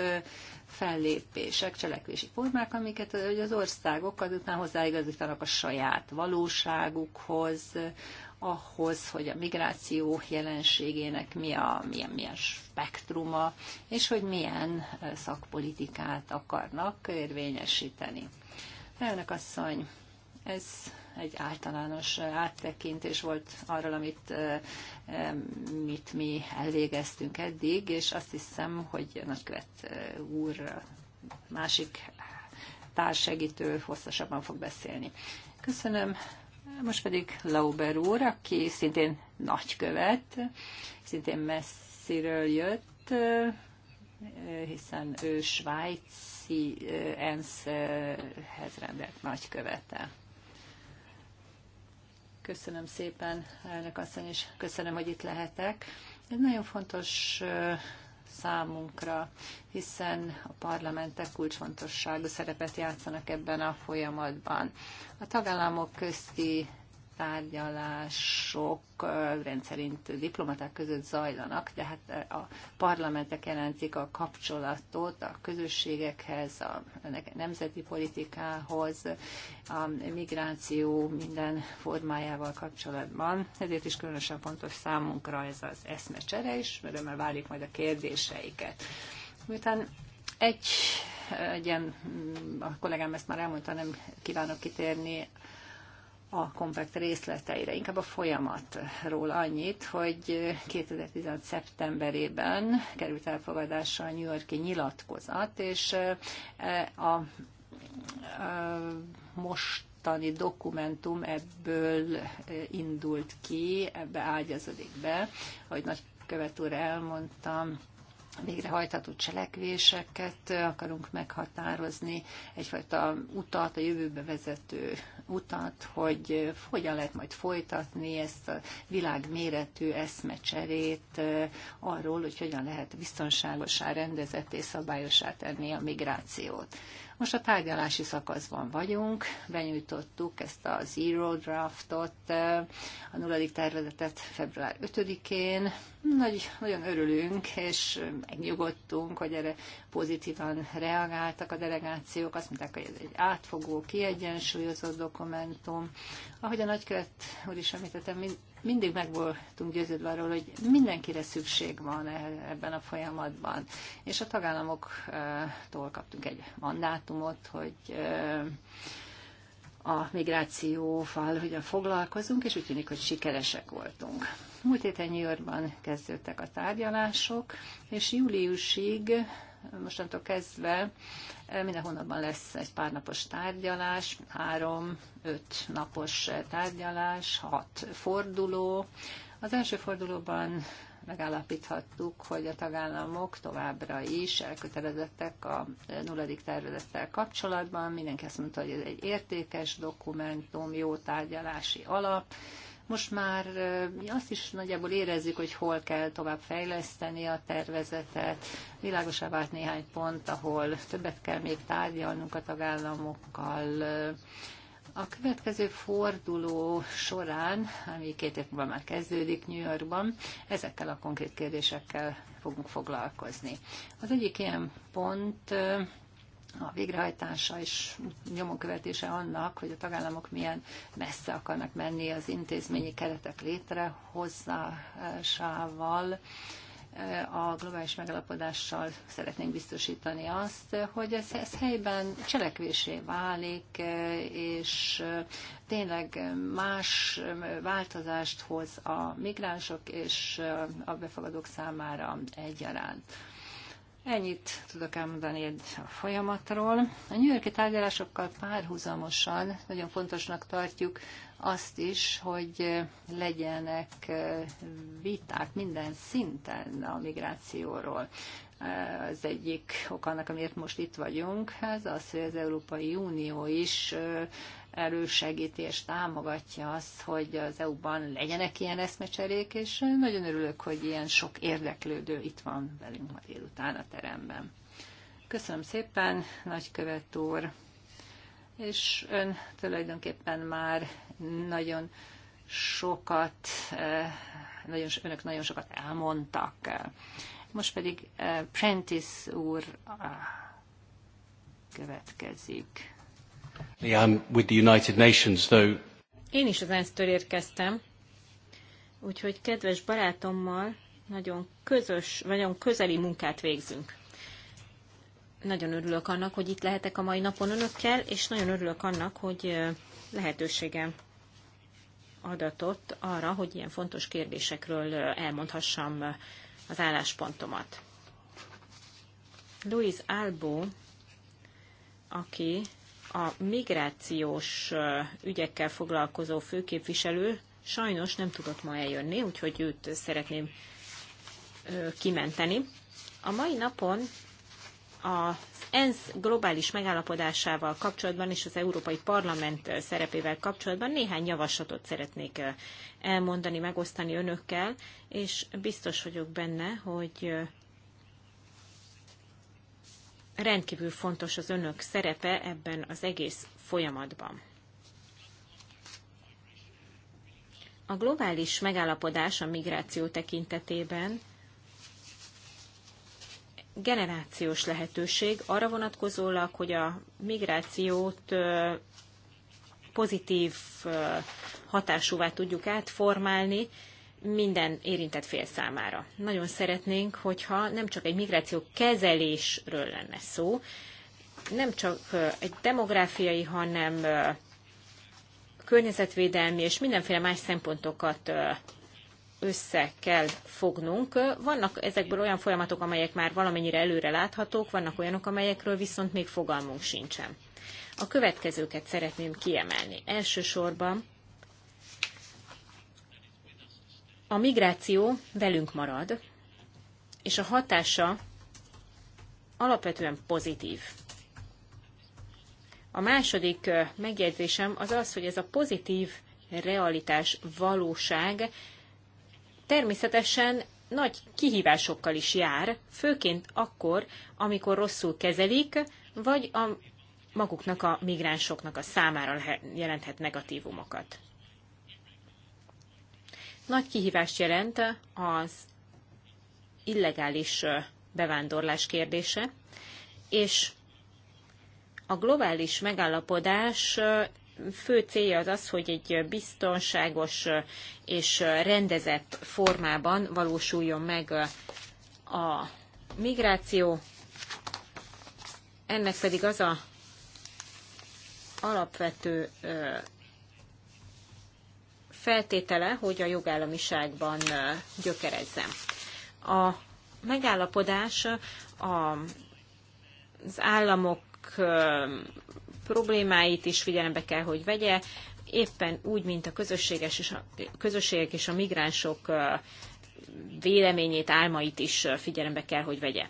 fellépések, cselekvési formák, amiket az országok azután hozzáigazítanak a saját valóságukhoz, ahhoz, hogy a migráció jelenségének mi a, milyen, milyen spektruma, és hogy milyen szakpolitikát akarnak érvényesíteni. Elnök asszony, ez egy általános eh, áttekintés volt arról, amit eh, mit mi elvégeztünk eddig, és azt hiszem, hogy nagykövet eh, úr másik társsegítő hosszasabban fog beszélni. Köszönöm. Most pedig Lauber úr, aki szintén nagykövet, szintén messziről jött, hiszen ő Svájc Szi ENSZ-hez rendelt nagykövete. Köszönöm szépen, elnök asszony, és köszönöm, hogy itt lehetek. Ez nagyon fontos számunkra, hiszen a parlamentek kulcsfontosságú szerepet játszanak ebben a folyamatban. A tagállamok közti tárgyalások rendszerint diplomaták között zajlanak, de hát a parlamentek jelentik a kapcsolatot a közösségekhez, a nemzeti politikához, a migráció minden formájával kapcsolatban. Ezért is különösen fontos számunkra ez az eszmecsere is, már várjuk majd a kérdéseiket. Miután egy, egy ilyen, a kollégám ezt már elmondta, nem kívánok kitérni a kompakt részleteire, inkább a folyamatról annyit, hogy 2016. szeptemberében került elfogadásra a New Yorki nyilatkozat, és e, a, most e, mostani dokumentum ebből indult ki, ebbe ágyazodik be, ahogy nagykövet úr elmondtam, végrehajtható cselekvéseket akarunk meghatározni, egyfajta utat, a jövőbe vezető utat, hogy hogyan lehet majd folytatni ezt a világméretű eszmecserét arról, hogy hogyan lehet biztonságosá, rendezetté, szabályosá tenni a migrációt. Most a tárgyalási szakaszban vagyunk, benyújtottuk ezt a Zero Draftot, a nulladik tervezetet február 5-én. Nagy, nagyon örülünk, és megnyugodtunk, hogy erre pozitívan reagáltak a delegációk. Azt mondták, hogy ez egy átfogó, kiegyensúlyozott dokumentum. Ahogy a nagykövet úr is említettem, mindig meg voltunk győződve arról, hogy mindenkire szükség van e- ebben a folyamatban. És a tagállamoktól kaptunk egy mandátumot, hogy a migrációval hogyan foglalkozunk, és úgy tűnik, hogy sikeresek voltunk. Múlt héten New Yorkban kezdődtek a tárgyalások, és júliusig mostantól kezdve eh, minden hónapban lesz egy párnapos tárgyalás, három-öt napos eh, tárgyalás, hat forduló. Az első fordulóban megállapíthattuk, hogy a tagállamok továbbra is elkötelezettek a eh, nulladik tervezettel kapcsolatban. Mindenki azt mondta, hogy ez egy értékes dokumentum, jó tárgyalási alap, most már azt is nagyjából érezzük, hogy hol kell tovább fejleszteni a tervezetet. Világosá vált néhány pont, ahol többet kell még tárgyalnunk a tagállamokkal. A következő forduló során, ami két év múlva már kezdődik New Yorkban, ezekkel a konkrét kérdésekkel fogunk foglalkozni. Az egyik ilyen pont a végrehajtása és nyomon követése annak, hogy a tagállamok milyen messze akarnak menni az intézményi keretek létrehozásával, a globális megalapodással szeretnénk biztosítani azt, hogy ez, ez helyben cselekvésé válik, és tényleg más változást hoz a migránsok és a befogadók számára egyaránt. Ennyit tudok elmondani a folyamatról. A New Yorki tárgyalásokkal párhuzamosan nagyon fontosnak tartjuk azt is, hogy legyenek viták minden szinten a migrációról. Az egyik ok annak, amiért most itt vagyunk, ez az, hogy az Európai Unió is elősegíti és támogatja azt, hogy az EU-ban legyenek ilyen eszmecserék, és nagyon örülök, hogy ilyen sok érdeklődő itt van velünk ma délután a teremben. Köszönöm szépen, nagykövet úr, és ön tulajdonképpen már nagyon sokat, eh, nagyon, önök nagyon sokat elmondtak. Most pedig eh, Prentice úr ah, következik. I'm with the United Nations, though. Én is az ENSZ-től érkeztem, úgyhogy kedves barátommal nagyon közös, nagyon közeli munkát végzünk. Nagyon örülök annak, hogy itt lehetek a mai napon önökkel, és nagyon örülök annak, hogy lehetőségem adatot arra, hogy ilyen fontos kérdésekről elmondhassam az álláspontomat. Louise Albo, aki a migrációs ügyekkel foglalkozó főképviselő sajnos nem tudott ma eljönni, úgyhogy őt szeretném kimenteni. A mai napon az ENSZ globális megállapodásával kapcsolatban és az Európai Parlament szerepével kapcsolatban néhány javaslatot szeretnék elmondani, megosztani önökkel, és biztos vagyok benne, hogy rendkívül fontos az önök szerepe ebben az egész folyamatban. A globális megállapodás a migráció tekintetében generációs lehetőség arra vonatkozólag, hogy a migrációt pozitív hatásúvá tudjuk átformálni, minden érintett fél számára. Nagyon szeretnénk, hogyha nem csak egy migráció kezelésről lenne szó, nem csak egy demográfiai, hanem környezetvédelmi és mindenféle más szempontokat össze kell fognunk. Vannak ezekből olyan folyamatok, amelyek már valamennyire előre láthatók, vannak olyanok, amelyekről viszont még fogalmunk sincsen. A következőket szeretném kiemelni. Elsősorban a migráció velünk marad, és a hatása alapvetően pozitív. A második megjegyzésem az az, hogy ez a pozitív realitás, valóság természetesen nagy kihívásokkal is jár, főként akkor, amikor rosszul kezelik, vagy a maguknak a migránsoknak a számára jelenthet negatívumokat nagy kihívást jelent az illegális bevándorlás kérdése, és a globális megállapodás fő célja az az, hogy egy biztonságos és rendezett formában valósuljon meg a migráció. Ennek pedig az a alapvető feltétele, hogy a jogállamiságban gyökerezzen. A megállapodás az államok problémáit is figyelembe kell, hogy vegye, éppen úgy, mint a közösséges és a, közösségek és a migránsok véleményét, álmait is figyelembe kell, hogy vegye.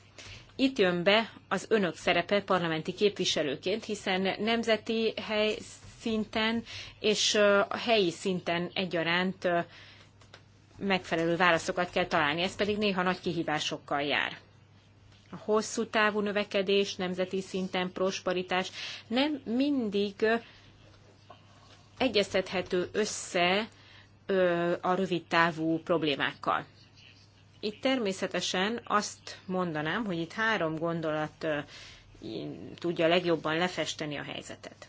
Itt jön be az önök szerepe parlamenti képviselőként, hiszen nemzeti hely, szinten és a helyi szinten egyaránt megfelelő válaszokat kell találni, ez pedig néha nagy kihívásokkal jár. A hosszú távú növekedés, nemzeti szinten prosperitás nem mindig egyeztethető össze a rövid távú problémákkal. Itt természetesen azt mondanám, hogy itt három gondolat tudja legjobban lefesteni a helyzetet.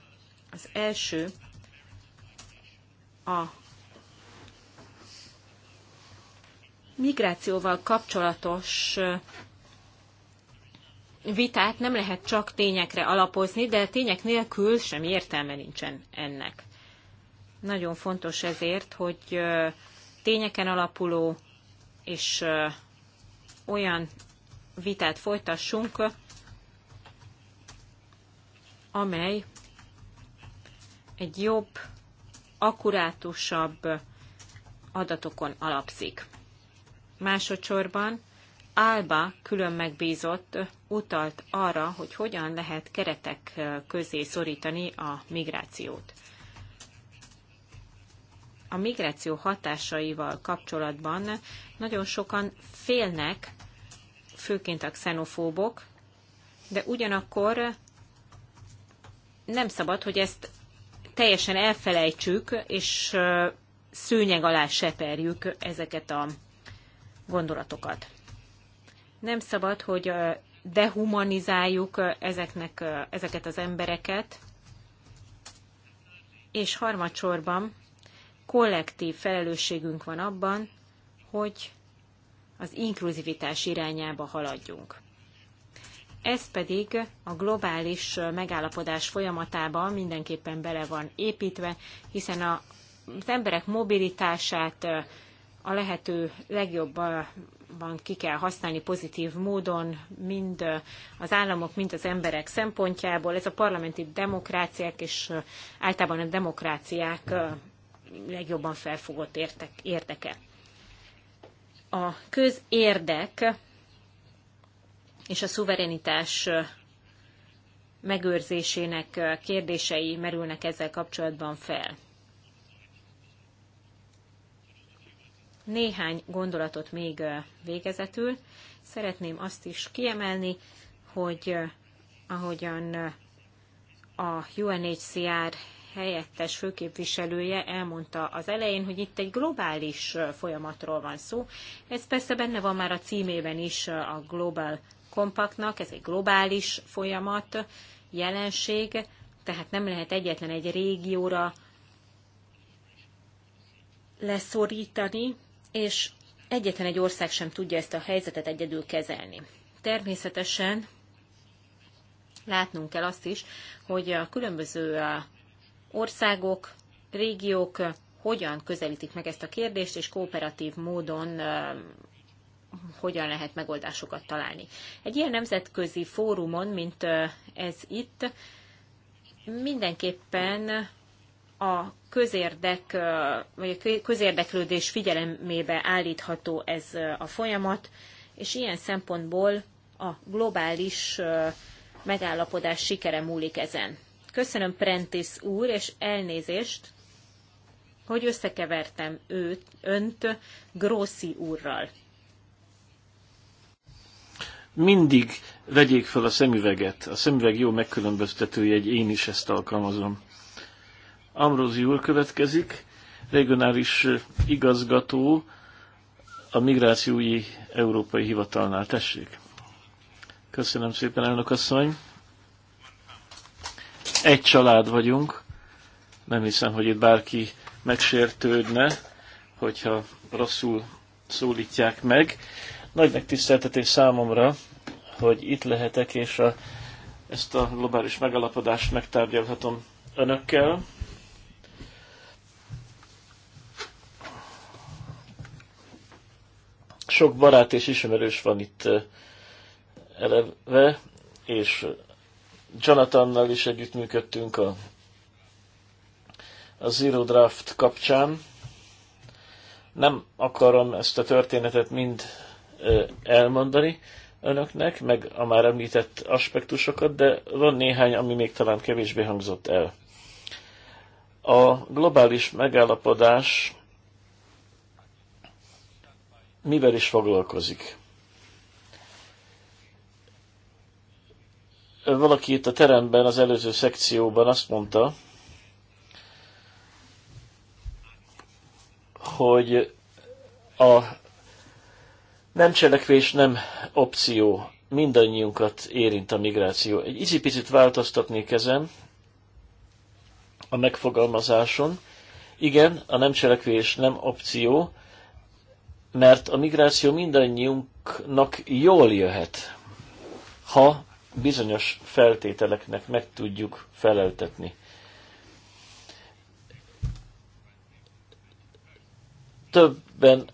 Az első a migrációval kapcsolatos vitát nem lehet csak tényekre alapozni, de tények nélkül sem értelme nincsen ennek. Nagyon fontos ezért, hogy tényeken alapuló és olyan vitát folytassunk, amely egy jobb, akkurátusabb adatokon alapszik. Másodszorban Álba külön megbízott utalt arra, hogy hogyan lehet keretek közé szorítani a migrációt. A migráció hatásaival kapcsolatban nagyon sokan félnek, főként a xenofóbok, de ugyanakkor nem szabad, hogy ezt teljesen elfelejtsük, és szőnyeg alá seperjük ezeket a gondolatokat. Nem szabad, hogy dehumanizáljuk ezeknek, ezeket az embereket, és harmadsorban kollektív felelősségünk van abban, hogy az inkluzivitás irányába haladjunk. Ez pedig a globális megállapodás folyamatában mindenképpen bele van építve, hiszen a, az emberek mobilitását a lehető legjobban ki kell használni pozitív módon, mind az államok, mind az emberek szempontjából. Ez a parlamenti demokráciák és általában a demokráciák legjobban felfogott érteke. A közérdek és a szuverenitás megőrzésének kérdései merülnek ezzel kapcsolatban fel. Néhány gondolatot még végezetül. Szeretném azt is kiemelni, hogy ahogyan a UNHCR helyettes főképviselője elmondta az elején, hogy itt egy globális folyamatról van szó. Ez persze benne van már a címében is, a Global kompaktnak, ez egy globális folyamat, jelenség, tehát nem lehet egyetlen egy régióra leszorítani, és egyetlen egy ország sem tudja ezt a helyzetet egyedül kezelni. Természetesen látnunk kell azt is, hogy a különböző országok, régiók hogyan közelítik meg ezt a kérdést, és kooperatív módon hogyan lehet megoldásokat találni. Egy ilyen nemzetközi fórumon, mint ez itt, mindenképpen a közérdek, vagy a közérdeklődés figyelemébe állítható ez a folyamat, és ilyen szempontból a globális megállapodás sikere múlik ezen. Köszönöm Prentis úr, és elnézést, hogy összekevertem őt, önt Grossi úrral mindig vegyék fel a szemüveget. A szemüveg jó megkülönböztetője, egy én is ezt alkalmazom. Amrózi úr következik, regionális igazgató a Migrációi Európai Hivatalnál. Tessék! Köszönöm szépen, elnök asszony! Egy család vagyunk, nem hiszem, hogy itt bárki megsértődne, hogyha rosszul szólítják meg. Nagy megtiszteltetés számomra, hogy itt lehetek, és a, ezt a globális megalapodást megtárgyalhatom önökkel. Sok barát és ismerős van itt eleve, és Jonathannal is együttműködtünk a, a Zero Draft kapcsán. Nem akarom ezt a történetet mind elmondani, önöknek, meg a már említett aspektusokat, de van néhány, ami még talán kevésbé hangzott el. A globális megállapodás mivel is foglalkozik? Valaki itt a teremben, az előző szekcióban azt mondta, hogy a nem cselekvés, nem opció. Mindannyiunkat érint a migráció. Egy icipicit változtatnék ezen a megfogalmazáson. Igen, a nem cselekvés nem opció, mert a migráció mindannyiunknak jól jöhet, ha bizonyos feltételeknek meg tudjuk feleltetni. Többen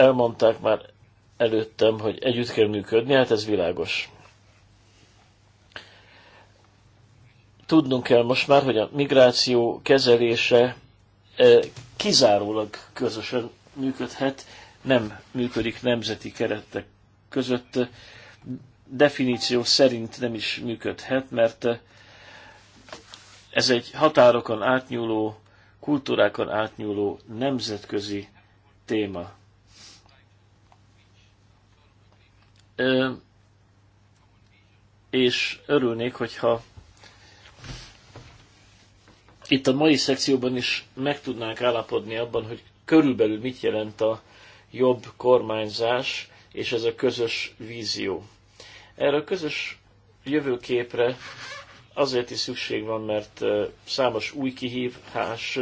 elmondták már előttem, hogy együtt kell működni, hát ez világos. Tudnunk kell most már, hogy a migráció kezelése eh, kizárólag közösen működhet, nem működik nemzeti keretek között, definíció szerint nem is működhet, mert eh, ez egy határokon átnyúló, kultúrákon átnyúló nemzetközi téma. és örülnék, hogyha itt a mai szekcióban is meg tudnánk állapodni abban, hogy körülbelül mit jelent a jobb kormányzás és ez a közös vízió. Erre a közös jövőképre azért is szükség van, mert számos új kihívás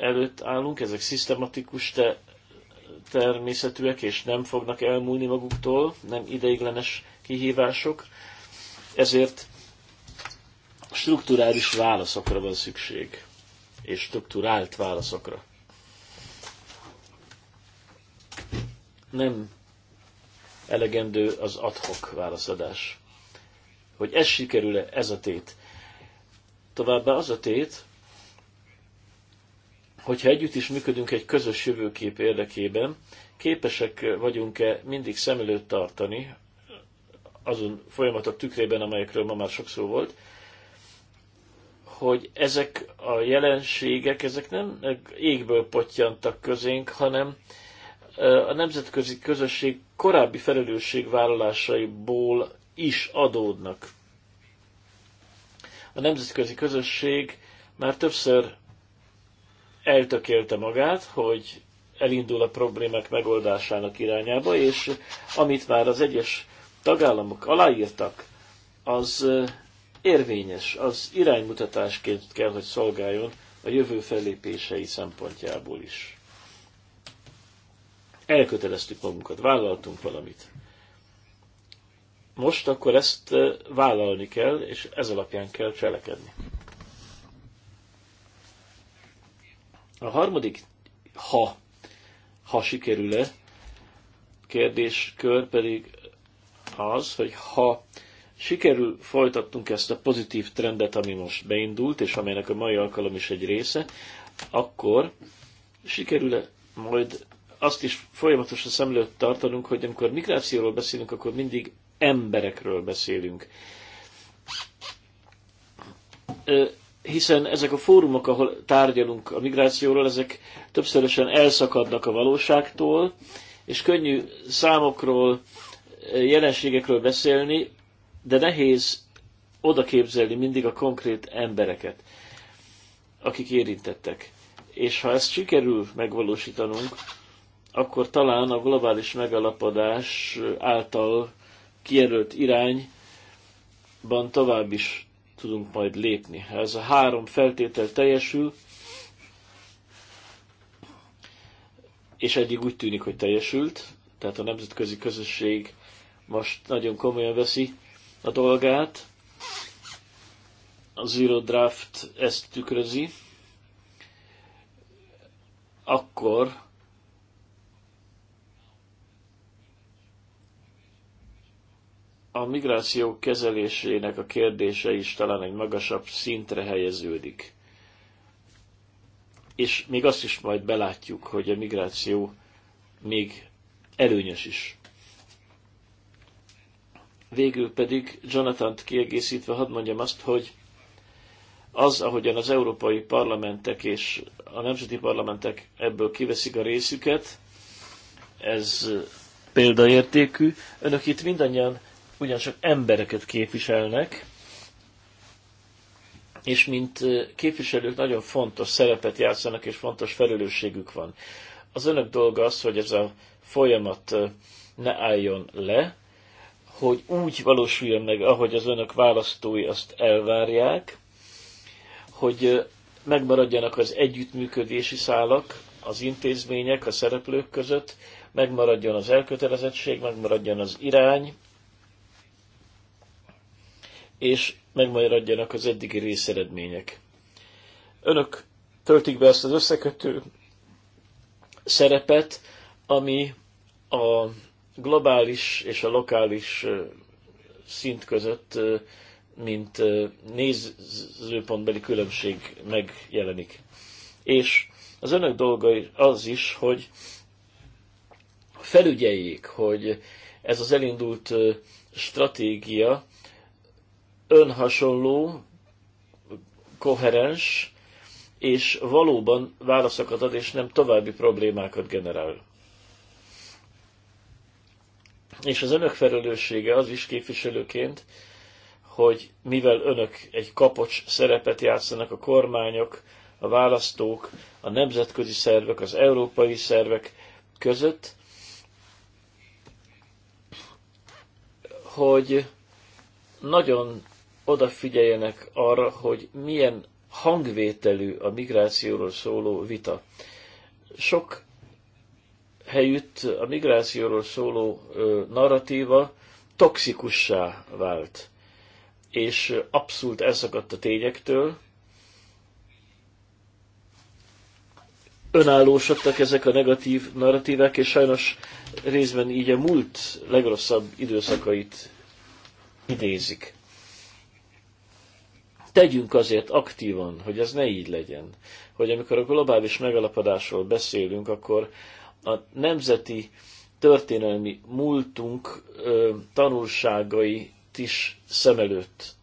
előtt állunk, ezek szisztematikus, de természetűek, és nem fognak elmúlni maguktól, nem ideiglenes kihívások, ezért strukturális válaszokra van szükség, és strukturált válaszokra. Nem elegendő az adhok válaszadás. Hogy ez sikerül-e, ez a tét. Továbbá az a tét, hogyha együtt is működünk egy közös jövőkép érdekében, képesek vagyunk-e mindig szem előtt tartani azon folyamatok tükrében, amelyekről ma már sok szó volt, hogy ezek a jelenségek, ezek nem égből potyantak közénk, hanem a nemzetközi közösség korábbi felelősségvállalásaiból is adódnak. A nemzetközi közösség már többször eltökélte magát, hogy elindul a problémák megoldásának irányába, és amit már az egyes tagállamok aláírtak, az érvényes, az iránymutatásként kell, hogy szolgáljon a jövő fellépései szempontjából is. Elköteleztük magunkat, vállaltunk valamit. Most akkor ezt vállalni kell, és ez alapján kell cselekedni. A harmadik ha, ha sikerül-e kérdéskör pedig az, hogy ha sikerül folytattunk ezt a pozitív trendet, ami most beindult, és amelynek a mai alkalom is egy része, akkor sikerül-e majd azt is folyamatosan szem előtt tartanunk, hogy amikor migrációról beszélünk, akkor mindig emberekről beszélünk hiszen ezek a fórumok, ahol tárgyalunk a migrációról, ezek többszörösen elszakadnak a valóságtól, és könnyű számokról, eh, jelenségekről beszélni, de nehéz oda képzelni mindig a konkrét embereket, akik érintettek. És ha ezt sikerül megvalósítanunk, akkor talán a globális megalapodás eh, által kijelölt irányban tovább is tudunk majd lépni. Ha ez a három feltétel teljesül, és eddig úgy tűnik, hogy teljesült, tehát a nemzetközi közösség most nagyon komolyan veszi a dolgát, a Zero Draft ezt tükrözi, akkor a migráció kezelésének a kérdése is talán egy magasabb szintre helyeződik. És még azt is majd belátjuk, hogy a migráció még előnyös is. Végül pedig Jonathan-t kiegészítve hadd mondjam azt, hogy az, ahogyan az európai parlamentek és a nemzeti parlamentek ebből kiveszik a részüket, ez példaértékű. Önök itt mindannyian ugyancsak embereket képviselnek, és mint képviselők nagyon fontos szerepet játszanak, és fontos felelősségük van. Az önök dolga az, hogy ez a folyamat ne álljon le, hogy úgy valósuljon meg, ahogy az önök választói azt elvárják, hogy megmaradjanak az együttműködési szálak, az intézmények, a szereplők között, megmaradjon az elkötelezettség, megmaradjon az irány, és megmaradjanak az eddigi részeredmények. Önök töltik be azt az összekötő szerepet, ami a globális és a lokális szint között, mint nézőpontbeli különbség megjelenik. És az önök dolga az is, hogy felügyeljék, hogy ez az elindult stratégia önhasonló, koherens, és valóban válaszokat ad, és nem további problémákat generál. És az önök felelőssége az is képviselőként, hogy mivel önök egy kapocs szerepet játszanak a kormányok, a választók, a nemzetközi szervek, az európai szervek között, hogy nagyon odafigyeljenek arra, hogy milyen hangvételű a migrációról szóló vita. Sok helyütt a migrációról szóló narratíva toxikussá vált, és abszolút elszakadt a tényektől. Önállósodtak ezek a negatív narratívák, és sajnos részben így a múlt legrosszabb időszakait idézik tegyünk azért aktívan, hogy ez ne így legyen. Hogy amikor a globális megalapodásról beszélünk, akkor a nemzeti történelmi múltunk ö, tanulságai is szem előtt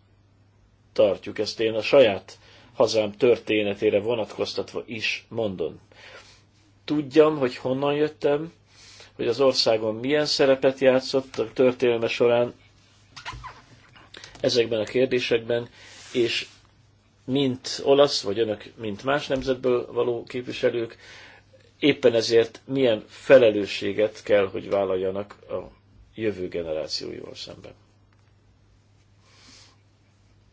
tartjuk. Ezt én a saját hazám történetére vonatkoztatva is mondom. Tudjam, hogy honnan jöttem, hogy az országon milyen szerepet játszott a történelme során ezekben a kérdésekben, és mint olasz, vagy önök, mint más nemzetből való képviselők, éppen ezért milyen felelősséget kell, hogy vállaljanak a jövő generációival szemben.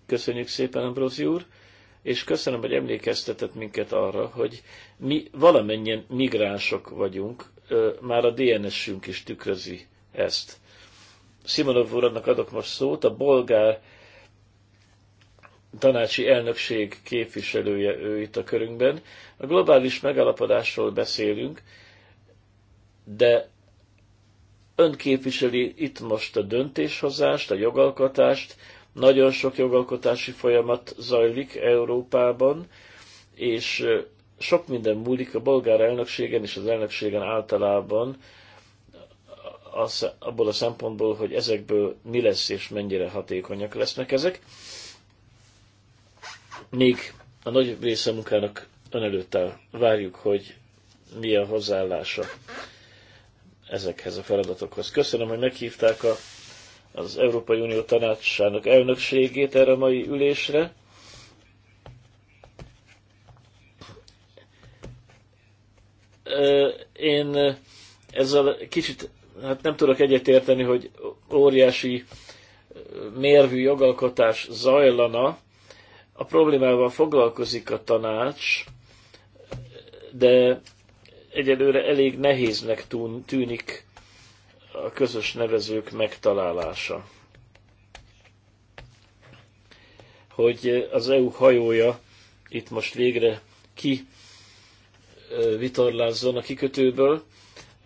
Köszönjük szépen, Ambrózi úr, és köszönöm, hogy emlékeztetett minket arra, hogy mi valamennyien migránsok vagyunk, már a DNS-ünk is tükrözi ezt. Simonov úrnak adok most szót, a bolgár tanácsi elnökség képviselője ő itt a körünkben. A globális megalapodásról beszélünk, de ön képviseli itt most a döntéshozást, a jogalkotást, nagyon sok jogalkotási folyamat zajlik Európában, és sok minden múlik a bolgár elnökségen és az elnökségen általában, az, abból a szempontból, hogy ezekből mi lesz és mennyire hatékonyak lesznek ezek még a nagy része munkának ön előtt áll. Várjuk, hogy mi a hozzáállása ezekhez a feladatokhoz. Köszönöm, hogy meghívták a, az Európai Unió tanácsának elnökségét erre a mai ülésre. Én ezzel kicsit, hát nem tudok egyetérteni, hogy óriási mérvű jogalkotás zajlana, a problémával foglalkozik a tanács, de egyelőre elég nehéznek tűnik a közös nevezők megtalálása. Hogy az EU hajója itt most végre ki vitorlázzon a kikötőből,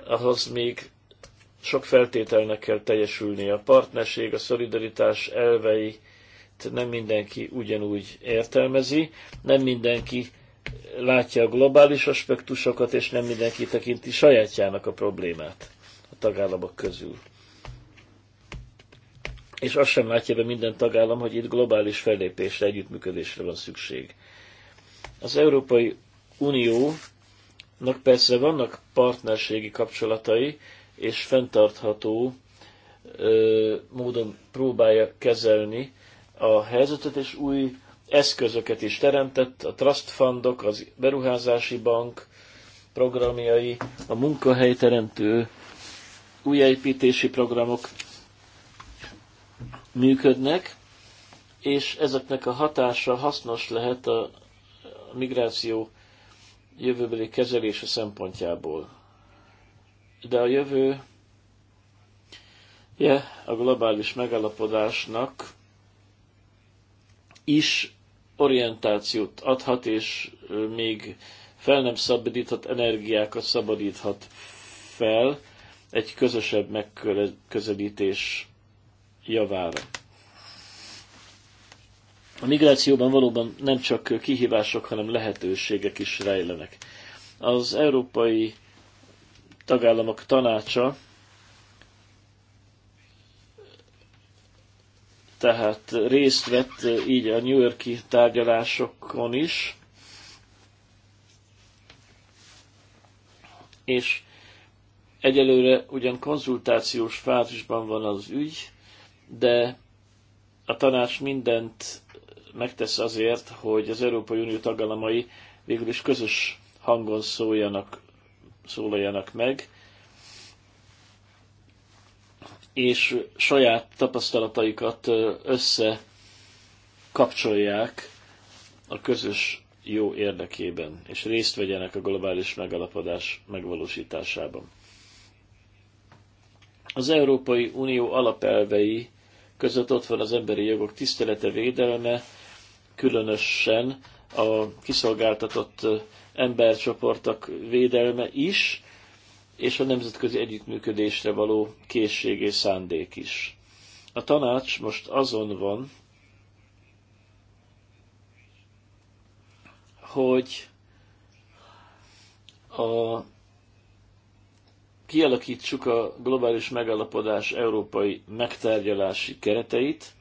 ahhoz még sok feltételnek kell teljesülnie. A partnerség, a szolidaritás elvei, nem mindenki ugyanúgy értelmezi, nem mindenki látja a globális aspektusokat, és nem mindenki tekinti sajátjának a problémát a tagállamok közül. És azt sem látja be minden tagállam, hogy itt globális fellépésre, együttműködésre van szükség. Az Európai Uniónak persze vannak partnerségi kapcsolatai, és fenntartható ö, módon próbálja kezelni a helyzetet, és új eszközöket is teremtett, a trust fundok, az beruházási bank programjai, a munkahelyteremtő újjáépítési programok működnek, és ezeknek a hatása hasznos lehet a migráció jövőbeli kezelése szempontjából. De a jövő je a globális megállapodásnak is orientációt adhat, és még fel nem szabadíthat energiákat szabadíthat fel egy közösebb megközelítés javára. A migrációban valóban nem csak kihívások, hanem lehetőségek is rejlenek. Az Európai Tagállamok Tanácsa tehát részt vett így a New Yorki tárgyalásokon is, és egyelőre ugyan konzultációs fázisban van az ügy, de a tanács mindent megtesz azért, hogy az Európai Unió tagállamai végül is közös hangon szóljanak, szólaljanak meg, és saját tapasztalataikat összekapcsolják a közös jó érdekében, és részt vegyenek a globális megalapodás megvalósításában. Az Európai Unió alapelvei között ott van az emberi jogok tisztelete védelme, különösen a kiszolgáltatott embercsoportok védelme is, és a nemzetközi együttműködésre való készség és szándék is. A tanács most azon van, hogy a, kialakítsuk a globális megállapodás európai megtárgyalási kereteit.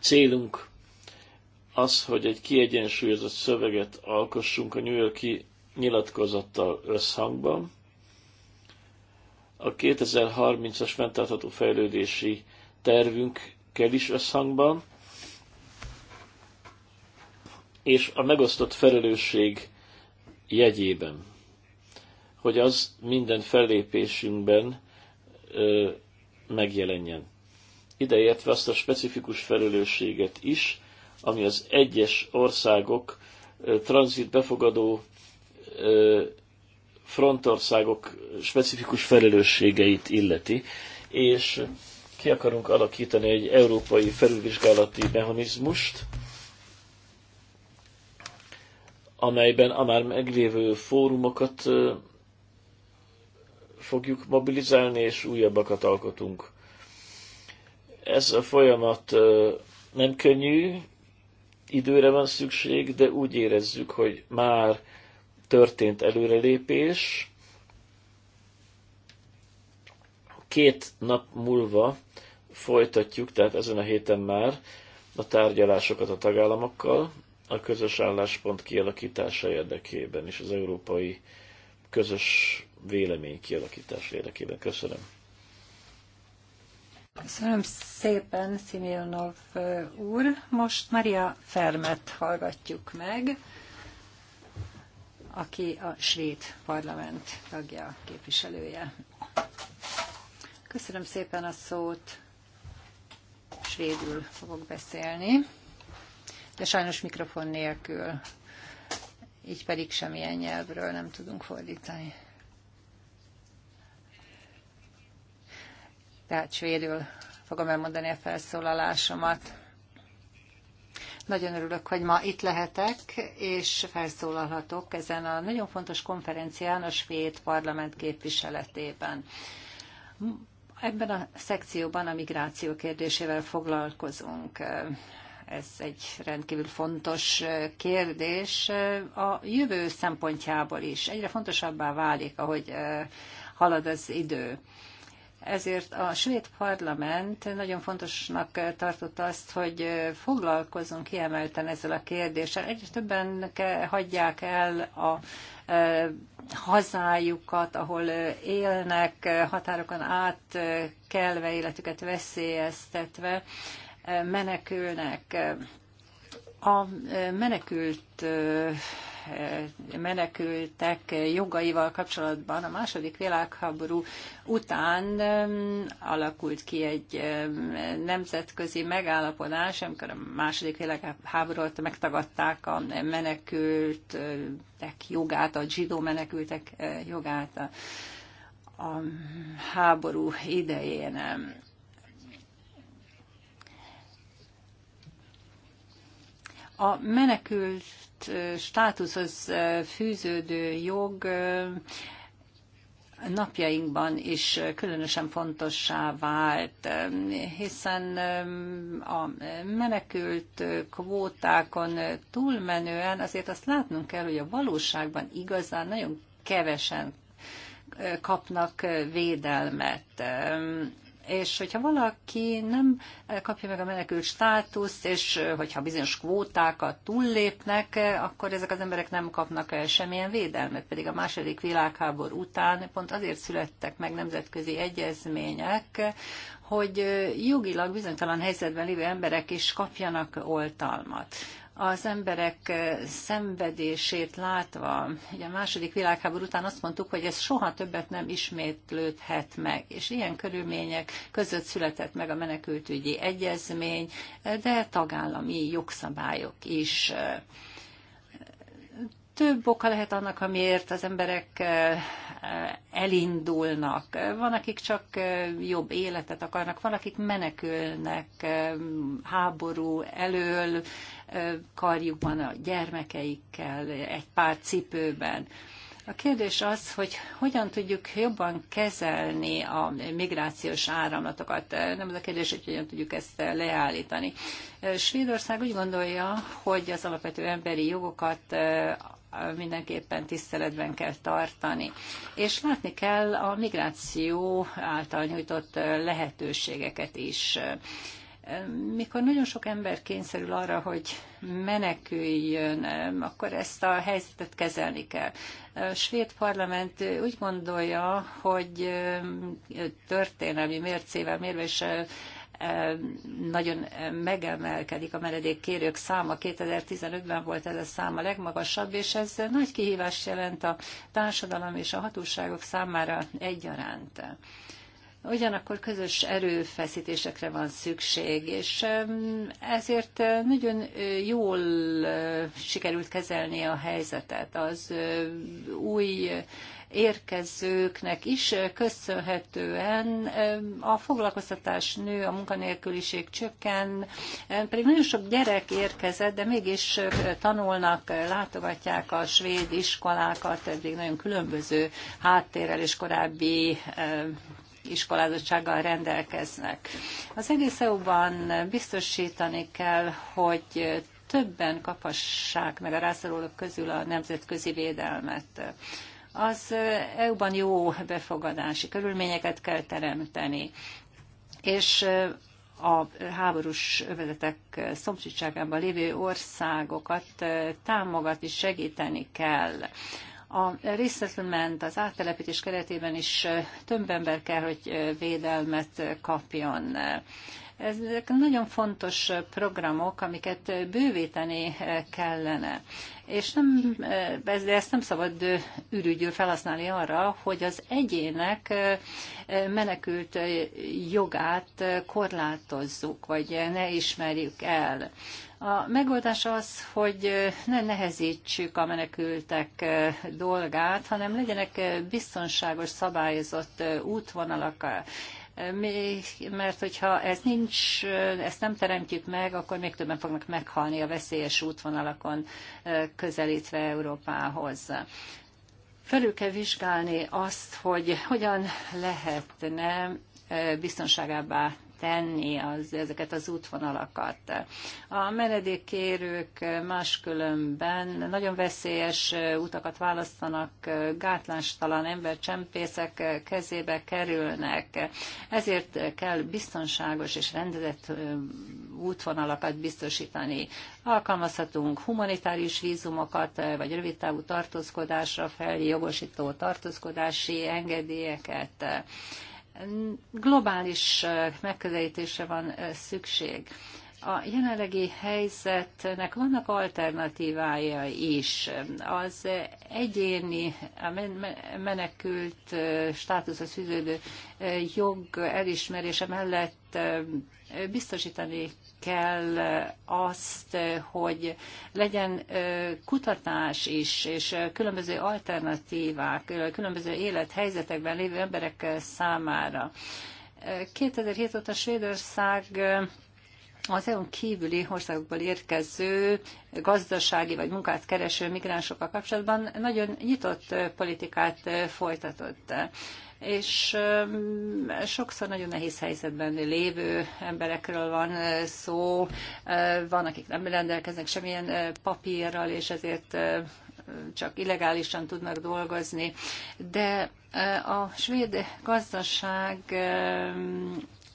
Célunk az, hogy egy kiegyensúlyozott szöveget alkossunk a New Yorki nyilatkozattal összhangban. A 2030-as fenntartható fejlődési tervünkkel is összhangban, és a megosztott felelősség jegyében, hogy az minden fellépésünkben ö, megjelenjen. Ideértve azt a specifikus felelősséget is, ami az egyes országok tranzit befogadó frontországok specifikus felelősségeit illeti, és ki akarunk alakítani egy európai felülvizsgálati mechanizmust, amelyben a már meglévő fórumokat fogjuk mobilizálni, és újabbakat alkotunk. Ez a folyamat nem könnyű, időre van szükség, de úgy érezzük, hogy már történt előrelépés. Két nap múlva folytatjuk, tehát ezen a héten már a tárgyalásokat a tagállamokkal, a közös álláspont kialakítása érdekében és az európai közös vélemény kialakítása érdekében. Köszönöm. Köszönöm szépen, Szimionov úr. Most Maria Fermet hallgatjuk meg aki a svéd parlament tagja, képviselője. Köszönöm szépen a szót. Svédül fogok beszélni, de sajnos mikrofon nélkül, így pedig semmilyen nyelvről nem tudunk fordítani. Tehát svédül fogom elmondani a felszólalásomat. Nagyon örülök, hogy ma itt lehetek, és felszólalhatok ezen a nagyon fontos konferencián a svéd parlament képviseletében. Ebben a szekcióban a migráció kérdésével foglalkozunk ez egy rendkívül fontos kérdés a jövő szempontjából is. Egyre fontosabbá válik, ahogy eh, halad az idő. Ezért a svéd parlament nagyon fontosnak tartotta azt, hogy foglalkozunk kiemelten ezzel a kérdéssel. Egyre többen hagyják el a e, hazájukat, ahol élnek, határokon átkelve, életüket veszélyeztetve e, menekülnek. A e, menekült menekültek jogaival kapcsolatban a második világháború után alakult ki egy nemzetközi megállapodás, amikor a második világháborút megtagadták a menekültek jogát, a zsidó menekültek eh, jogát a, a háború idején. A menekült státuszhoz fűződő jog napjainkban is különösen fontossá vált, hiszen a menekült kvótákon túlmenően azért azt látnunk kell, hogy a valóságban igazán nagyon kevesen kapnak védelmet és hogyha valaki nem eh, kapja meg a menekült státuszt, és eh, hogyha bizonyos kvótákat túllépnek, eh, akkor ezek az emberek nem kapnak semmilyen védelmet, pedig a második világháború után pont azért születtek meg nemzetközi egyezmények, hogy jogilag bizonytalan helyzetben lévő emberek is kapjanak oltalmat az emberek szenvedését látva, ugye a második világháború után azt mondtuk, hogy ez soha többet nem ismétlődhet meg, és ilyen körülmények között született meg a menekültügyi egyezmény, de tagállami jogszabályok is. Több oka lehet annak, amiért az emberek elindulnak. Van, akik csak jobb életet akarnak, van, akik menekülnek háború elől, karjukban, a gyermekeikkel, egy pár cipőben. A kérdés az, hogy hogyan tudjuk jobban kezelni a migrációs áramlatokat. Nem az a kérdés, hogy hogyan tudjuk ezt leállítani. Svédország úgy gondolja, hogy az alapvető emberi jogokat mindenképpen tiszteletben kell tartani. És látni kell a migráció által nyújtott lehetőségeket is mikor nagyon sok ember kényszerül arra, hogy meneküljön, akkor ezt a helyzetet kezelni kell. A svéd parlament úgy gondolja, hogy történelmi mércével mérve is nagyon megemelkedik a menedékkérők száma. 2015-ben volt ez a szám a legmagasabb, és ez nagy kihívást jelent a társadalom és a hatóságok számára egyaránt. Ugyanakkor közös erőfeszítésekre van szükség, és ezért nagyon jól sikerült kezelni a helyzetet. Az új érkezőknek is köszönhetően a foglalkoztatás nő, a munkanélküliség csökken, pedig nagyon sok gyerek érkezett, de mégis tanulnak, látogatják a svéd iskolákat, eddig nagyon különböző háttérrel és korábbi iskolázottsággal rendelkeznek. Az egész EU-ban biztosítani kell, hogy többen kaphassák meg a rászorulók közül a nemzetközi védelmet. Az EU-ban jó befogadási körülményeket kell teremteni, és a háborús övezetek szomszédságában lévő országokat támogatni, segíteni kell. A resettlement az áttelepítés keretében is több ember kell, hogy védelmet kapjon. Ezek nagyon fontos programok, amiket bővíteni kellene. És nem, ezt nem szabad ürügyül felhasználni arra, hogy az egyének menekült jogát korlátozzuk, vagy ne ismerjük el. A megoldás az, hogy ne nehezítsük a menekültek dolgát, hanem legyenek biztonságos, szabályozott útvonalak, mert hogyha ez nincs, ezt nem teremtjük meg, akkor még többen fognak meghalni a veszélyes útvonalakon közelítve Európához. Felül kell vizsgálni azt, hogy hogyan lehetne biztonságábbá tenni az, ezeket az útvonalakat. A menedékkérők máskülönben nagyon veszélyes utakat választanak, gátlástalan embercsempészek kezébe kerülnek. Ezért kell biztonságos és rendezett útvonalakat biztosítani. Alkalmazhatunk humanitárius vízumokat, vagy rövidtávú tartózkodásra feljogosító tartózkodási engedélyeket globális megközelítésre van szükség. A jelenlegi helyzetnek vannak alternatívái is. Az egyéni menekült státuszhoz fűződő jog elismerése mellett biztosítani kell azt, hogy legyen kutatás is, és különböző alternatívák, különböző élethelyzetekben lévő emberek számára. 2007 óta Svédország az EU-n kívüli országokból érkező gazdasági vagy munkát kereső migránsokkal kapcsolatban nagyon nyitott politikát folytatott és sokszor nagyon nehéz helyzetben lévő emberekről van szó, van, akik nem rendelkeznek semmilyen papírral, és ezért csak illegálisan tudnak dolgozni, de a svéd gazdaság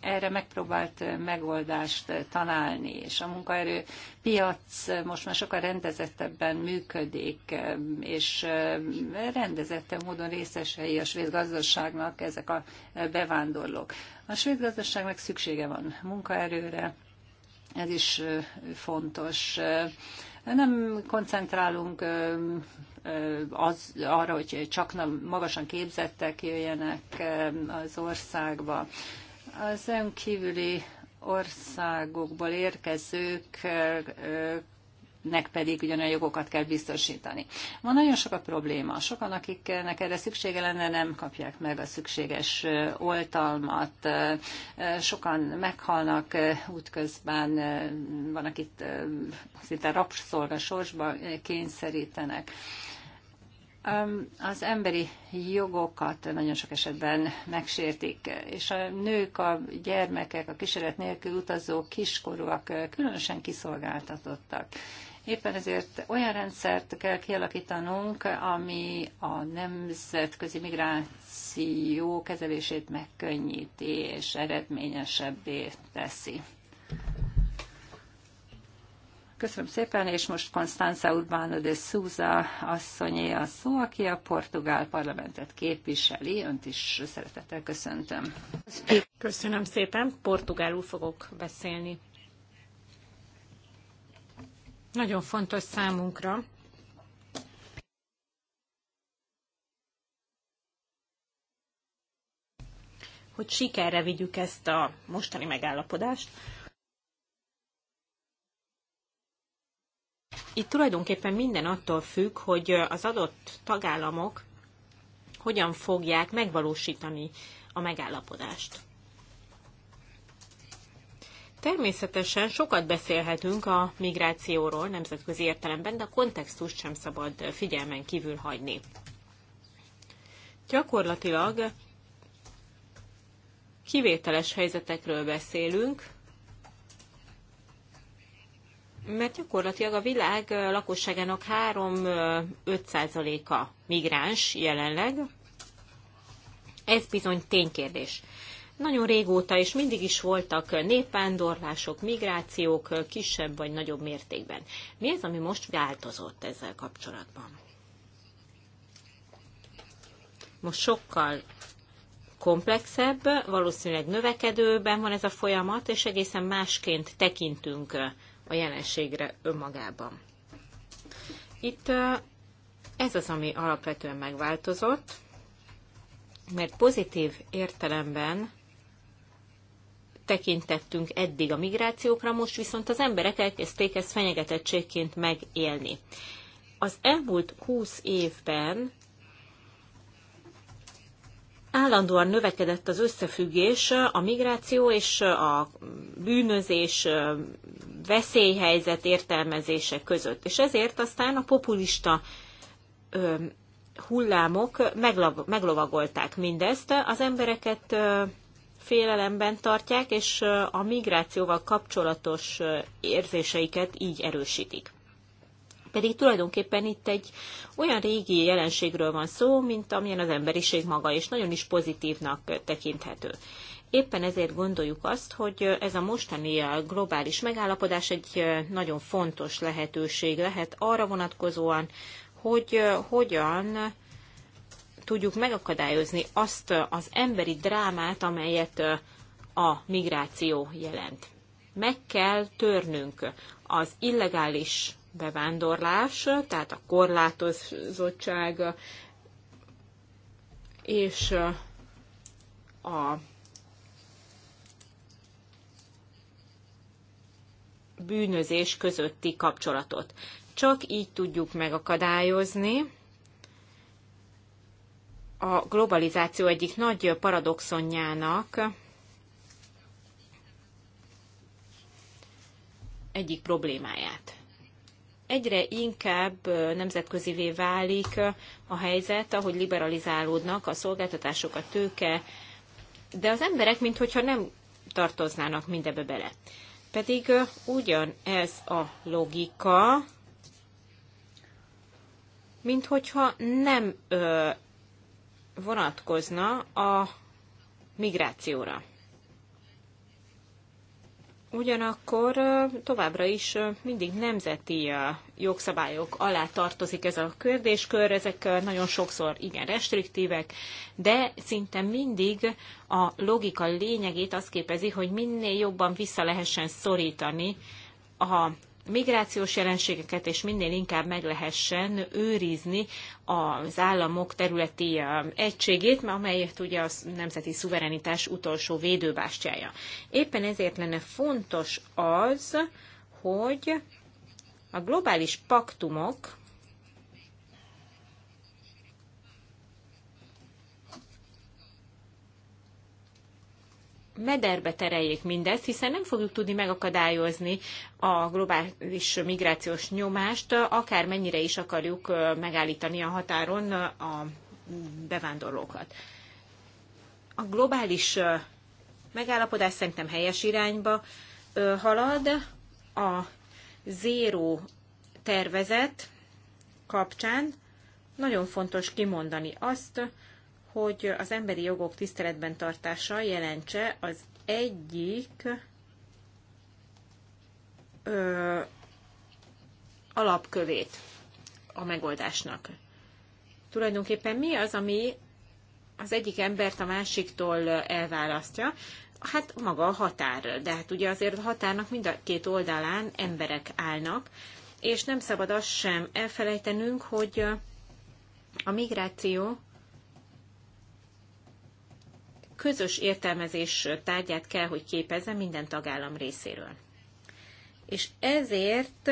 erre megpróbált megoldást találni, és a munkaerő piac most már sokkal rendezettebben működik, és rendezettebb módon részesei a svéd gazdaságnak ezek a bevándorlók. A svéd gazdaságnak szüksége van munkaerőre, ez is fontos. Nem koncentrálunk az, arra, hogy csak magasan képzettek jöjjenek az országba. Az önkívüli országokból érkezőknek pedig ugyanolyan jogokat kell biztosítani. Van nagyon sok a probléma. Sokan, akiknek erre szüksége lenne, nem kapják meg a szükséges oltalmat. Sokan meghalnak útközben, van, akit szinte rabszolga sorsba kényszerítenek. Az emberi jogokat nagyon sok esetben megsértik, és a nők, a gyermekek, a kísérlet nélkül utazó kiskorúak különösen kiszolgáltatottak. Éppen ezért olyan rendszert kell kialakítanunk, ami a nemzetközi migráció kezelését megkönnyíti és eredményesebbé teszi. Köszönöm szépen, és most Constanza Urbano de Souza asszonyé a szó, aki a portugál parlamentet képviseli. Önt is szeretettel köszöntöm. Köszönöm szépen, portugálul fogok beszélni. Nagyon fontos számunkra, hogy sikerre vigyük ezt a mostani megállapodást. itt tulajdonképpen minden attól függ, hogy az adott tagállamok hogyan fogják megvalósítani a megállapodást. Természetesen sokat beszélhetünk a migrációról nemzetközi értelemben, de a kontextust sem szabad figyelmen kívül hagyni. Gyakorlatilag kivételes helyzetekről beszélünk, mert gyakorlatilag a világ lakosságának 3-5%-a migráns jelenleg. Ez bizony ténykérdés. Nagyon régóta és mindig is voltak népvándorlások, migrációk kisebb vagy nagyobb mértékben. Mi az, ami most változott ezzel kapcsolatban? Most sokkal komplexebb, valószínűleg növekedőben van ez a folyamat, és egészen másként tekintünk a jelenségre önmagában. Itt ez az, ami alapvetően megváltozott, mert pozitív értelemben tekintettünk eddig a migrációkra, most viszont az emberek elkezdték ezt fenyegetettségként megélni. Az elmúlt 20 évben állandóan növekedett az összefüggés a migráció és a bűnözés veszélyhelyzet értelmezése között. És ezért aztán a populista hullámok meglovagolták mindezt, az embereket félelemben tartják, és a migrációval kapcsolatos érzéseiket így erősítik. Pedig tulajdonképpen itt egy olyan régi jelenségről van szó, mint amilyen az emberiség maga, és nagyon is pozitívnak tekinthető. Éppen ezért gondoljuk azt, hogy ez a mostani eh, globális megállapodás egy eh, nagyon fontos lehetőség lehet arra vonatkozóan, hogy eh, hogyan tudjuk megakadályozni azt az emberi drámát, amelyet a migráció jelent. Meg kell törnünk az illegális bevándorlás, tehát a korlátozottság és a bűnözés közötti kapcsolatot. Csak így tudjuk megakadályozni. A globalizáció egyik nagy paradoxonjának egyik problémáját egyre inkább nemzetközivé válik a helyzet, ahogy liberalizálódnak a szolgáltatások, a tőke, de az emberek, mintha nem tartoznának mindebbe bele. Pedig ugyan ez a logika, hogyha nem vonatkozna a migrációra. Ugyanakkor továbbra is mindig nemzeti jogszabályok alá tartozik ez a kérdéskör, ezek nagyon sokszor igen restriktívek, de szinte mindig a logika lényegét azt képezi, hogy minél jobban vissza lehessen szorítani a migrációs jelenségeket, és minél inkább meg lehessen őrizni az államok területi egységét, amelyet ugye a nemzeti szuverenitás utolsó védőbástyája. Éppen ezért lenne fontos az, hogy a globális paktumok mederbe tereljék mindezt, hiszen nem fogjuk tudni megakadályozni a globális migrációs nyomást, akár mennyire is akarjuk megállítani a határon a bevándorlókat. A globális megállapodás szerintem helyes irányba halad. A zéró tervezet kapcsán nagyon fontos kimondani azt, hogy az emberi jogok tiszteletben tartása jelentse az egyik ö, alapkövét a megoldásnak. Tulajdonképpen mi az, ami az egyik embert a másiktól elválasztja? Hát maga a határ, de hát ugye azért a határnak mind a két oldalán emberek állnak, és nem szabad azt sem elfelejtenünk, hogy a migráció közös értelmezés tárgyát kell, hogy képezze minden tagállam részéről. És ezért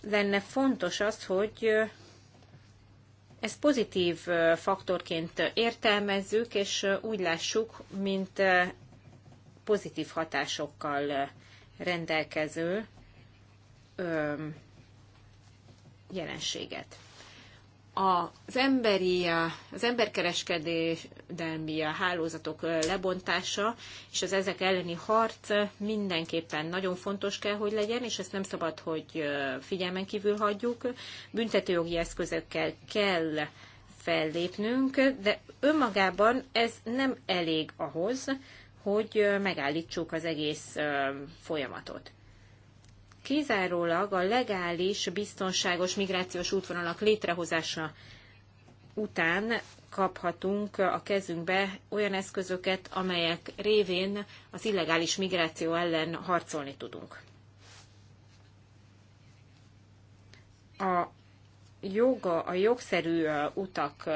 lenne fontos az, hogy ezt pozitív faktorként értelmezzük, és úgy lássuk, mint pozitív hatásokkal rendelkező jelenséget az emberi, az emberkereskedelmi hálózatok lebontása és az ezek elleni harc mindenképpen nagyon fontos kell, hogy legyen, és ezt nem szabad, hogy figyelmen kívül hagyjuk. Büntetőjogi eszközökkel kell fellépnünk, de önmagában ez nem elég ahhoz, hogy megállítsuk az egész folyamatot kizárólag a legális, biztonságos migrációs útvonalak létrehozása után kaphatunk a kezünkbe olyan eszközöket, amelyek révén az illegális migráció ellen harcolni tudunk. A joga, a jogszerű utak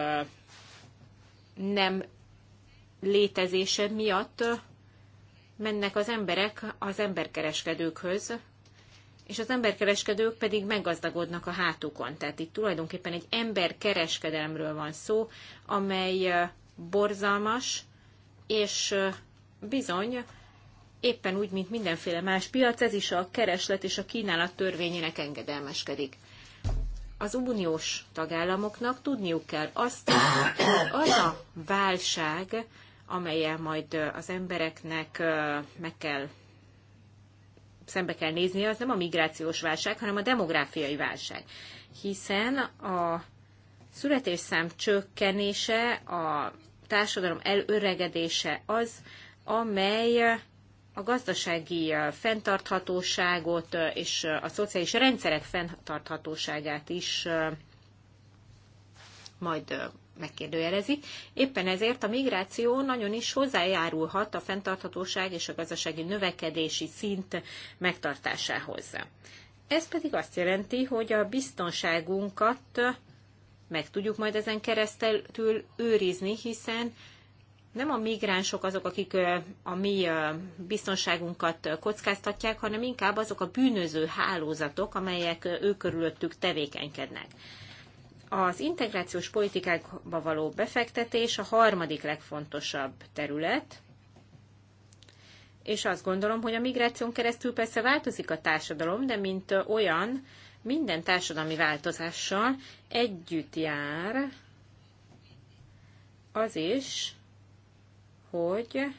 nem létezése miatt mennek az emberek az emberkereskedőkhöz, és az emberkereskedők pedig meggazdagodnak a hátukon. Tehát itt tulajdonképpen egy emberkereskedelemről van szó, amely borzalmas, és bizony, éppen úgy, mint mindenféle más piac, ez is a kereslet és a kínálat törvényének engedelmeskedik. Az uniós tagállamoknak tudniuk kell azt, hogy az a válság, amelyel majd az embereknek meg kell szembe kell nézni az nem a migrációs válság, hanem a demográfiai válság. Hiszen a születésszám csökkenése, a társadalom elöregedése az, amely a gazdasági fenntarthatóságot és a szociális rendszerek fenntarthatóságát is majd megkérdőjelezik. Éppen ezért a migráció nagyon is hozzájárulhat a fenntarthatóság és a gazdasági növekedési szint megtartásához. Ez pedig azt jelenti, hogy a biztonságunkat meg tudjuk majd ezen keresztül őrizni, hiszen nem a migránsok azok, akik a mi biztonságunkat kockáztatják, hanem inkább azok a bűnöző hálózatok, amelyek ő körülöttük tevékenykednek. Az integrációs politikákba való befektetés a harmadik legfontosabb terület, és azt gondolom, hogy a migráción keresztül persze változik a társadalom, de mint olyan, minden társadalmi változással együtt jár az is, hogy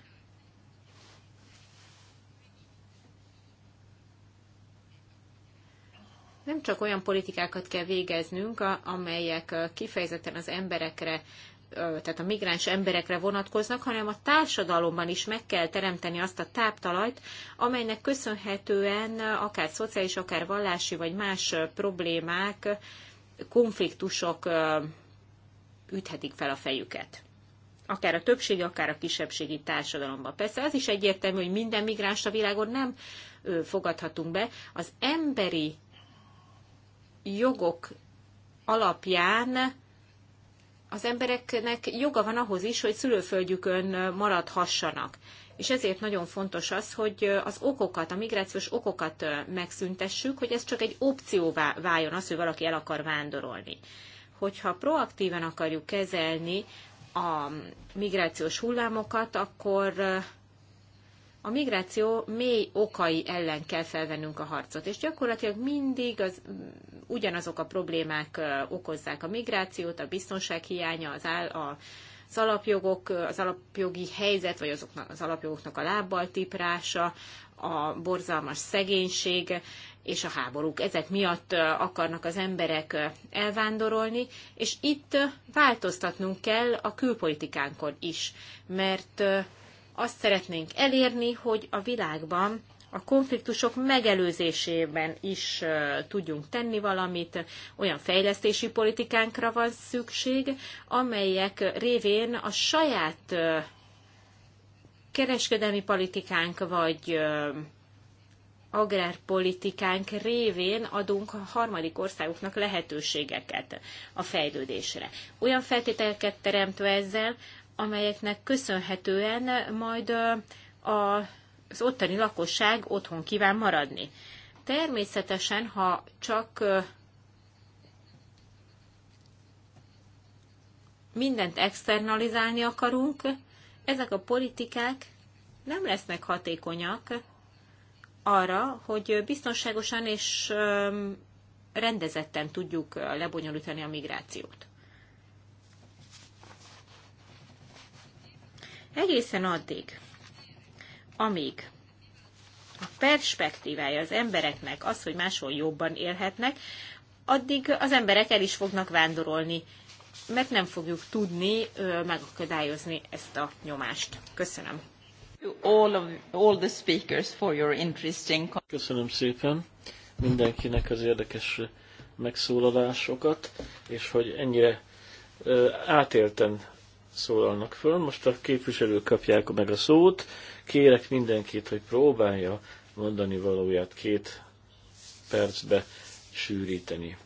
nem csak olyan politikákat kell végeznünk, amelyek kifejezetten az emberekre tehát a migráns emberekre vonatkoznak, hanem a társadalomban is meg kell teremteni azt a táptalajt, amelynek köszönhetően akár szociális, akár vallási vagy más problémák, konfliktusok üthetik fel a fejüket. Akár a többségi, akár a kisebbségi társadalomban. Persze az is egyértelmű, hogy minden migráns a világon nem fogadhatunk be. Az emberi jogok alapján az embereknek joga van ahhoz is, hogy szülőföldjükön maradhassanak. És ezért nagyon fontos az, hogy az okokat, a migrációs okokat megszüntessük, hogy ez csak egy opcióvá váljon az, hogy valaki el akar vándorolni. Hogyha proaktíven akarjuk kezelni a migrációs hullámokat, akkor a migráció mély okai ellen kell felvennünk a harcot. És gyakorlatilag mindig az ugyanazok a problémák okozzák a migrációt, a biztonság hiánya, az, áll, a, az alapjogok, az alapjogi helyzet, vagy azoknak, az alapjogoknak a lábbal tiprása, a borzalmas szegénység és a háborúk. Ezek miatt akarnak az emberek elvándorolni, és itt változtatnunk kell a külpolitikánkon is, mert azt szeretnénk elérni, hogy a világban a konfliktusok megelőzésében is tudjunk tenni valamit, olyan fejlesztési politikánkra van szükség, amelyek révén a saját kereskedelmi politikánk vagy agrárpolitikánk révén adunk a harmadik országoknak lehetőségeket a fejlődésre. Olyan feltételeket teremtve ezzel, amelyeknek köszönhetően majd a az ottani lakosság otthon kíván maradni. Természetesen, ha csak mindent externalizálni akarunk, ezek a politikák nem lesznek hatékonyak arra, hogy biztonságosan és rendezetten tudjuk lebonyolítani a migrációt. Egészen addig, amíg a perspektívája az embereknek az, hogy máshol jobban élhetnek, addig az emberek el is fognak vándorolni, mert nem fogjuk tudni megakadályozni ezt a nyomást. Köszönöm. All, of, all the speakers for your interesting... Köszönöm szépen mindenkinek az érdekes megszólalásokat, és hogy ennyire átélten szólalnak föl. Most a képviselők kapják meg a szót. Kérek mindenkit, hogy próbálja mondani valóját két percbe sűríteni.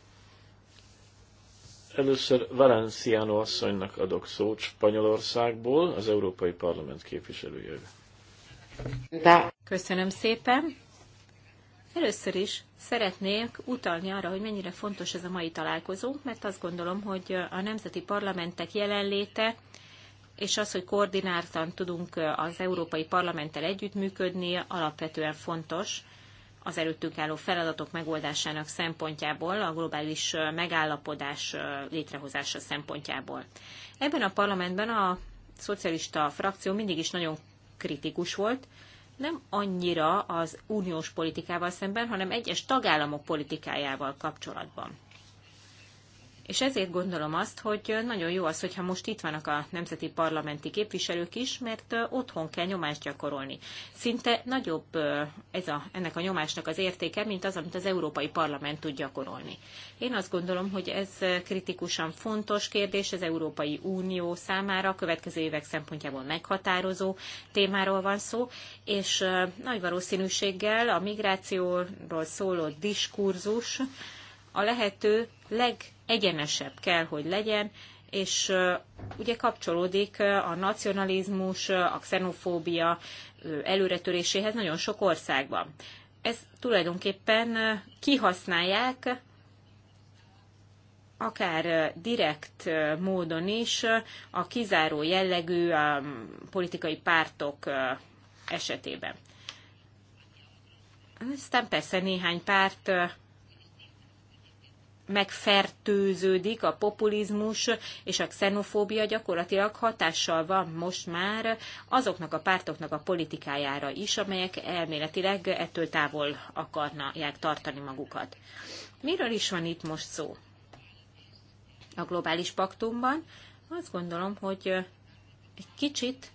Először Valenciano asszonynak adok szót Spanyolországból, az Európai Parlament képviselője. Köszönöm szépen. Először is szeretnék utalni arra, hogy mennyire fontos ez a mai találkozó, mert azt gondolom, hogy a nemzeti parlamentek jelenléte és az, hogy koordináltan tudunk az Európai Parlamenttel együttműködni, alapvetően fontos az előttünk álló feladatok megoldásának szempontjából, a globális megállapodás létrehozása szempontjából. Ebben a parlamentben a szocialista frakció mindig is nagyon kritikus volt, nem annyira az uniós politikával szemben, hanem egyes tagállamok politikájával kapcsolatban. És ezért gondolom azt, hogy nagyon jó az, hogyha most itt vannak a nemzeti parlamenti képviselők is, mert otthon kell nyomást gyakorolni. Szinte nagyobb ez a, ennek a nyomásnak az értéke, mint az, amit az Európai Parlament tud gyakorolni. Én azt gondolom, hogy ez kritikusan fontos kérdés az Európai Unió számára, a következő évek szempontjából meghatározó témáról van szó, és nagy valószínűséggel a migrációról szóló diskurzus a lehető leg egyenesebb kell, hogy legyen, és ugye kapcsolódik a nacionalizmus, a xenofóbia előretöréséhez nagyon sok országban. Ez tulajdonképpen kihasználják akár direkt módon is a kizáró jellegű politikai pártok esetében. Aztán persze néhány párt megfertőződik a populizmus és a xenofóbia gyakorlatilag hatással van most már azoknak a pártoknak a politikájára is, amelyek elméletileg ettől távol akarnak tartani magukat. Miről is van itt most szó? A globális paktumban azt gondolom, hogy egy kicsit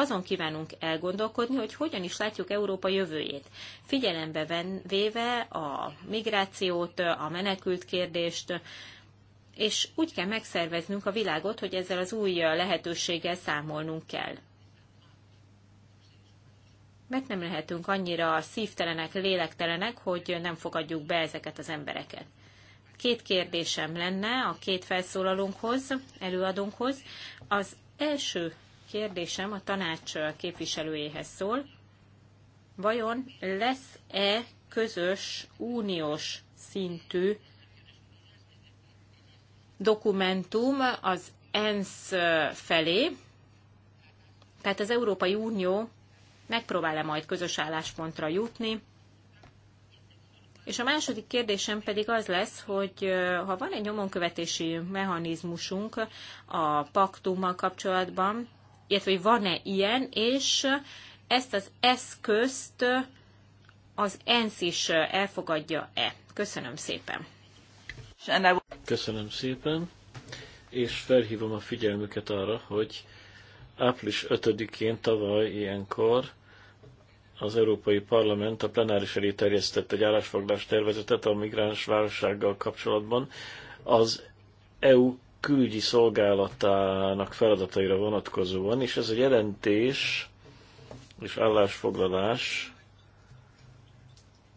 azon kívánunk elgondolkodni, hogy hogyan is látjuk Európa jövőjét. Figyelembe véve a migrációt, a menekült kérdést, és úgy kell megszerveznünk a világot, hogy ezzel az új lehetőséggel számolnunk kell. Mert nem lehetünk annyira szívtelenek, lélektelenek, hogy nem fogadjuk be ezeket az embereket. Két kérdésem lenne a két felszólalónkhoz, előadónkhoz. Az első kérdésem a tanács képviselőjéhez szól. Vajon lesz-e közös uniós szintű dokumentum az ENSZ felé, tehát az Európai Unió megpróbál-e majd közös álláspontra jutni. És a második kérdésem pedig az lesz, hogy ha van egy nyomonkövetési mechanizmusunk a paktummal kapcsolatban, illetve hogy van-e ilyen, és ezt az eszközt az ENSZ is elfogadja-e. Köszönöm szépen. Köszönöm szépen, és felhívom a figyelmüket arra, hogy április 5-én tavaly ilyenkor az Európai Parlament a plenáris elé terjesztett egy állásfoglalás tervezetet a migráns válsággal kapcsolatban. Az EU külügyi szolgálatának feladataira vonatkozóan, és ez a jelentés és állásfoglalás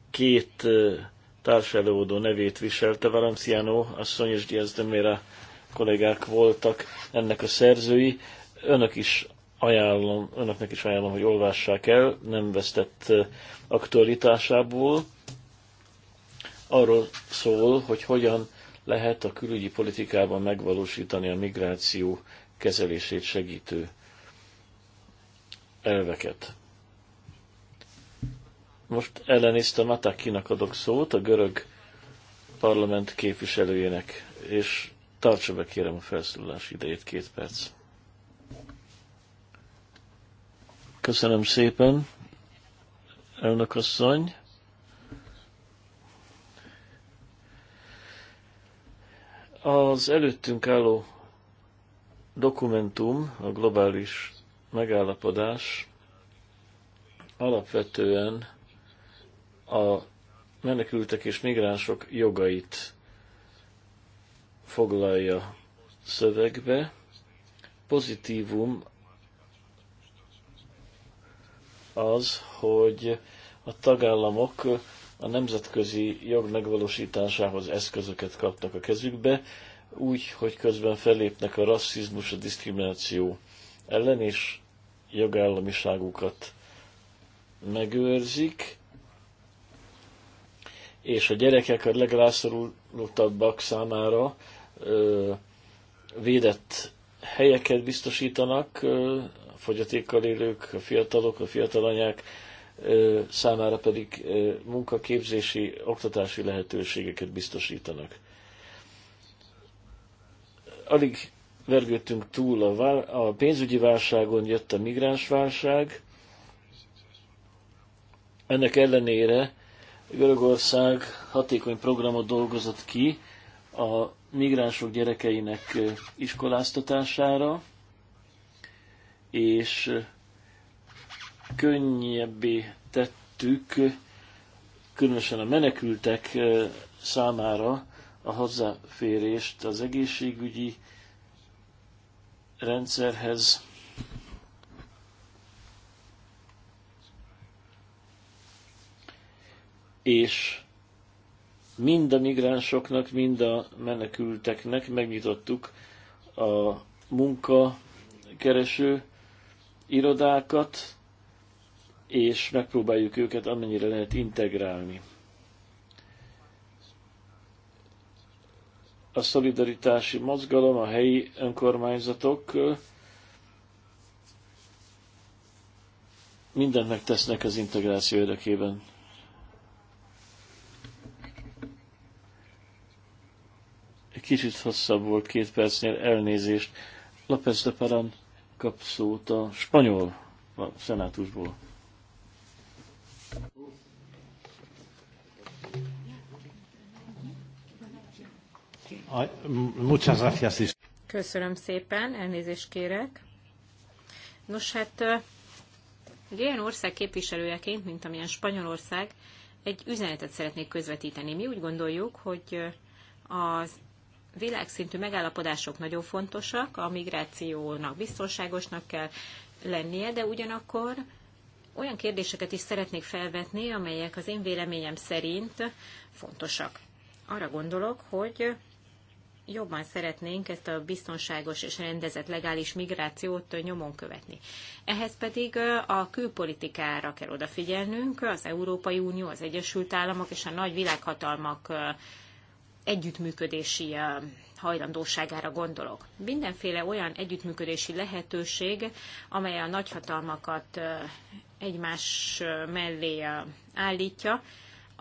két társadalódó nevét viselte, Valenciano asszony és Diaz de Mera kollégák voltak ennek a szerzői. Önök is ajánlom, önöknek is ajánlom, hogy olvassák el, nem vesztett aktualitásából. Arról szól, hogy hogyan lehet a külügyi politikában megvalósítani a migráció kezelését segítő elveket. Most ellenésztem Matakinak adok szót, a görög parlament képviselőjének, és tartsa be kérem a felszólalás idejét két perc. Köszönöm szépen, elnök asszony. Az előttünk álló dokumentum, a globális megállapodás alapvetően a menekültek és migránsok jogait foglalja szövegbe. Pozitívum az, hogy a tagállamok a nemzetközi jog megvalósításához eszközöket kapnak a kezükbe, úgy, hogy közben felépnek a rasszizmus, a diszkrimináció ellen, és jogállamiságukat megőrzik, és a gyerekek a legrászorultabbak számára ö, védett helyeket biztosítanak, ö, a fogyatékkal élők, a fiatalok, a fiatalanyák számára pedig munkaképzési, oktatási lehetőségeket biztosítanak. Alig vergődtünk túl a, vál, a pénzügyi válságon, jött a migránsválság. Ennek ellenére Görögország hatékony programot dolgozott ki a migránsok gyerekeinek iskoláztatására, és könnyebbé tettük, különösen a menekültek eh, számára a hozzáférést az egészségügyi rendszerhez, és mind a migránsoknak, mind a menekülteknek megnyitottuk a munkakereső irodákat, és megpróbáljuk őket amennyire lehet integrálni. A szolidaritási mozgalom, a helyi önkormányzatok mindent megtesznek az integráció érdekében. Egy kicsit hosszabb volt két percnél, elnézést. López de Parán kap szót a spanyol a szenátusból. Muchas gracias. Köszönöm szépen, elnézést kérek. Nos, hát egy olyan ország képviselőjeként, mint amilyen Spanyolország, egy üzenetet szeretnék közvetíteni. Mi úgy gondoljuk, hogy az világszintű megállapodások nagyon fontosak, a migrációnak biztonságosnak kell lennie, de ugyanakkor olyan kérdéseket is szeretnék felvetni, amelyek az én véleményem szerint fontosak. Arra gondolok, hogy jobban szeretnénk ezt a biztonságos és rendezett legális migrációt nyomon követni. Ehhez pedig a külpolitikára kell odafigyelnünk, az Európai Unió, az Egyesült Államok és a nagy világhatalmak együttműködési hajlandóságára gondolok. Mindenféle olyan együttműködési lehetőség, amely a nagyhatalmakat egymás mellé állítja,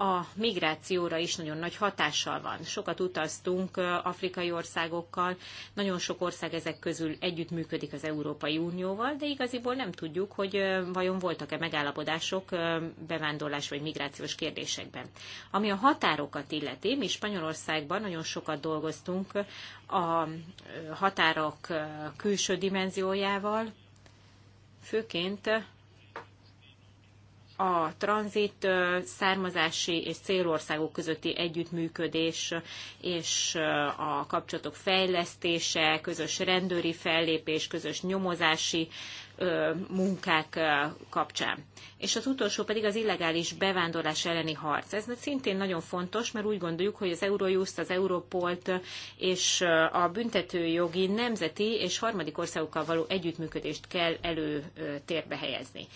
a migrációra is nagyon nagy hatással van. Sokat utaztunk afrikai országokkal, nagyon sok ország ezek közül együttműködik az Európai Unióval, de igaziból nem tudjuk, hogy vajon voltak-e megállapodások bevándorlás vagy migrációs kérdésekben. Ami a határokat illeti, mi Spanyolországban nagyon sokat dolgoztunk a határok külső dimenziójával, főként a tranzit származási és célországok közötti együttműködés és a kapcsolatok fejlesztése, közös rendőri fellépés, közös nyomozási munkák kapcsán. És az utolsó pedig az illegális bevándorlás elleni harc. Ez szintén nagyon fontos, mert úgy gondoljuk, hogy az Eurojust, az Europolt és a büntetőjogi nemzeti és harmadik országokkal való együttműködést kell előtérbe helyezni.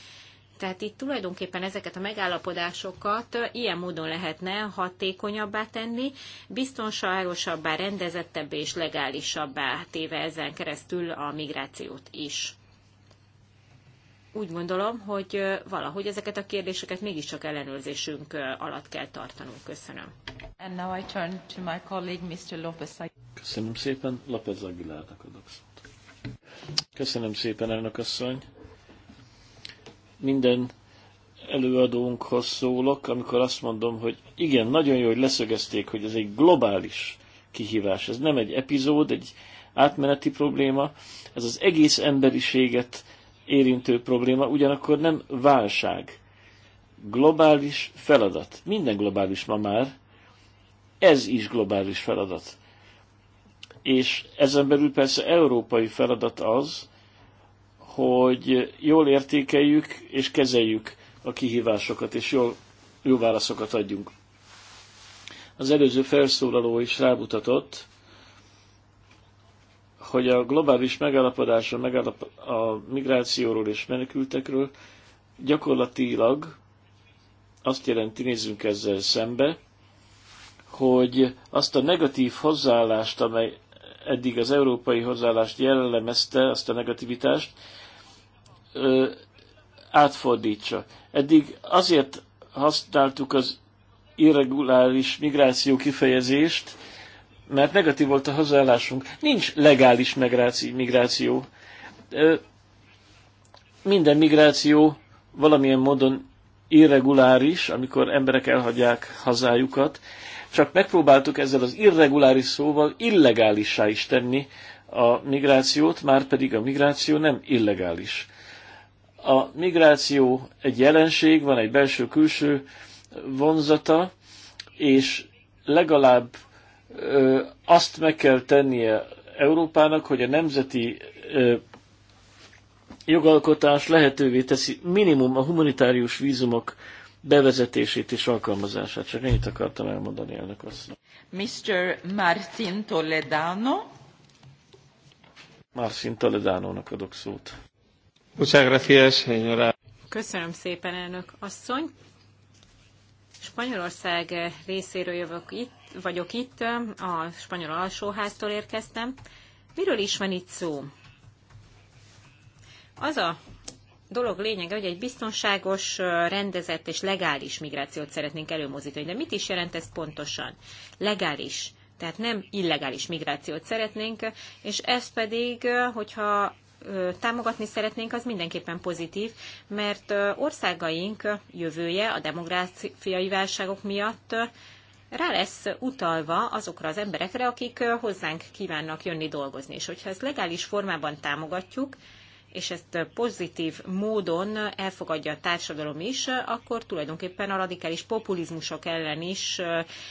Tehát itt tulajdonképpen ezeket a megállapodásokat ilyen módon lehetne hatékonyabbá tenni, biztonságosabbá, rendezettebbé és legálisabbá téve ezen keresztül a migrációt is. Úgy gondolom, hogy valahogy ezeket a kérdéseket mégiscsak ellenőrzésünk alatt kell tartanunk. Köszönöm. And now I turn to my colleague, Mr. Lopez. Köszönöm szépen, López Aguilárnak adok szót. Köszönöm szépen, elnök asszony minden előadónkhoz szólok, amikor azt mondom, hogy igen, nagyon jó, hogy leszögezték, hogy ez egy globális kihívás. Ez nem egy epizód, egy átmeneti probléma, ez az egész emberiséget érintő probléma, ugyanakkor nem válság. Globális feladat. Minden globális ma már. Ez is globális feladat. És ezen belül persze európai feladat az, hogy jól értékeljük és kezeljük a kihívásokat, és jól, jó válaszokat adjunk. Az előző felszólaló is rámutatott, hogy a globális megállapodásról, megállap, a migrációról és menekültekről gyakorlatilag azt jelenti, nézzünk ezzel szembe, hogy azt a negatív hozzáállást, amely eddig az európai hozzáállást jellemezte, azt a negativitást, ö, átfordítsa. Eddig azért használtuk az irreguláris migráció kifejezést, mert negatív volt a hazaállásunk. Nincs legális migráció. Ö, minden migráció valamilyen módon irreguláris, amikor emberek elhagyják hazájukat, csak megpróbáltuk ezzel az irreguláris szóval illegálissá is tenni a migrációt, már pedig a migráció nem illegális. A migráció egy jelenség, van egy belső-külső vonzata, és legalább ö, azt meg kell tennie Európának, hogy a nemzeti ö, jogalkotás lehetővé teszi minimum a humanitárius vízumok bevezetését és alkalmazását. Csak ennyit akartam elmondani, elnök asszony. Mr. Martin Toledano. Martin Toledano-nak adok szót. Köszönöm szépen, elnök asszony. Spanyolország részéről jövök itt, vagyok itt, a spanyol alsóháztól érkeztem. Miről is van itt szó? Az a dolog lényege, hogy egy biztonságos, rendezett és legális migrációt szeretnénk előmozdítani. De mit is jelent ez pontosan? Legális. Tehát nem illegális migrációt szeretnénk, és ez pedig, hogyha támogatni szeretnénk, az mindenképpen pozitív, mert országaink jövője a demográfiai válságok miatt rá lesz utalva azokra az emberekre, akik hozzánk kívánnak jönni dolgozni. És hogyha ezt legális formában támogatjuk, és ezt pozitív módon elfogadja a társadalom is, akkor tulajdonképpen a radikális populizmusok ellen is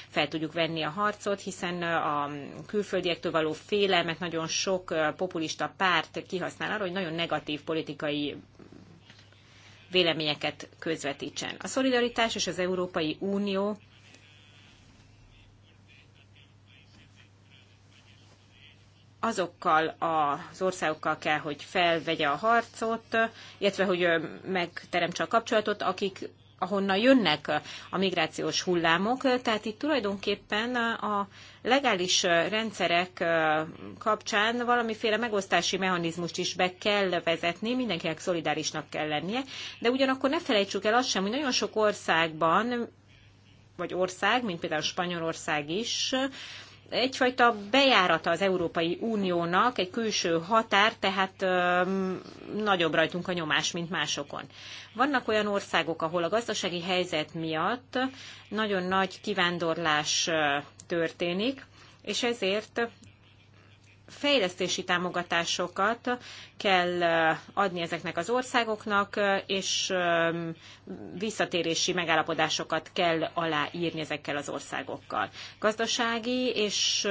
fel tudjuk venni a harcot, hiszen a külföldiektől való félelmet nagyon sok populista párt kihasznál arra, hogy nagyon negatív politikai véleményeket közvetítsen. A szolidaritás és az Európai Unió azokkal az országokkal kell, hogy felvegye a harcot, illetve hogy megteremtse a kapcsolatot, akik ahonnan jönnek a migrációs hullámok. Tehát itt tulajdonképpen a legális rendszerek kapcsán valamiféle megosztási mechanizmust is be kell vezetni, mindenkinek szolidárisnak kell lennie, de ugyanakkor ne felejtsük el azt sem, hogy nagyon sok országban, vagy ország, mint például Spanyolország is, egyfajta bejárata az Európai Uniónak, egy külső határ, tehát öm, nagyobb rajtunk a nyomás, mint másokon. Vannak olyan országok, ahol a gazdasági helyzet miatt nagyon nagy kivándorlás történik, és ezért fejlesztési támogatásokat kell adni ezeknek az országoknak, és visszatérési megállapodásokat kell aláírni ezekkel az országokkal. Gazdasági és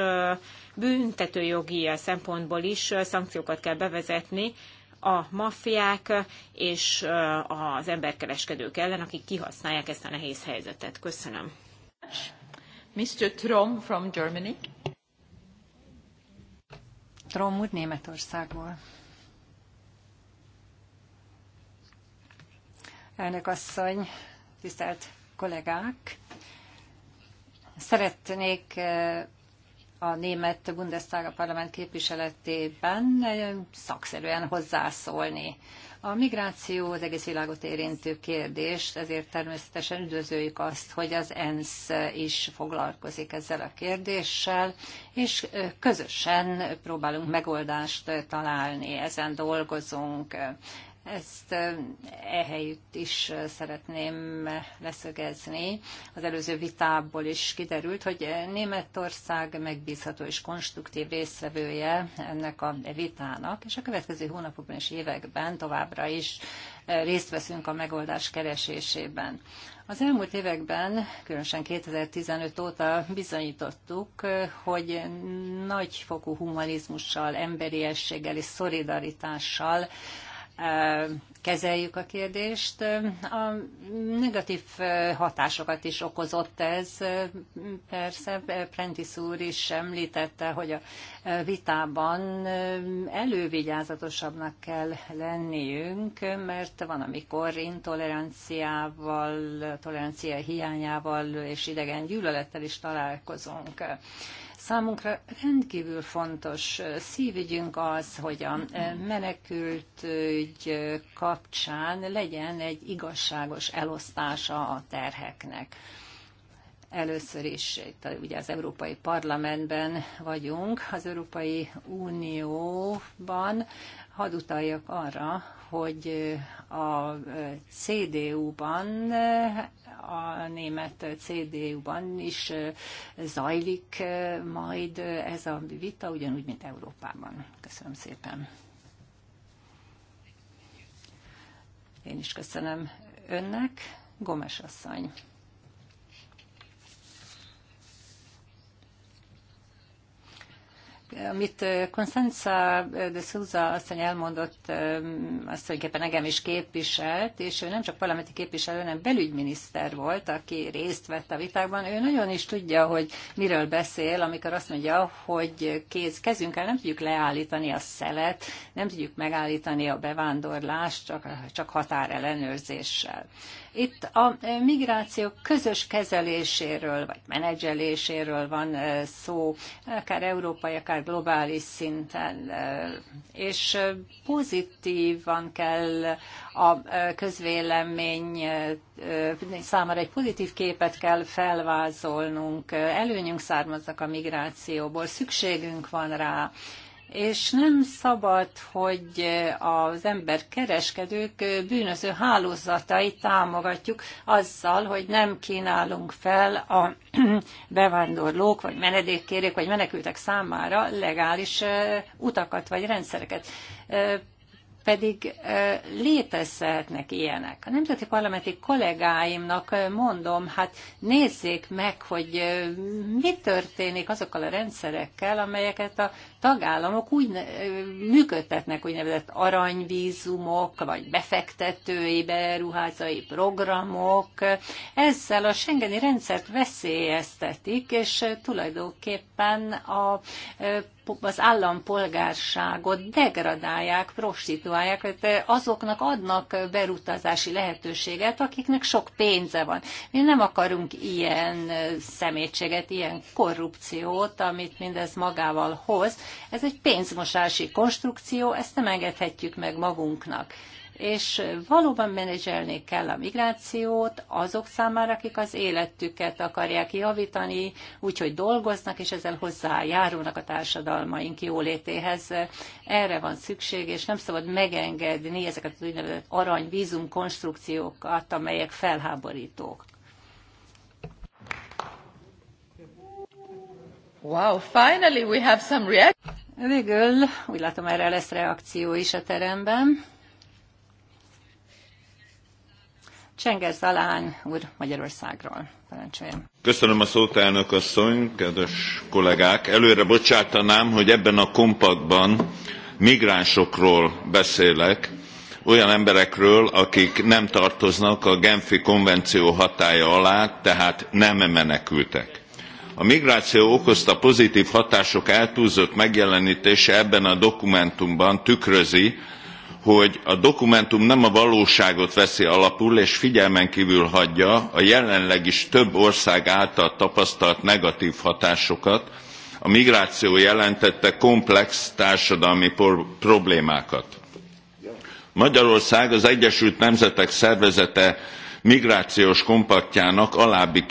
büntetőjogi szempontból is szankciókat kell bevezetni a maffiák és az emberkereskedők ellen, akik kihasználják ezt a nehéz helyzetet. Köszönöm. Mr. Trom from Germany. Trom Németországból. Elnök asszony, tisztelt kollégák! Szeretnék eh, a német Bundestag a parlament képviseletében eh, szakszerűen hozzászólni a migráció az egész világot érintő kérdés, ezért természetesen üdvözöljük azt, hogy az ENSZ is foglalkozik ezzel a kérdéssel, és közösen próbálunk megoldást találni, ezen dolgozunk ezt ehelyütt is szeretném leszögezni. Az előző vitából is kiderült, hogy Németország megbízható és konstruktív részvevője ennek a vitának, és a következő hónapokban és években továbbra is részt veszünk a megoldás keresésében. Az elmúlt években, különösen 2015 óta bizonyítottuk, hogy nagyfokú humanizmussal, emberiességgel és szolidaritással kezeljük a kérdést. A negatív hatásokat is okozott ez. Persze Prentice úr is említette, hogy a vitában elővigyázatosabbnak kell lenniünk, mert van, amikor intoleranciával, tolerancia hiányával és idegen gyűlölettel is találkozunk. Számunkra rendkívül fontos szívügyünk az, hogy a menekült ügy kapcsán legyen egy igazságos elosztása a terheknek először is itt ugye az Európai Parlamentben vagyunk, az Európai Unióban, hadd utaljak arra, hogy a CDU-ban a német CDU-ban is zajlik majd ez a vita, ugyanúgy, mint Európában. Köszönöm szépen. Én is köszönöm önnek, Gomes asszony. amit Constanza de Souza asszony elmondott, azt tulajdonképpen engem is képviselt, és ő nem csak parlamenti képviselő, hanem belügyminiszter volt, aki részt vett a vitákban. Ő nagyon is tudja, hogy miről beszél, amikor azt mondja, hogy kéz, kezünkkel nem tudjuk leállítani a szelet, nem tudjuk megállítani a bevándorlást, csak, csak határellenőrzéssel. Itt a migráció közös kezeléséről, vagy menedzseléséről van szó, akár európai, akár globális szinten, és pozitívan kell a közvélemény számára egy pozitív képet kell felvázolnunk, előnyünk származnak a migrációból, szükségünk van rá, és nem szabad, hogy az kereskedők bűnöző hálózatait támogatjuk azzal, hogy nem kínálunk fel a bevándorlók, vagy menedékkérők, vagy menekültek számára legális utakat, vagy rendszereket pedig létezhetnek ilyenek. A nemzeti parlamenti kollégáimnak mondom, hát nézzék meg, hogy mi történik azokkal a rendszerekkel, amelyeket a tagállamok úgy működtetnek, úgynevezett aranyvízumok, vagy befektetői, beruházai programok. Ezzel a Schengeni rendszert veszélyeztetik, és tulajdonképpen a az állampolgárságot degradálják, prostituálják, eh, azoknak adnak berutazási lehetőséget, akiknek sok pénze van. Mi nem akarunk ilyen eh, szemétséget, ilyen korrupciót, amit mindez magával hoz. Ez egy pénzmosási konstrukció, ezt nem engedhetjük meg magunknak és valóban menedzselni kell a migrációt azok számára, akik az életüket akarják javítani, úgyhogy dolgoznak, és ezzel hozzájárulnak a társadalmaink jólétéhez. Erre van szükség, és nem szabad megengedni ezeket az úgynevezett aranyvízum konstrukciókat, amelyek felháborítók. Wow, finally we have some reaction. Végül úgy látom erre lesz reakció is a teremben. Csenger Zalán úr Magyarországról. Parancsoljon. Köszönöm a szót, elnök asszony, kedves kollégák. Előre bocsátanám, hogy ebben a kompaktban migránsokról beszélek, olyan emberekről, akik nem tartoznak a Genfi konvenció hatálya alá, tehát nem menekültek. A migráció okozta pozitív hatások eltúlzott megjelenítése ebben a dokumentumban tükrözi, hogy a dokumentum nem a valóságot veszi alapul, és figyelmen kívül hagyja a jelenleg is több ország által tapasztalt negatív hatásokat, a migráció jelentette komplex társadalmi problémákat. Magyarország az Egyesült Nemzetek Szervezete migrációs kompaktjának alábbi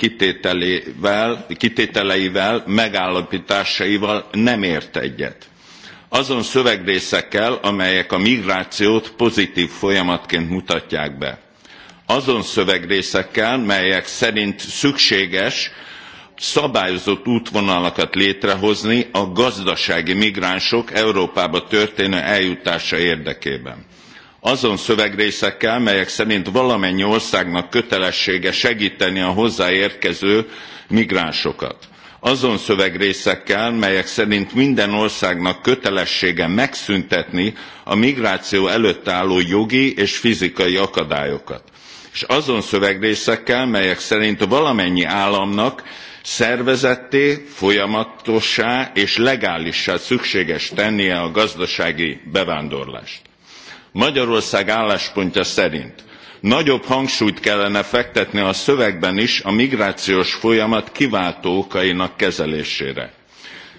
kitételeivel megállaptásaival nem ért egyet azon szövegrészekkel amelyek a migrációt pozitv folyamatként mutatják be azon szövegrészekkel melyek szerint szükséges szabályozott útvonalakat létrehozni a gazdasági migránsok európába történő eljutása érdekében azon szövegrészekkel melyek szerint valamennyi országnak kötelessége segteni a hozzáérkező migránsokat azon szövegrészekkel melyek szerint minden országnak kötelessége megszüntetni a migráció előtt álló jogi és fizikai akadályokat és azon szövegrészekkel melyek szerint valamennyi államnak szervezetté folyamatossá és legálissá szükséges tennie a gazdasági bevándorlást. magyarország álláspontja szerint nagyobb hangsúlyt kellene fektetni a szövegben is a migrációs folyamat kiváltó okainak kezelésére.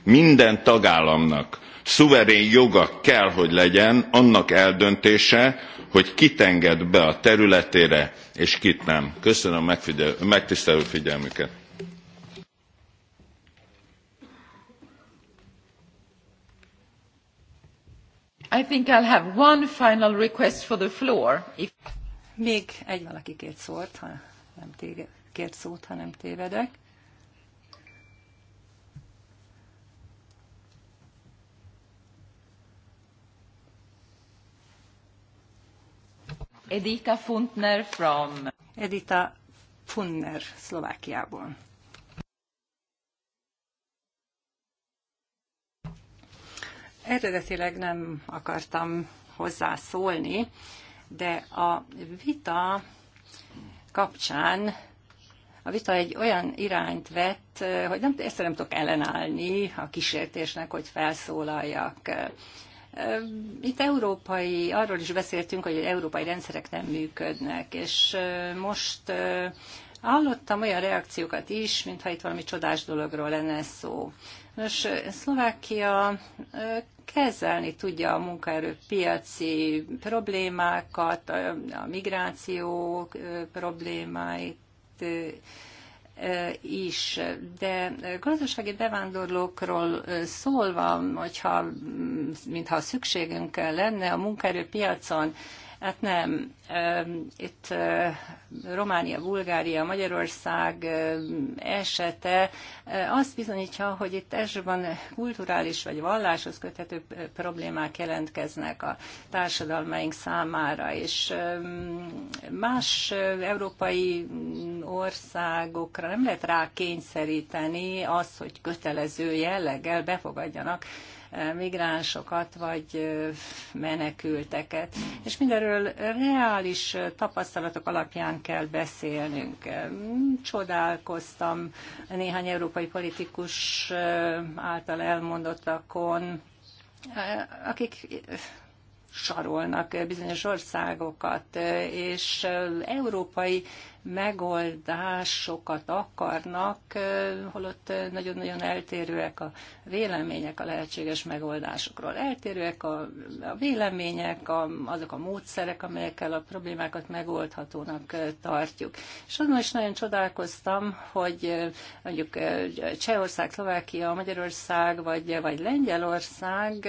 minden tagállamnak szuverén joga kell hogy legyen annak eldöntése hogy kit enged be a területére és kit nem. köszönöm a megtisztelő figyelmüket. i think i'll have one final request for the floor if még egy valaki kért szót, ha nem téged, kért szót, ha nem tévedek. Edita Funtner from... Edita Funner, Szlovákiából. Eredetileg nem akartam hozzászólni, de a vita kapcsán a vita egy olyan irányt vett, hogy nem, egyszerűen nem tudok ellenállni a kísértésnek, hogy felszólaljak. Itt európai, arról is beszéltünk, hogy európai rendszerek nem működnek, és most Hallottam olyan reakciókat is, mintha itt valami csodás dologról lenne szó. Nos, Szlovákia kezelni tudja a munkaerőpiaci problémákat, a migráció problémáit is, de gazdasági bevándorlókról szólva, hogyha, mintha szükségünk lenne a munkaerőpiacon Hát nem. Itt Románia, Bulgária, Magyarország esete azt bizonyítja, hogy itt elsősorban kulturális vagy valláshoz köthető problémák jelentkeznek a társadalmaink számára, és más európai országokra nem lehet rá kényszeríteni az, hogy kötelező jelleggel befogadjanak migránsokat vagy menekülteket. És mindenről reális tapasztalatok alapján kell beszélnünk. Csodálkoztam néhány európai politikus által elmondottakon, akik sarolnak bizonyos országokat, és európai megoldásokat akarnak, holott nagyon-nagyon eltérőek a vélemények a lehetséges megoldásokról. Eltérőek a, a vélemények, a, azok a módszerek, amelyekkel a problémákat megoldhatónak tartjuk. És azon is nagyon csodálkoztam, hogy mondjuk Csehország, Szlovákia, Magyarország vagy, vagy Lengyelország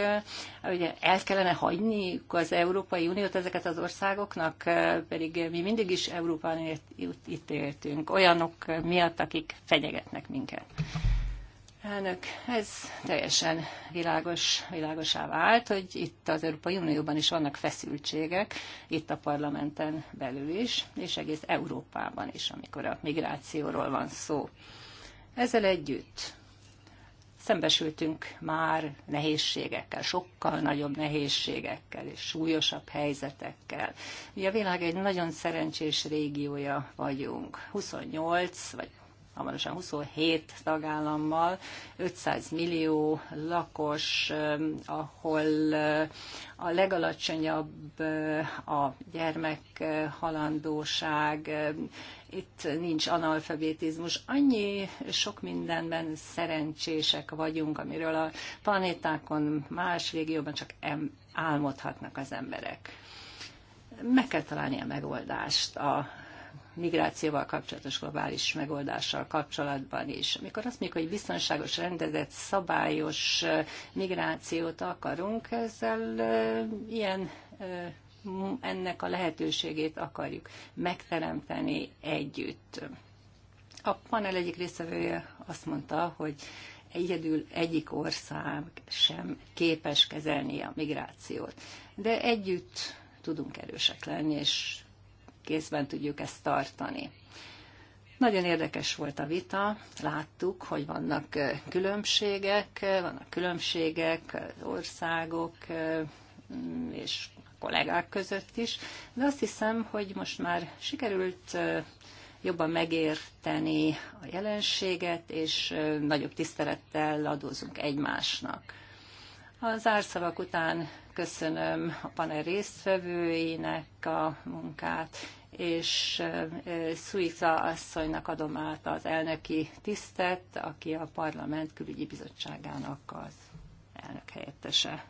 Ugye el kellene hagyni az Európai Uniót ezeket az országoknak, eh, pedig mi mindig is Európán itt éltünk, olyanok miatt, akik fenyegetnek minket. Elnök, ez teljesen világos, világosá vált, hogy itt az Európai Unióban is vannak feszültségek, itt a parlamenten belül is, és egész Európában is, amikor a migrációról van szó. Ezzel együtt szembesültünk már nehézségekkel, sokkal nagyobb nehézségekkel és súlyosabb helyzetekkel. Mi a világ egy nagyon szerencsés régiója vagyunk. 28 vagy hamarosan 27 tagállammal, 500 millió lakos, eh, ahol eh, a legalacsonyabb eh, a gyermek halandóság, itt nincs analfabetizmus. Annyi sok mindenben szerencsések vagyunk, amiről a planétákon más régióban csak álmodhatnak az emberek. Meg kell találni a megoldást a migrációval kapcsolatos globális megoldással kapcsolatban is. Amikor azt mondjuk, hogy biztonságos, rendezett, szabályos migrációt akarunk, ezzel ilyen ennek a lehetőségét akarjuk megteremteni együtt. A panel egyik résztvevője azt mondta, hogy egyedül egyik ország sem képes kezelni a migrációt. De együtt tudunk erősek lenni, és kézben tudjuk ezt tartani. Nagyon érdekes volt a vita, láttuk, hogy vannak különbségek, vannak különbségek az országok mm, és kollégák között is, de azt hiszem, hogy most már sikerült jobban megérteni a jelenséget, és nagyobb tisztelettel adózunk egymásnak. Az árszavak után Köszönöm a panel résztvevőinek a munkát, és Szuica asszonynak adom át az elnöki tisztet, aki a Parlament Külügyi Bizottságának az elnök helyettese.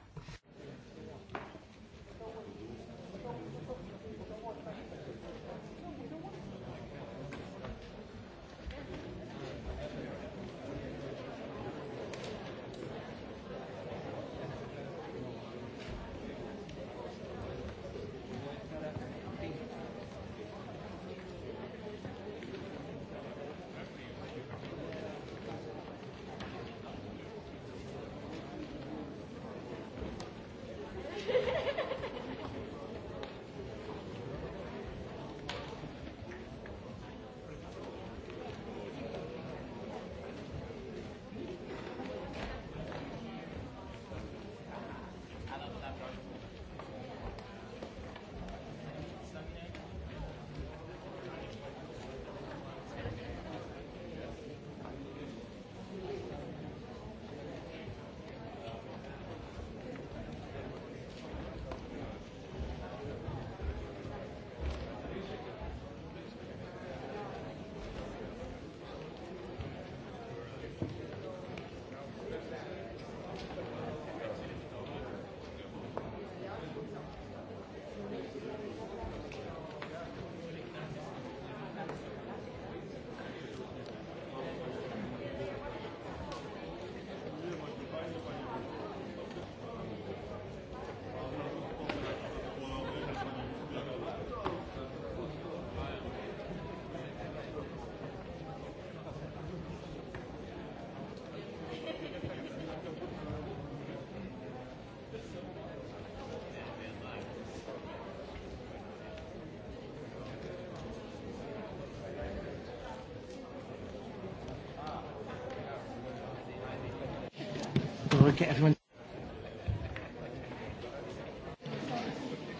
look at everyone.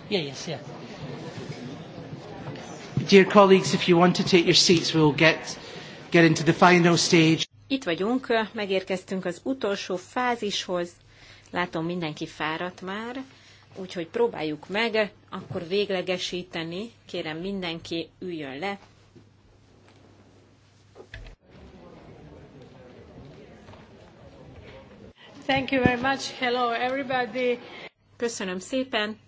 Yeah, yes, yeah. Dear colleagues, if you want to take your seats, we'll get, get into the final stage. Itt vagyunk, megérkeztünk az utolsó fázishoz. Látom, mindenki fáradt már, úgyhogy próbáljuk meg, akkor véglegesíteni. Kérem, mindenki üljön le. Thank you very much. Hello everybody. Köszönöm szépen.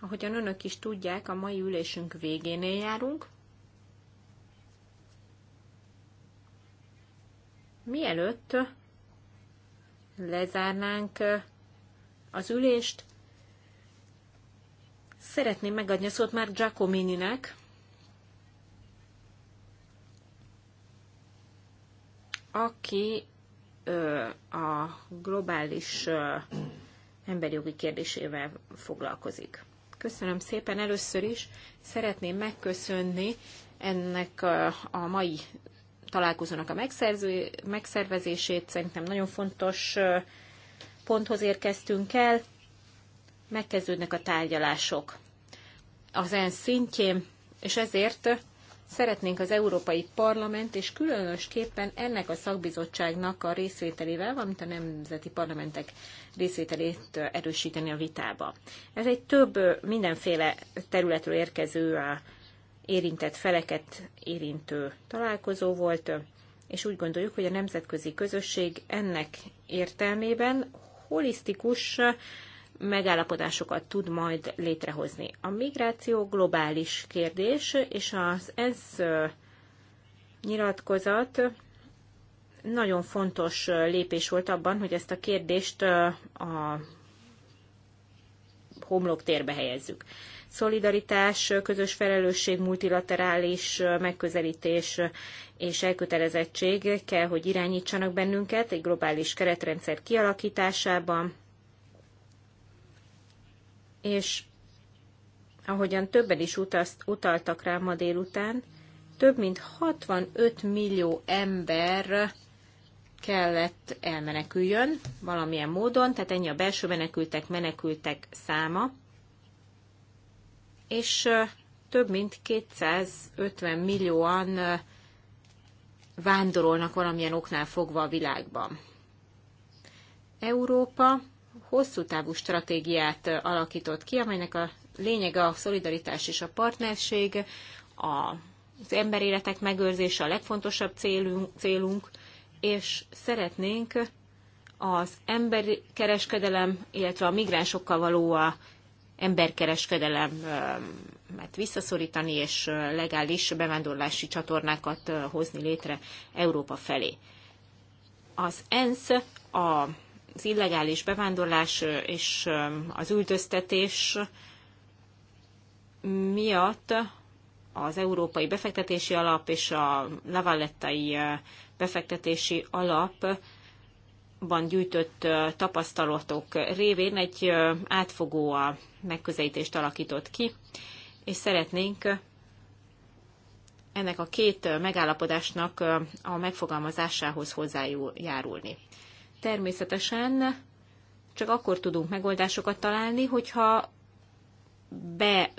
Ahogyan önök is tudják, a mai ülésünk végénél járunk. Mielőtt lezárnánk az ülést, szeretném megadni a szót már Giacomininek, aki a globális emberjogi kérdésével foglalkozik. Köszönöm szépen először is. Szeretném megköszönni ennek a mai találkozónak a megszervezését. Szerintem nagyon fontos ponthoz érkeztünk el. Megkezdődnek a tárgyalások az ENSZ szintjén, és ezért Szeretnénk az Európai Parlament, és különösképpen ennek a szakbizottságnak a részvételével, valamint a nemzeti parlamentek részvételét erősíteni a vitába. Ez egy több mindenféle területről érkező érintett feleket érintő találkozó volt, és úgy gondoljuk, hogy a nemzetközi közösség ennek értelmében holisztikus megállapodásokat tud majd létrehozni. A migráció globális kérdés, és az ENSZ nyilatkozat nagyon fontos lépés volt abban, hogy ezt a kérdést a homlok térbe helyezzük. Szolidaritás, közös felelősség, multilaterális megközelítés és elkötelezettség kell, hogy irányítsanak bennünket egy globális keretrendszer kialakításában, és ahogyan többen is utazt utaltak rá ma délután, több mint 65 millió ember kellett elmeneküljön valamilyen módon, tehát ennyi a belső menekültek, menekültek száma, és több mint 250 millióan vándorolnak valamilyen oknál fogva a világban. Európa hosszú távú stratégiát alakított ki, amelynek a lényege a szolidaritás és a partnerség, a az emberéletek megőrzése a legfontosabb célunk, célunk és szeretnénk az emberkereskedelem, illetve a migránsokkal való a emberkereskedelemet visszaszorítani, és legális bevándorlási csatornákat hozni létre Európa felé. Az ENSZ a az illegális bevándorlás és az üldöztetés miatt az Európai Befektetési Alap és a Lavallettai Befektetési Alapban gyűjtött tapasztalatok révén egy átfogó a megközelítést alakított ki, és szeretnénk ennek a két megállapodásnak a megfogalmazásához hozzájárulni természetesen csak akkor tudunk megoldásokat találni, hogyha be,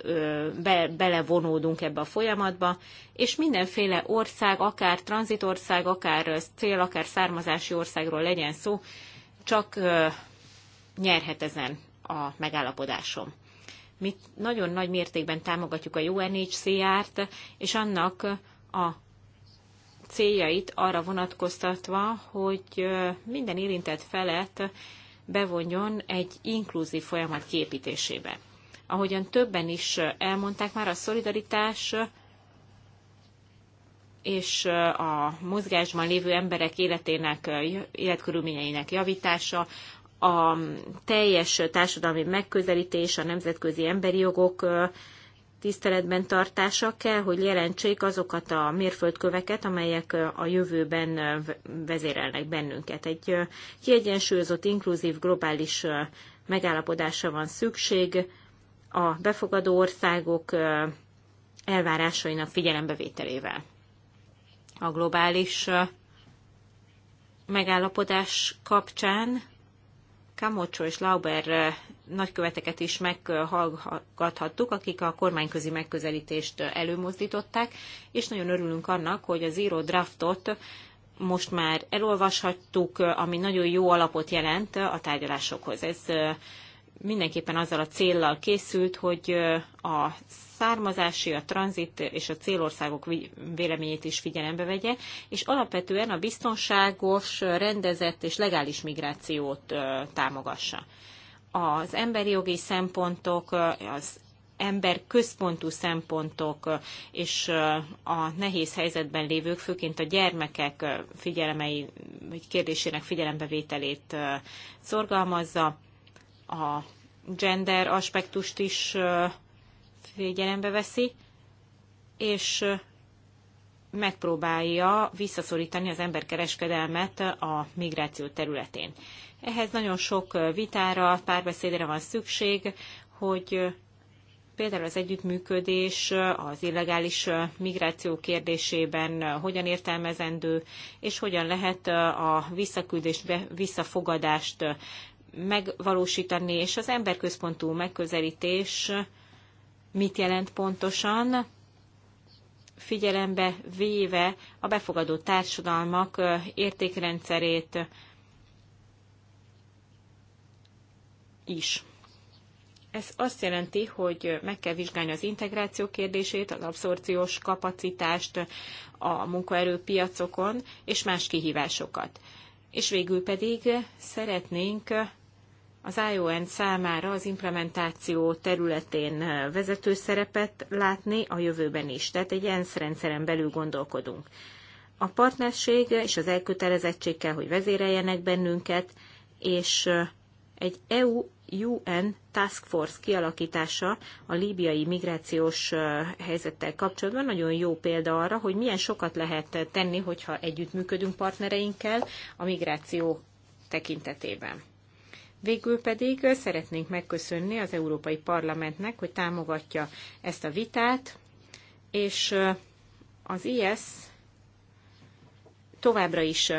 be, belevonódunk ebbe a folyamatba, és mindenféle ország, akár tranzitország, akár cél, akár származási országról legyen szó, csak nyerhet ezen a megállapodásom. Mi nagyon nagy mértékben támogatjuk a UNHCR-t, és annak a céljait arra vonatkoztatva, hogy minden érintett felet bevonjon egy inkluzív folyamat képítésébe. Ahogyan többen is elmondták már, a szolidaritás és a mozgásban lévő emberek életének, életkörülményeinek javítása, a teljes társadalmi megközelítés, a nemzetközi emberi jogok tiszteletben tartása kell, hogy jelentsék azokat a mérföldköveket, amelyek a jövőben vezérelnek bennünket. Egy kiegyensúlyozott, inkluzív, globális megállapodásra van szükség a befogadó országok elvárásainak figyelembevételével. A globális megállapodás kapcsán Kamocsó és Lauber nagyköveteket is meghallgathattuk, akik a kormányközi megközelítést előmozdították, és nagyon örülünk annak, hogy az író draftot most már elolvashattuk, ami nagyon jó alapot jelent a tárgyalásokhoz. Ez mindenképpen azzal a céllal készült, hogy a származási, a tranzit és a célországok véleményét is figyelembe vegye, és alapvetően a biztonságos, rendezett és legális migrációt támogassa az emberi jogi szempontok, az ember központú szempontok és a nehéz helyzetben lévők, főként a gyermekek figyelemei, vagy kérdésének figyelembevételét szorgalmazza. A gender aspektust is figyelembe veszi, és megpróbálja visszaszorítani az emberkereskedelmet a migráció területén. Ehhez nagyon sok vitára, párbeszédre van szükség, hogy például az együttműködés az illegális migráció kérdésében hogyan értelmezendő, és hogyan lehet a visszaküldést, visszafogadást megvalósítani, és az emberközpontú megközelítés mit jelent pontosan, figyelembe véve a befogadó társadalmak értékrendszerét, is. Ez azt jelenti, hogy meg kell vizsgálni az integráció kérdését, az abszorciós kapacitást a munkaerőpiacokon, és más kihívásokat. És végül pedig szeretnénk az ION számára az implementáció területén vezető szerepet látni a jövőben is. Tehát egy ENSZ rendszeren belül gondolkodunk. A partnerség és az elkötelezettség kell, hogy vezéreljenek bennünket, és egy EU UN Task Force kialakítása a líbiai migrációs helyzettel kapcsolatban nagyon jó példa arra, hogy milyen sokat lehet tenni, hogyha együttműködünk partnereinkkel a migráció tekintetében. Végül pedig szeretnénk megköszönni az Európai Parlamentnek, hogy támogatja ezt a vitát, és az IS továbbra is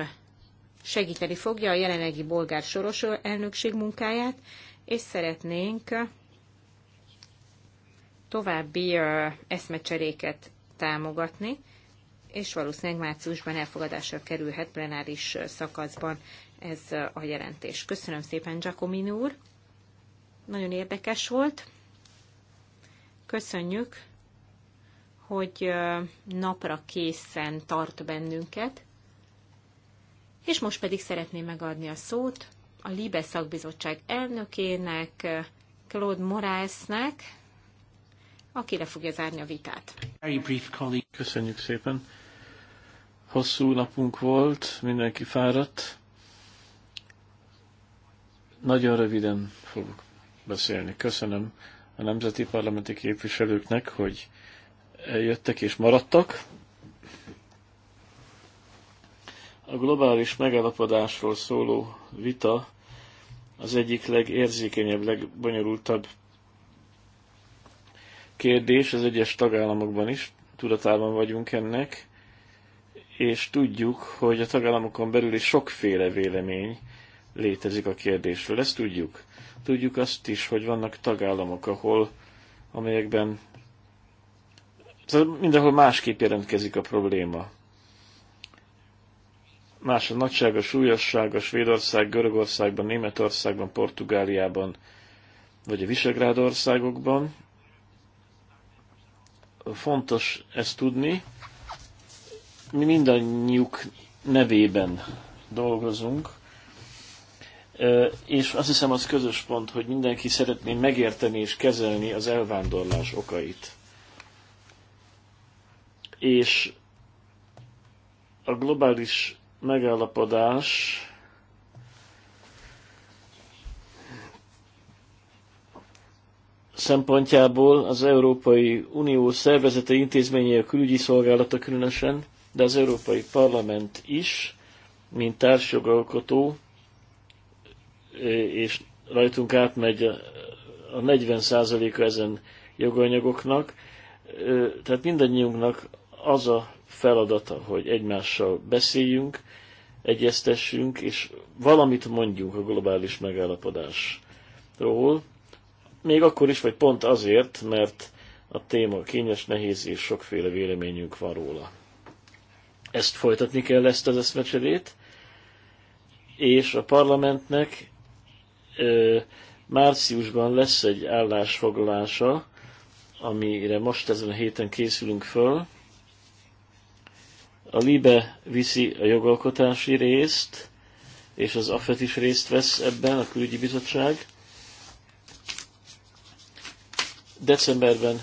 segíteni fogja a jelenlegi bolgár soros elnökség munkáját, és szeretnénk további eszmecseréket támogatni, és valószínűleg márciusban elfogadásra kerülhet plenáris szakaszban ez a jelentés. Köszönöm szépen, Giacomini úr! Nagyon érdekes volt. Köszönjük, hogy napra készen tart bennünket. És most pedig szeretném megadni a szót a Libe szakbizottság elnökének, Claude Moraesnek, aki le fogja zárni a vitát. Köszönjük szépen. Hosszú napunk volt, mindenki fáradt. Nagyon röviden fogok beszélni. Köszönöm a nemzeti parlamenti képviselőknek, hogy jöttek és maradtak. A globális megállapodásról szóló vita az egyik legérzékenyebb, legbonyolultabb kérdés az egyes tagállamokban is, tudatában vagyunk ennek, és tudjuk, hogy a tagállamokon belül is sokféle vélemény létezik a kérdésről. Ezt tudjuk. Tudjuk azt is, hogy vannak tagállamok, ahol, amelyekben tehát szóval mindenhol másképp jelentkezik a probléma más a nagysága, súlyossága Svédország, Görögországban, Németországban, Portugáliában, vagy a Visegrád országokban. Fontos ezt tudni. Mi mindannyiuk nevében dolgozunk, és azt hiszem az közös pont, hogy mindenki szeretné megérteni és kezelni az elvándorlás okait. És a globális megállapodás szempontjából az Európai Unió szervezete intézményei, a külügyi szolgálata különösen, de az Európai Parlament is, mint társjogalkotó, és rajtunk átmegy a 40%-a ezen joganyagoknak, tehát mindannyiunknak az a feladata, hogy egymással beszéljünk, egyeztessünk, és valamit mondjunk a globális megállapodásról, még akkor is, vagy pont azért, mert a téma kényes, nehéz, és sokféle véleményünk van róla. Ezt folytatni kell, ezt az eszmecserét, és a parlamentnek ö, márciusban lesz egy állásfoglalása, amire most ezen a héten készülünk föl, a LIBE viszi a jogalkotási részt, és az AFET is részt vesz ebben, a külügyi bizottság. Decemberben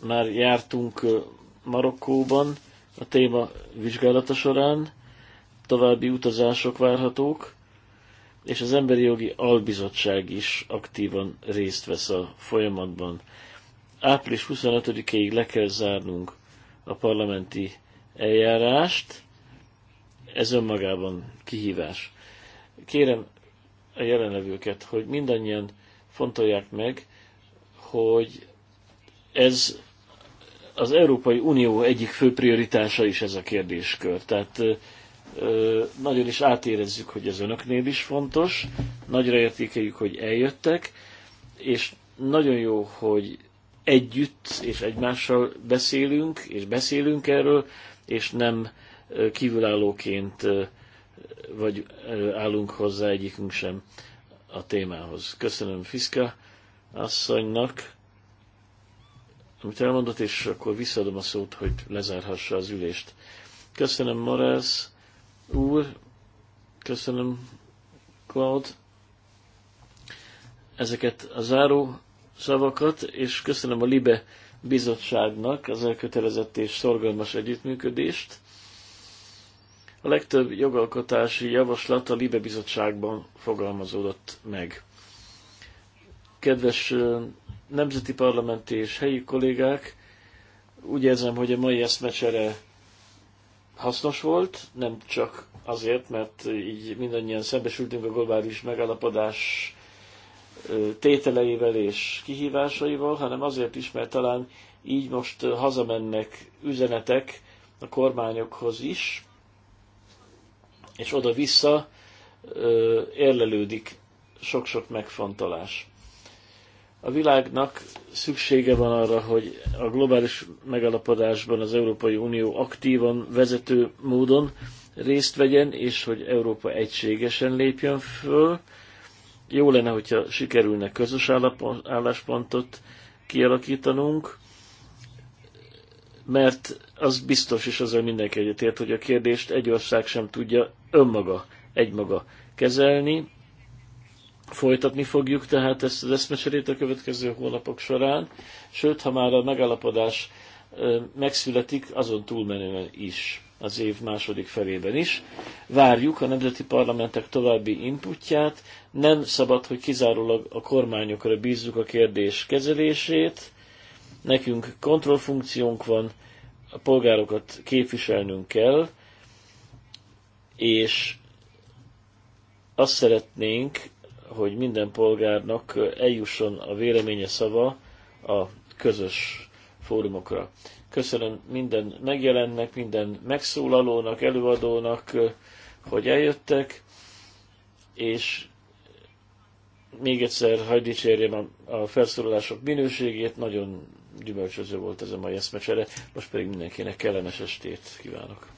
már jártunk Marokkóban a téma vizsgálata során, további utazások várhatók, és az Emberi Jogi Albizottság is aktívan részt vesz a folyamatban. Április 25-ig le kell zárnunk a parlamenti eljárást. Ez önmagában kihívás. Kérem a jelenlevőket, hogy mindannyian fontolják meg, hogy ez az Európai Unió egyik fő prioritása is ez a kérdéskör. Tehát nagyon is átérezzük, hogy ez önöknél is fontos, nagyra értékeljük, hogy eljöttek, és nagyon jó, hogy együtt és egymással beszélünk, és beszélünk erről, és nem kívülállóként vagy állunk hozzá egyikünk sem a témához. Köszönöm Fiszka asszonynak, amit elmondott, és akkor visszaadom a szót, hogy lezárhassa az ülést. Köszönöm Morales úr, köszönöm Claude. Ezeket a záró szavakat, és köszönöm a LIBE bizottságnak az elkötelezett és szorgalmas együttműködést. A legtöbb jogalkotási javaslat a LIBE bizottságban fogalmazódott meg. Kedves nemzeti parlamenti és helyi kollégák, úgy érzem, hogy a mai eszmecsere hasznos volt, nem csak azért, mert így mindannyian szembesültünk a globális megállapodás tételeivel és kihívásaival, hanem azért is, mert talán így most hazamennek üzenetek a kormányokhoz is, és oda-vissza érlelődik sok-sok megfontolás. A világnak szüksége van arra, hogy a globális megalapodásban az Európai Unió aktívan, vezető módon részt vegyen, és hogy Európa egységesen lépjen föl, jó lenne, hogyha sikerülne közös álláspontot kialakítanunk, mert az biztos, és azzal mindenki egyetért, hogy a kérdést egy ország sem tudja önmaga, egymaga kezelni. Folytatni fogjuk tehát ezt az eszmecserét a következő hónapok során, sőt, ha már a megállapodás megszületik, azon túlmenően is az év második felében is. Várjuk a nemzeti parlamentek további inputját, nem szabad, hogy kizárólag a kormányokra bízzuk a kérdés kezelését, nekünk kontrollfunkciónk van, a polgárokat képviselnünk kell, és azt szeretnénk, hogy minden polgárnak eljusson a véleménye szava a közös fórumokra. Köszönöm minden megjelennek, minden megszólalónak, előadónak, hogy eljöttek, és még egyszer hagyd dicsérjem a felszólalások minőségét, nagyon gyümölcsöző volt ez a mai eszmecsere, most pedig mindenkinek kellemes estét kívánok.